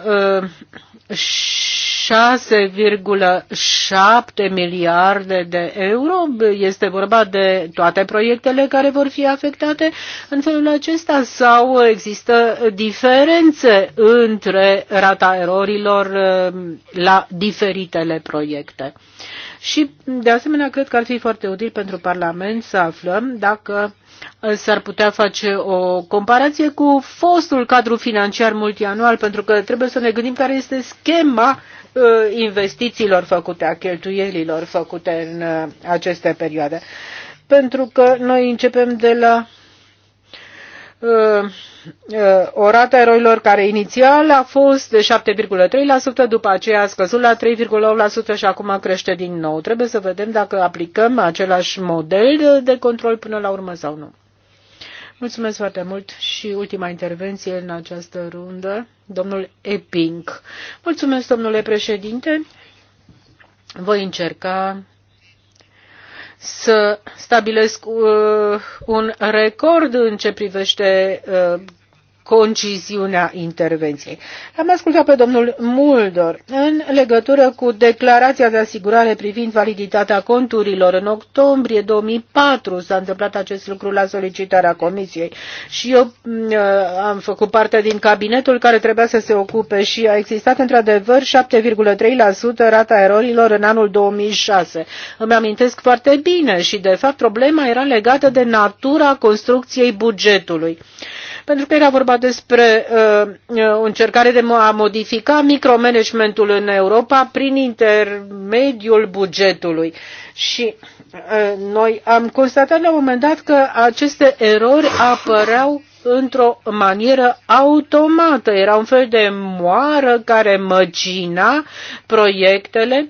6,7 miliarde de euro. Este vorba de toate proiectele care vor fi afectate în felul acesta sau există diferențe între rata erorilor eh, la diferitele proiecte. Și, de asemenea, cred că ar fi foarte util pentru Parlament să aflăm dacă s-ar putea face o comparație cu fostul cadru financiar multianual, pentru că trebuie să ne gândim care este schema uh, investițiilor făcute, a cheltuielilor făcute în uh, aceste perioade. Pentru că noi începem de la uh, o rată a eroilor care inițial a fost de 7,3%, după aceea a scăzut la 3,8% și acum crește din nou. Trebuie să vedem dacă aplicăm același model de control până la urmă sau nu. Mulțumesc foarte mult și ultima intervenție în această rundă, domnul Epping. Mulțumesc, domnule președinte. Voi încerca să stabilesc uh, un record în ce privește uh, conciziunea intervenției. Am ascultat pe domnul Muldor în legătură cu declarația de asigurare privind validitatea conturilor. În octombrie 2004 s-a întâmplat acest lucru la solicitarea Comisiei și eu mm, uh, am făcut parte din cabinetul care trebuia să se ocupe și a existat într-adevăr 7,3% rata erorilor în anul 2006. Îmi amintesc foarte bine și de fapt problema era legată de natura construcției bugetului pentru că era vorba despre uh, o uh, încercare de a modifica micromanagementul în Europa prin intermediul bugetului. Și uh, noi am constatat la un moment dat că aceste erori apăreau într-o manieră automată. Era un fel de moară care măcina proiectele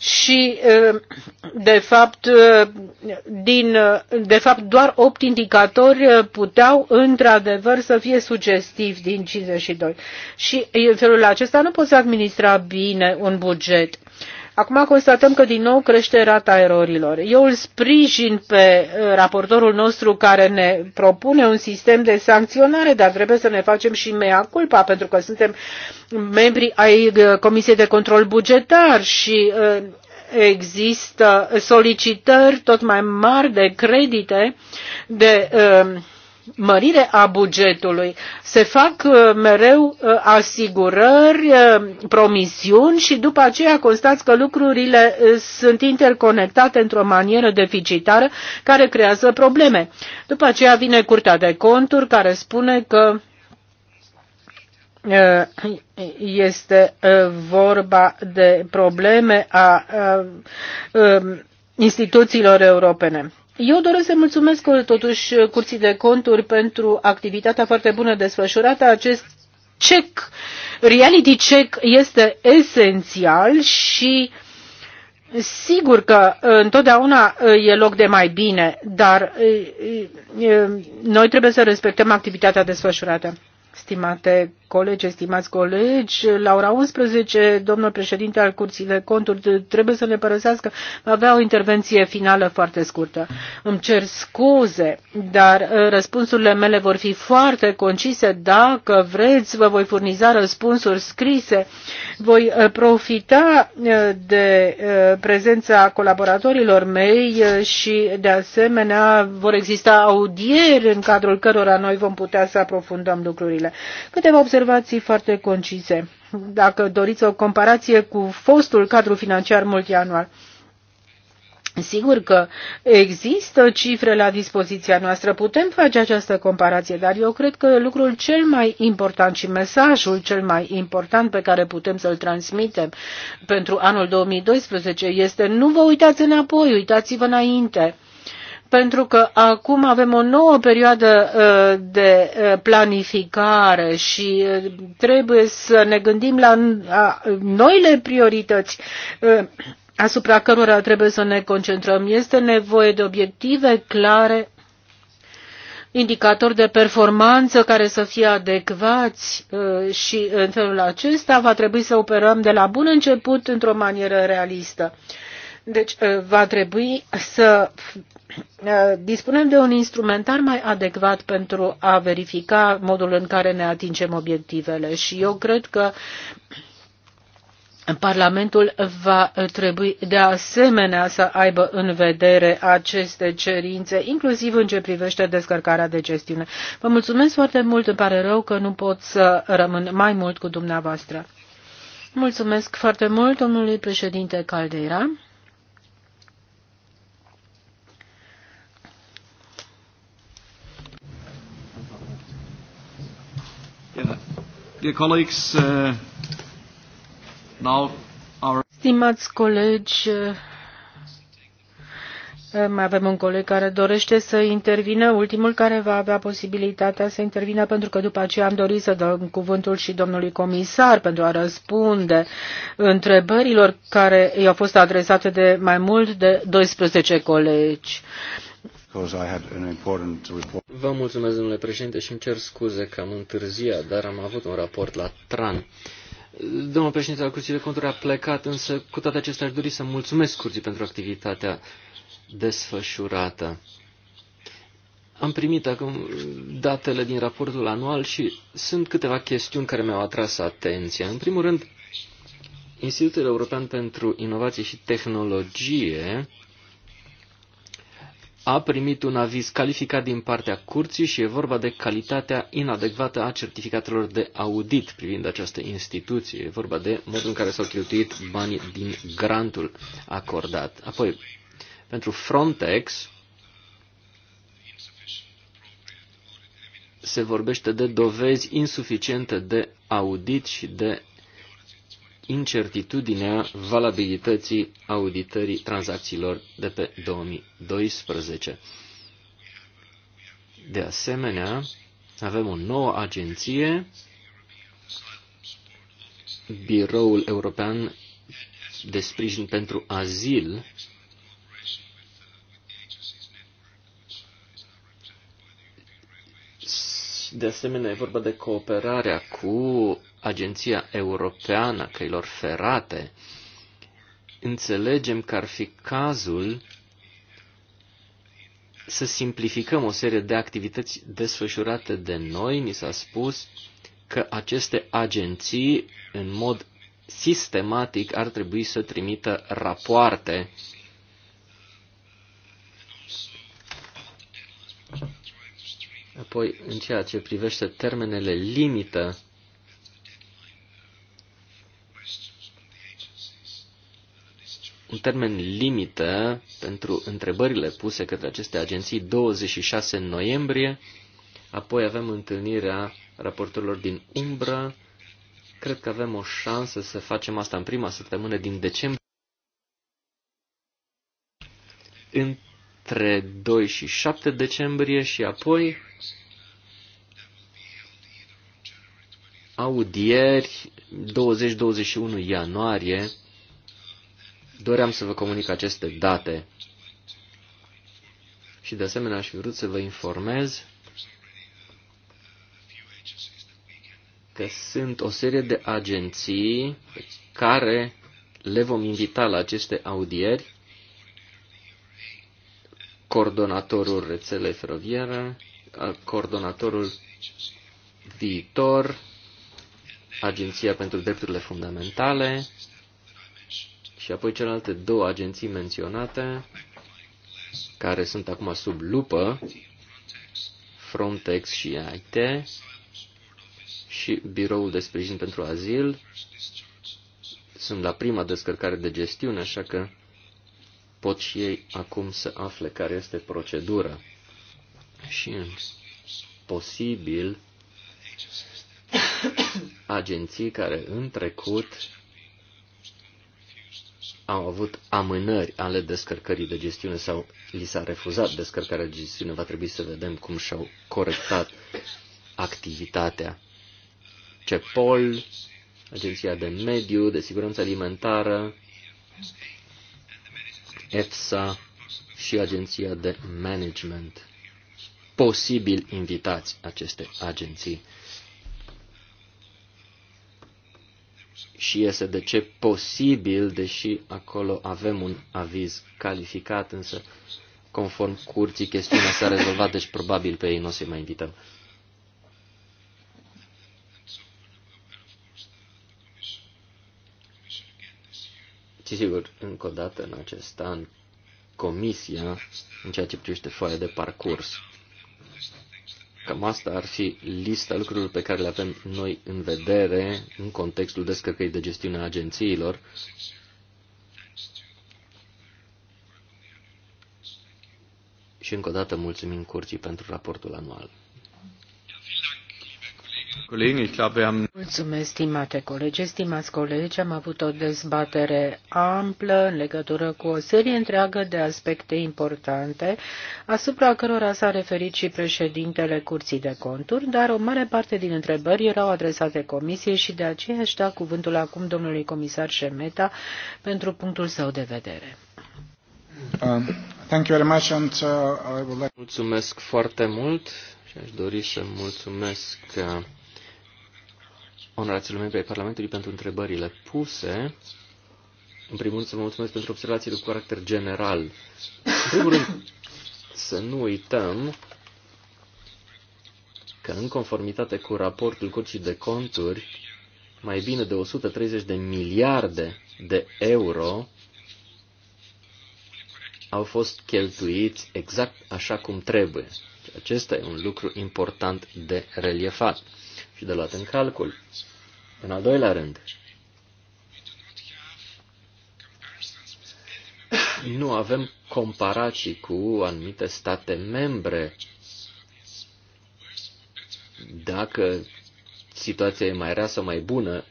și de fapt, din, de fapt doar opt indicatori puteau într-adevăr să fie sugestivi din 52. Și în felul acesta nu poți administra bine un buget. Acum constatăm că din nou crește rata erorilor. Eu îl sprijin pe uh, raportorul nostru care ne propune un sistem de sancționare, dar trebuie să ne facem și mea culpa, pentru că suntem membri ai uh, Comisiei de Control Bugetar și uh, există solicitări tot mai mari de credite de uh, mărire a bugetului. Se fac uh, mereu uh, asigurări, uh, promisiuni și după aceea constați că lucrurile sunt interconectate într-o manieră deficitară care creează probleme. După aceea vine Curtea de Conturi care spune că este vorba de probleme a um, instituțiilor europene. Eu doresc să mulțumesc totuși Curții de Conturi pentru activitatea foarte bună desfășurată. Acest check, reality check este esențial și sigur că uh, întotdeauna uh, e loc de mai bine, dar uh, noi trebuie să respectăm activitatea desfășurată. Stimate colegi, estimați colegi, la ora 11, domnul președinte al Curții de Conturi trebuie să ne părăsească, va avea o intervenție finală foarte scurtă. Îmi cer scuze, dar uh, răspunsurile mele vor fi foarte concise. Dacă vreți, vă voi furniza răspunsuri scrise. Voi uh, profita uh, de prezența colaboratorilor mei și, de asemenea, vor exista audieri în cadrul cărora noi vom putea să aprofundăm lucrurile. Câteva observații observații foarte concise. Dacă doriți o comparație cu fostul cadru financiar multianual, Sigur că există cifre la dispoziția noastră, putem face această comparație, dar eu cred că lucrul cel mai important și mesajul cel mai important pe care putem să-l transmitem pentru anul 2012 este nu vă uitați înapoi, uitați-vă înainte pentru că acum avem o nouă perioadă uh, de uh, planificare și uh, trebuie să ne gândim la noile priorități asupra cărora trebuie să ne concentrăm. Este nevoie de obiective clare, indicatori de performanță care să fie adecvați și în felul acesta va trebui să operăm de la bun început într-o manieră realistă. Deci uh, va trebui să uh, dispunem de un instrumentar mai adecvat pentru a verifica modul în care ne atingem obiectivele și eu cred că Parlamentul va trebui de asemenea să aibă în vedere aceste cerințe, inclusiv în ce privește descărcarea de gestiune. Vă mulțumesc foarte mult, îmi pare rău că nu pot să rămân mai mult cu dumneavoastră. Mulțumesc foarte mult, domnului președinte Caldeira. Dear colleagues, uh, now our... Stimați colegi, uh, mai avem un coleg care dorește să intervină, ultimul care va avea posibilitatea să intervină, pentru că după aceea am dorit să dăm cuvântul și domnului comisar pentru a răspunde întrebărilor care i-au fost adresate de mai mult de 12 colegi. Vă mulțumesc, domnule președinte, și îmi cer scuze că am întârziat, dar am avut un raport la TRAN. Domnul președinte al Curții de Conturi a plecat, însă cu toate acestea aș dori să mulțumesc Curții pentru activitatea desfășurată. Am primit acum datele din raportul anual și sunt câteva chestiuni care mi-au atras atenția. În primul rând, Institutul European pentru Inovație și Tehnologie a primit un aviz calificat din partea curții și e vorba de calitatea inadecvată a certificatelor de audit privind această instituție. E vorba de modul în care s-au cheltuit banii din grantul acordat. Apoi, pentru Frontex se vorbește de dovezi insuficiente de audit și de incertitudinea valabilității auditării tranzacțiilor de pe 2012. De asemenea, avem o nouă agenție, Biroul European de Sprijin pentru Azil, De asemenea, e vorba de cooperarea cu Agenția Europeană a Căilor Ferate, înțelegem că ar fi cazul să simplificăm o serie de activități desfășurate de noi. Ni s-a spus că aceste agenții, în mod sistematic, ar trebui să trimită rapoarte Apoi, în ceea ce privește termenele limită un termen limită pentru întrebările puse către aceste agenții 26 noiembrie, apoi avem întâlnirea raportorilor din umbră, cred că avem o șansă să facem asta în prima săptămână din decembrie. Între 2 și 7 decembrie și apoi audieri 20-21 ianuarie doream să vă comunic aceste date. Și de asemenea aș fi vrut să vă informez că sunt o serie de agenții pe care le vom invita la aceste audieri. Coordonatorul rețelei feroviere, coordonatorul viitor, Agenția pentru Drepturile Fundamentale, și apoi celelalte două agenții menționate, care sunt acum sub lupă, Frontex și IT, și Biroul de Sprijin pentru Azil, sunt la prima descărcare de gestiune, așa că pot și ei acum să afle care este procedura. Și posibil *coughs* agenții care în trecut au avut amânări ale descărcării de gestiune sau li s-a refuzat descărcarea de gestiune, va trebui să vedem cum și-au corectat activitatea. CEPOL, Agenția de Mediu, de Siguranță Alimentară, EFSA și Agenția de Management. Posibil invitați aceste agenții. și este de ce posibil, deși acolo avem un aviz calificat, însă conform curții chestiunea s-a rezolvat, deci probabil pe ei nu o să mai invităm. Și sigur, încă o dată în acest an, comisia, în ceea ce privește foaia de parcurs, Cam asta ar fi lista lucrurilor pe care le avem noi în vedere în contextul descărcării de gestiune a agențiilor. Și încă o dată mulțumim curții pentru raportul anual. Mulțumesc, stimate colegi, stimați colegi. Am avut o dezbatere amplă în legătură cu o serie întreagă de aspecte importante, asupra cărora s-a referit și președintele Curții de Conturi, dar o mare parte din întrebări erau adresate comisiei și de aceea își da cuvântul acum domnului comisar Șemeta pentru punctul său de vedere. Mulțumesc foarte mult și aș dori să mulțumesc uh, onorațiilor membri ai Parlamentului pentru întrebările puse. În primul rând să vă mulțumesc pentru observații de caracter general. În primul rând să nu uităm că în conformitate cu raportul Curții de Conturi, mai bine de 130 de miliarde de euro au fost cheltuiți exact așa cum trebuie. Acesta e un lucru important de reliefat și de luat în calcul. În al doilea rând, nu avem comparații cu anumite state membre. Dacă situația e mai rea sau mai bună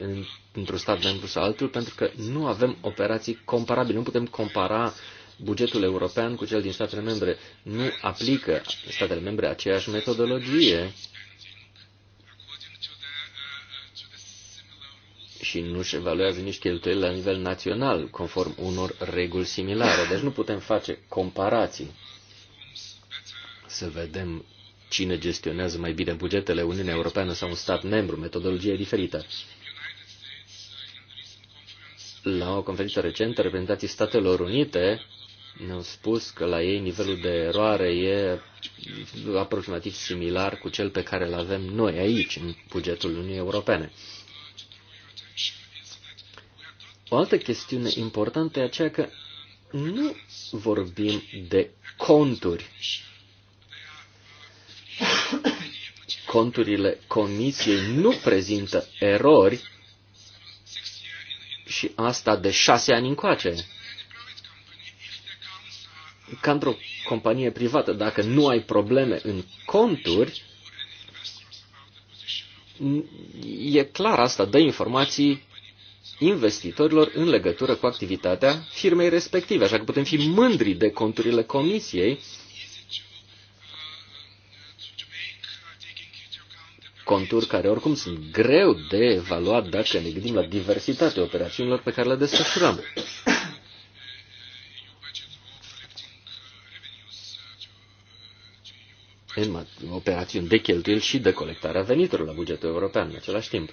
într-un stat membru sau altul, pentru că nu avem operații comparabile. Nu putem compara bugetul european cu cel din statele membre. Nu aplică statele membre aceeași metodologie și nu își evaluează nici cheltuielile la nivel național, conform unor reguli similare. Deci nu putem face comparații. Să vedem cine gestionează mai bine bugetele, Uniunea Europeană sau un stat membru, metodologie diferită. La o conferință recentă, reprezentanții Statelor Unite ne-au spus că la ei nivelul de eroare e aproximativ similar cu cel pe care îl avem noi aici, în bugetul Uniunii Europene. O altă chestiune importantă e aceea că nu vorbim de conturi. Conturile comisiei nu prezintă erori și asta de șase ani încoace. Ca într-o companie privată, dacă nu ai probleme în conturi, e clar asta, dă informații investitorilor în legătură cu activitatea firmei respective. Așa că putem fi mândri de conturile comisiei conturi care oricum sunt greu de evaluat dacă ne gândim la diversitatea operațiunilor pe care le desfășurăm. în operațiuni de cheltuieli și de colectarea veniturilor la bugetul european în același timp.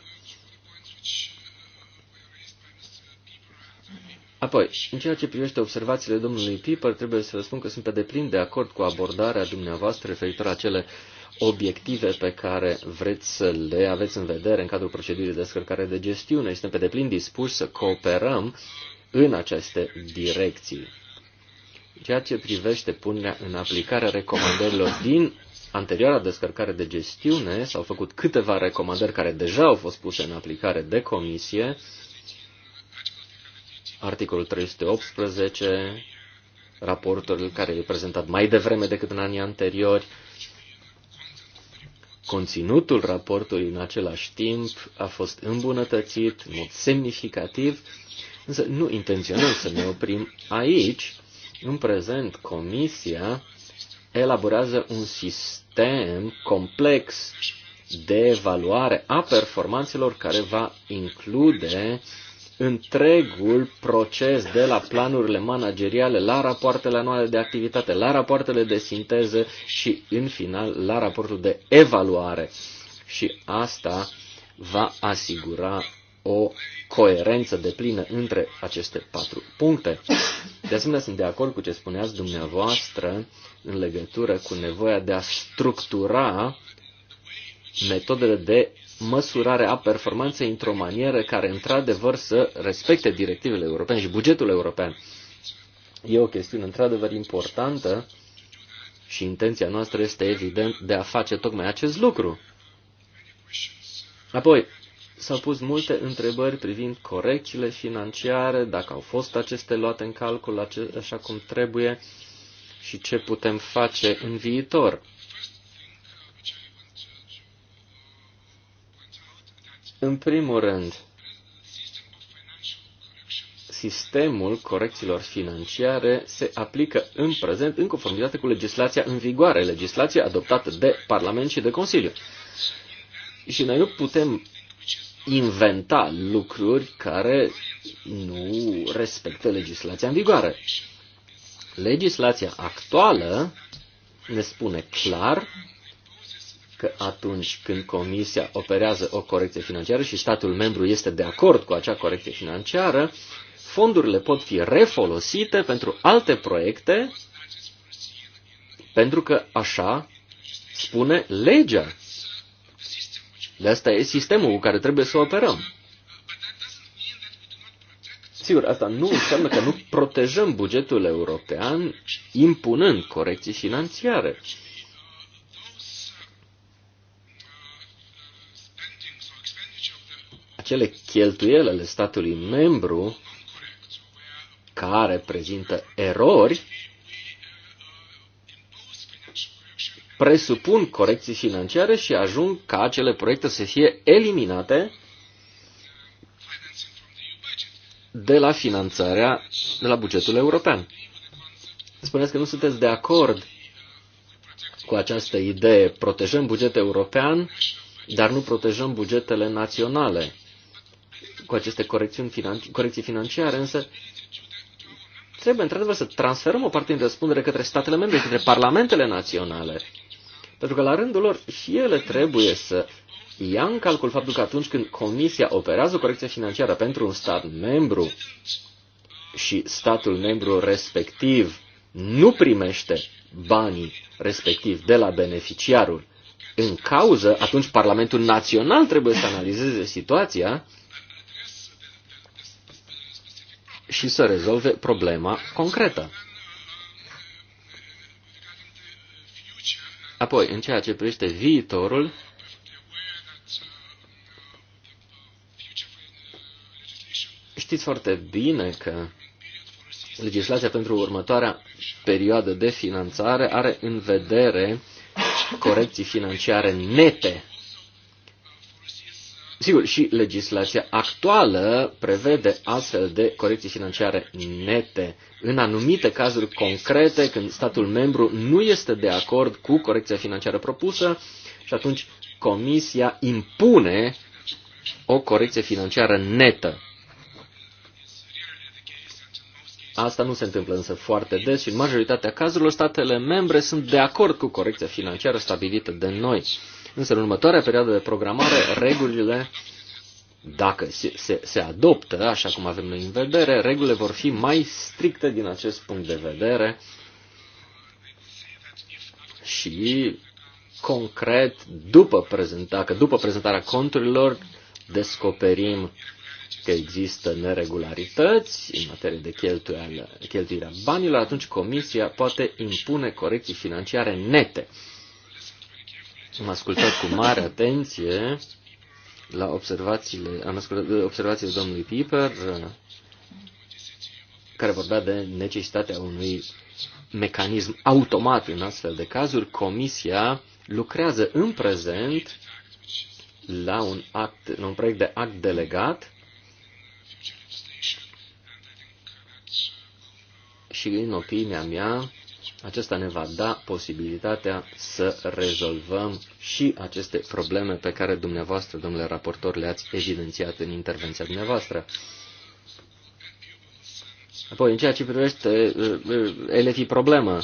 Apoi, și în ceea ce privește observațiile domnului Piper, trebuie să vă spun că sunt pe deplin de acord cu abordarea dumneavoastră referitor la cele obiective pe care vreți să le aveți în vedere în cadrul procedurii de descărcare de gestiune. Suntem pe deplin dispuși să cooperăm în aceste direcții. Ceea ce privește punerea în aplicare recomandărilor din anterioara descărcare de gestiune, s-au făcut câteva recomandări care deja au fost puse în aplicare de comisie, Articolul 318, raportul care e prezentat mai devreme decât în anii anteriori, Conținutul raportului în același timp a fost îmbunătățit în mod semnificativ, însă nu intenționăm să ne oprim aici. În prezent, Comisia elaborează un sistem complex de evaluare a performanțelor care va include întregul proces de la planurile manageriale, la rapoartele anuale de activitate, la rapoartele de sinteză și, în final, la raportul de evaluare. Și asta va asigura o coerență de plină între aceste patru puncte. De asemenea, sunt de acord cu ce spuneați dumneavoastră în legătură cu nevoia de a structura metodele de măsurare a performanței într-o manieră care într-adevăr să respecte directivele europene și bugetul european. E o chestiune într-adevăr importantă și intenția noastră este evident de a face tocmai acest lucru. Apoi, s-au pus multe întrebări privind corecțiile financiare, dacă au fost aceste luate în calcul așa cum trebuie și ce putem face în viitor. În primul rând, sistemul corecțiilor financiare se aplică în prezent în conformitate cu legislația în vigoare, legislația adoptată de Parlament și de Consiliu. Și noi nu putem inventa lucruri care nu respectă legislația în vigoare. Legislația actuală ne spune clar că atunci când Comisia operează o corecție financiară și statul membru este de acord cu acea corecție financiară, fondurile pot fi refolosite pentru alte proiecte, pentru că așa spune legea. De asta e sistemul cu care trebuie să operăm. Sigur, asta nu înseamnă că nu protejăm bugetul european impunând corecții financiare. acele cheltuieli ale statului membru care prezintă erori presupun corecții financiare și ajung ca acele proiecte să fie eliminate de la finanțarea de la bugetul european. Spuneți că nu sunteți de acord cu această idee. Protejăm bugetul european, dar nu protejăm bugetele naționale cu aceste corecțiuni finan- corecții financiare, însă trebuie într-adevăr să transferăm o parte din răspundere către statele membre, către parlamentele naționale. Pentru că la rândul lor și ele trebuie să ia în calcul faptul că atunci când Comisia operează o corecție financiară pentru un stat membru și statul membru respectiv nu primește banii respectiv de la beneficiarul în cauză, atunci Parlamentul Național trebuie să analizeze situația și să rezolve problema concretă. Apoi, în ceea ce privește viitorul, știți foarte bine că legislația pentru următoarea perioadă de finanțare are în vedere corecții financiare nete Sigur, și legislația actuală prevede astfel de corecții financiare nete în anumite cazuri concrete când statul membru nu este de acord cu corecția financiară propusă și atunci Comisia impune o corecție financiară netă. Asta nu se întâmplă însă foarte des și în majoritatea cazurilor statele membre sunt de acord cu corecția financiară stabilită de noi. Însă în următoarea perioadă de programare, regulile, dacă se, se, se adoptă, așa cum avem noi în vedere, regulile vor fi mai stricte din acest punct de vedere și concret, după prezenta, după prezentarea conturilor descoperim că există neregularități în materie de cheltuirea banilor, atunci Comisia poate impune corecții financiare nete. Am ascultat cu mare atenție la observațiile, am ascultat observațiile domnului Piper, uh, care vorbea de necesitatea unui mecanism automat în astfel de cazuri. Comisia lucrează în prezent la un, act, la un proiect de act delegat și, în opinia mea, acesta ne va da posibilitatea să rezolvăm și aceste probleme pe care dumneavoastră, domnule raportor, le-ați evidențiat în intervenția dumneavoastră. Apoi, în ceea ce privește uh, uh, elevii problemă,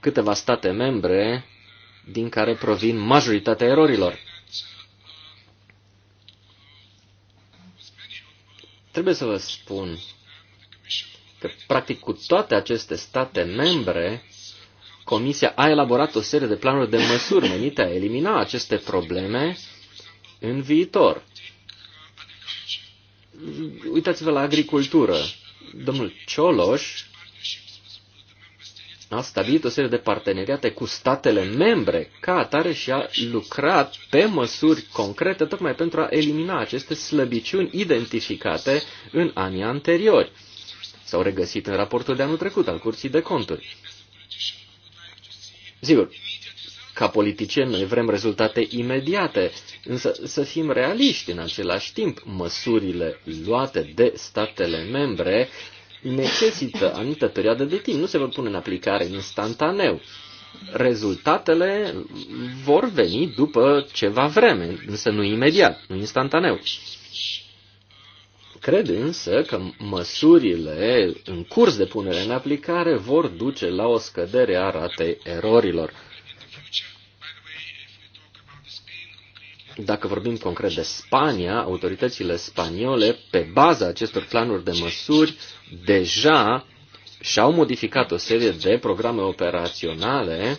câteva state membre din care provin majoritatea erorilor. Trebuie să vă spun practic cu toate aceste state membre, Comisia a elaborat o serie de planuri de măsuri menite a elimina aceste probleme în viitor. Uitați-vă la agricultură. Domnul Cioloș a stabilit o serie de parteneriate cu statele membre ca atare și a lucrat pe măsuri concrete tocmai pentru a elimina aceste slăbiciuni identificate în anii anteriori s-au regăsit în raportul de anul trecut al Curții de Conturi. Sigur, ca politicieni noi vrem rezultate imediate, însă să fim realiști în același timp. Măsurile luate de statele membre necesită anumită perioadă de timp, nu se vor pune în aplicare instantaneu. Rezultatele vor veni după ceva vreme, însă nu imediat, nu instantaneu. Cred însă că măsurile în curs de punere în aplicare vor duce la o scădere a ratei erorilor. Dacă vorbim concret de Spania, autoritățile spaniole, pe baza acestor planuri de măsuri, deja și-au modificat o serie de programe operaționale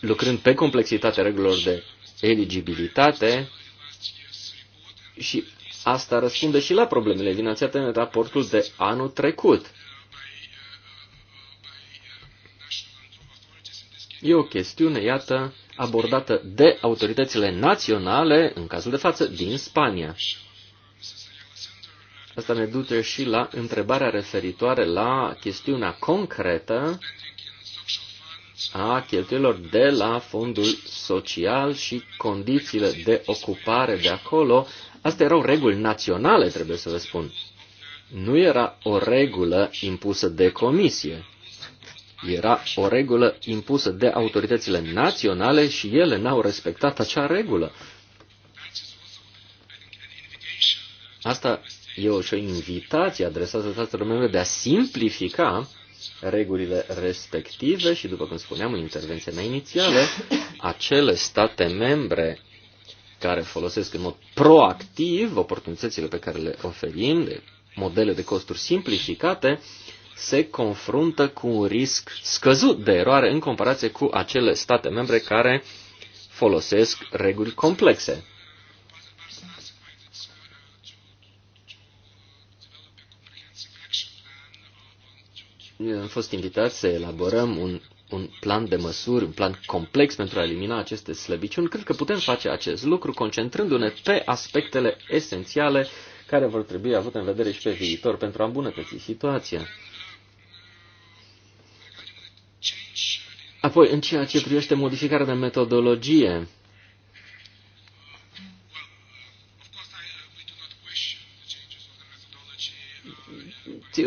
lucrând pe complexitatea regulilor de eligibilitate și asta răspunde și la problemele evidențiate în raportul de anul trecut. E o chestiune, iată, abordată de autoritățile naționale, în cazul de față, din Spania. Asta ne duce și la întrebarea referitoare la chestiunea concretă a cheltuielor de la fondul social și condițiile de ocupare de acolo Asta erau reguli naționale, trebuie să vă spun. Nu era o regulă impusă de comisie. Era o regulă impusă de autoritățile naționale și ele n-au respectat acea regulă. Asta e o, și o invitație adresată statelor membre de a simplifica regulile respective și, după cum spuneam în intervenția mea inițială, acele state membre care folosesc în mod proactiv oportunitățile pe care le oferim, de modele de costuri simplificate, se confruntă cu un risc scăzut de eroare în comparație cu acele state membre care folosesc reguli complexe. Am fost invitat să elaborăm un un plan de măsuri, un plan complex pentru a elimina aceste slăbiciuni, cred că putem face acest lucru concentrându-ne pe aspectele esențiale care vor trebui avute în vedere și pe viitor pentru a îmbunătăți situația. Apoi, în ceea ce privește modificarea de metodologie,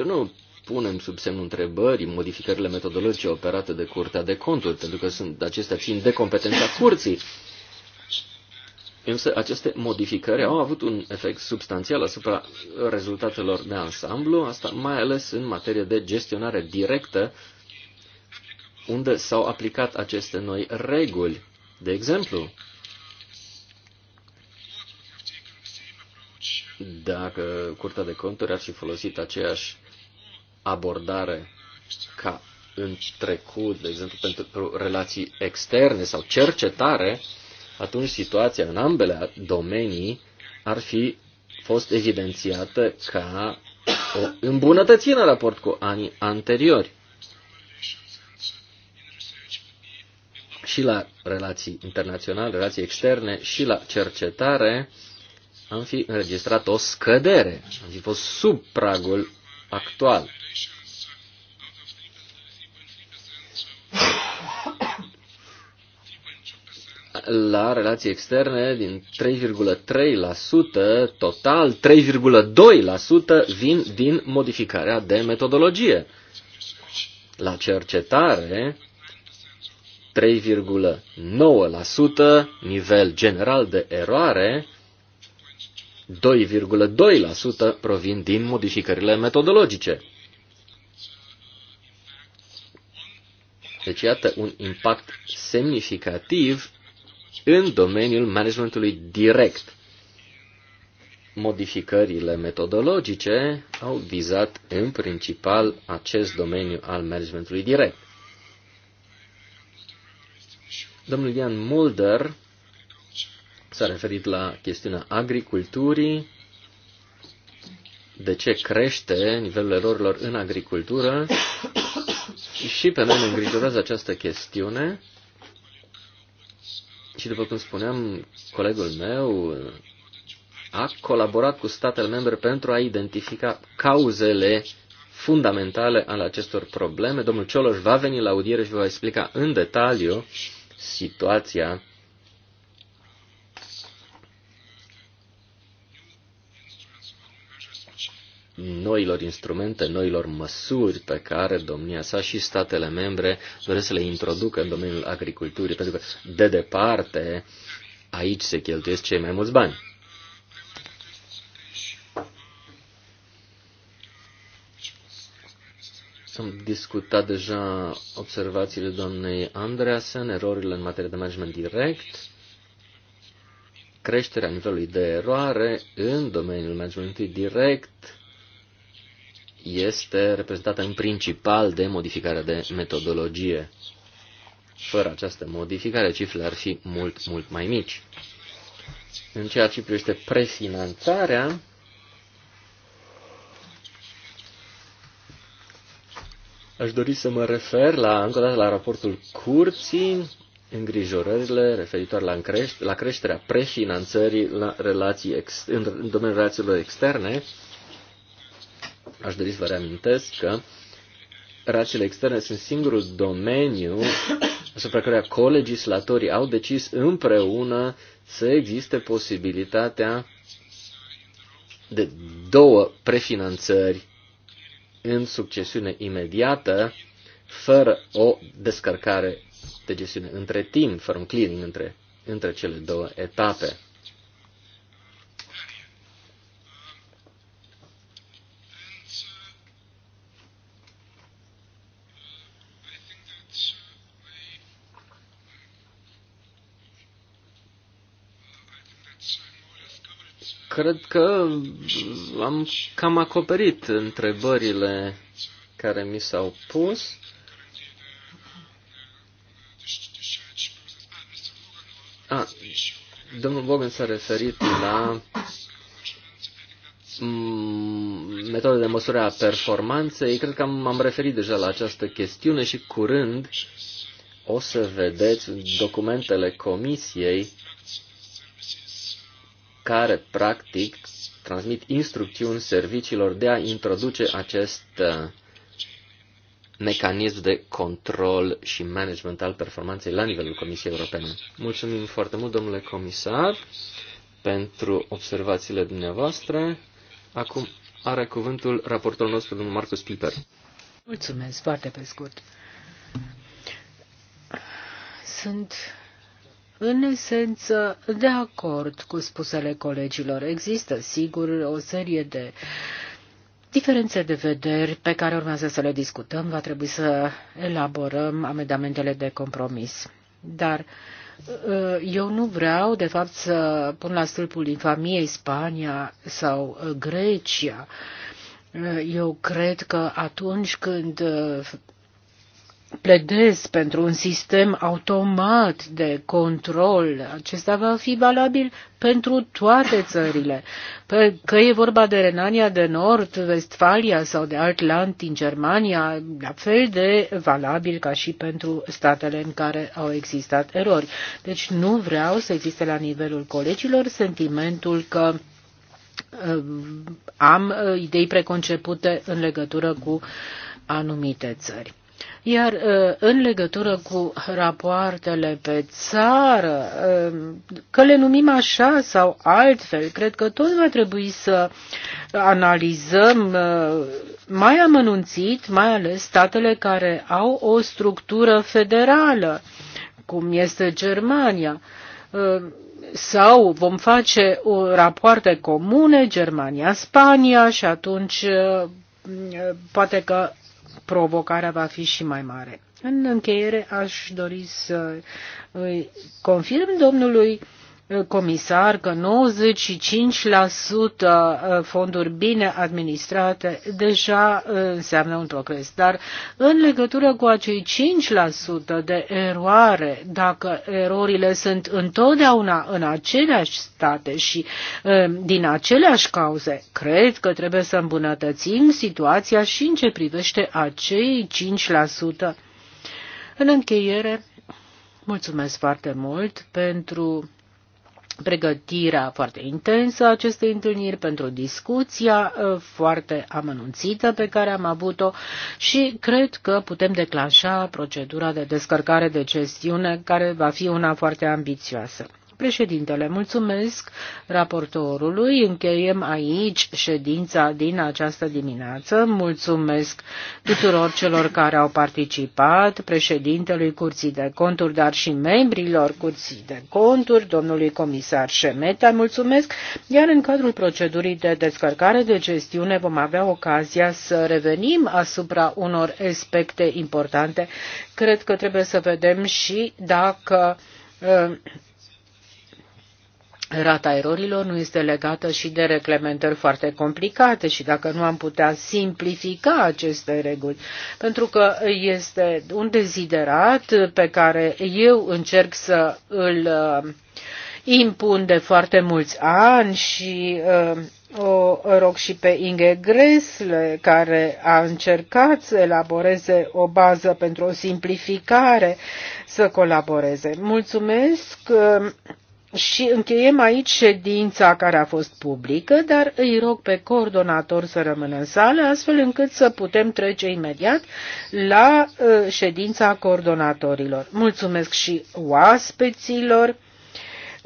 nu punem sub semnul întrebării modificările metodologice operate de Curtea de Conturi, pentru că sunt, acestea țin de competența curții. Însă aceste modificări au avut un efect substanțial asupra rezultatelor de ansamblu, asta mai ales în materie de gestionare directă, unde s-au aplicat aceste noi reguli. De exemplu, dacă Curtea de Conturi ar fi folosit aceeași abordare ca în trecut, de exemplu, pentru relații externe sau cercetare, atunci situația în ambele domenii ar fi fost evidențiată ca o îmbunătățire în raport cu anii anteriori. Și la relații internaționale, relații externe și la cercetare am fi înregistrat o scădere, am fi fost sub pragul actual. La relații externe, din 3,3%, total 3,2% vin din modificarea de metodologie. La cercetare, 3,9% nivel general de eroare 2,2% provin din modificările metodologice. Deci, iată, un impact semnificativ în domeniul managementului direct. Modificările metodologice au vizat în principal acest domeniu al managementului direct. Domnul Ian Mulder S-a referit la chestiunea agriculturii, de ce crește nivelul erorilor în agricultură și pe noi ne îngrijorează această chestiune. Și după cum spuneam, colegul meu a colaborat cu statele membre pentru a identifica cauzele fundamentale ale acestor probleme. Domnul Cioloș va veni la audiere și vă va explica în detaliu situația noilor instrumente, noilor măsuri pe care domnia sa și statele membre doresc să le introducă în domeniul agriculturii, pentru că, de departe, aici se cheltuiesc cei mai mulți bani. Am discutat deja observațiile doamnei Andreasen, erorile în materie de management direct, creșterea nivelului de eroare în domeniul managementului direct, este reprezentată în principal de modificarea de metodologie. Fără această modificare, cifrele ar fi mult, mult mai mici. În ceea ce privește prefinanțarea, aș dori să mă refer la, încă o dată la raportul curții, îngrijorările referitoare la, încreș- la creșterea prefinanțării la relații ex- în domeniul relațiilor externe Aș dori să vă reamintesc că relațiile externe sunt singurul domeniu asupra căruia colegislatorii au decis împreună să existe posibilitatea de două prefinanțări în succesiune imediată, fără o descărcare de gestiune între timp, fără un clearing între, între cele două etape. cred că am cam acoperit întrebările care mi s-au pus. A, domnul Bogan s-a referit la mm, metode de măsurare a performanței. Cred că am, am referit deja la această chestiune și curând o să vedeți documentele comisiei care practic transmit instrucțiuni serviciilor de a introduce acest uh, mecanism de control și management al performanței la nivelul Comisiei Europene. Mulțumim foarte mult, domnule comisar, pentru observațiile dumneavoastră. Acum are cuvântul raportorul nostru, domnul Marcus Piper. Mulțumesc, foarte pe scurt. Sunt în esență de acord cu spusele colegilor. Există, sigur, o serie de diferențe de vederi pe care urmează să le discutăm. Va trebui să elaborăm amendamentele de compromis. Dar uh, eu nu vreau, de fapt, să pun la stâlpul infamiei Spania sau uh, Grecia. Uh, eu cred că atunci când pledez pentru un sistem automat de control. Acesta va fi valabil pentru toate țările. Că e vorba de Renania de Nord, Westfalia sau de alt land din Germania, la fel de valabil ca și pentru statele în care au existat erori. Deci nu vreau să existe la nivelul colegilor sentimentul că uh, am uh, idei preconcepute în legătură cu anumite țări. Iar uh, în legătură cu rapoartele pe țară, um, că le numim așa sau altfel, cred că tot va trebui să analizăm uh, mai amănunțit, mai ales statele care au o structură federală, cum este Germania uh, sau vom face o rapoarte comune Germania-Spania și atunci poate că provocarea va fi și mai mare. În încheiere aș dori să îi confirm domnului comisar că 95% uh, fonduri bine administrate deja uh, înseamnă un progres. Dar în legătură cu acei 5% de eroare, dacă erorile sunt întotdeauna în aceleași state și uh, din aceleași cauze, cred că trebuie să îmbunătățim situația și în ce privește acei 5%. În încheiere, mulțumesc foarte mult pentru pregătirea foarte intensă a acestei întâlniri, pentru discuția ă, foarte amănunțită pe care am avut-o și cred că putem declanșa procedura de descărcare de gestiune care va fi una foarte ambițioasă. Președintele, mulțumesc raportorului. Încheiem aici ședința din această dimineață. Mulțumesc tuturor celor care au participat, președintelui Curții de Conturi, dar și membrilor Curții de Conturi, domnului comisar Șemeta. Mulțumesc, iar în cadrul procedurii de descărcare de gestiune vom avea ocazia să revenim asupra unor aspecte importante. Cred că trebuie să vedem și dacă uh, rata erorilor nu este legată și de reglementări foarte complicate și dacă nu am putea simplifica aceste reguli, pentru că este un deziderat pe care eu încerc să îl uh, impun de foarte mulți ani și uh, o rog și pe Inge Gresle, care a încercat să elaboreze o bază pentru o simplificare, să colaboreze. Mulțumesc uh, și încheiem aici ședința care a fost publică, dar îi rog pe coordonator să rămână în sală, astfel încât să putem trece imediat la ă, ședința coordonatorilor. Mulțumesc și oaspeților,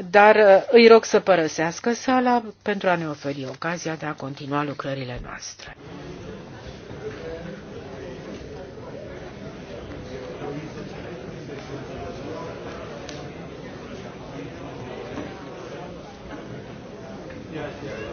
dar ă, îi rog să părăsească sala pentru a ne oferi ocazia de a continua lucrările noastre. Yes, yes.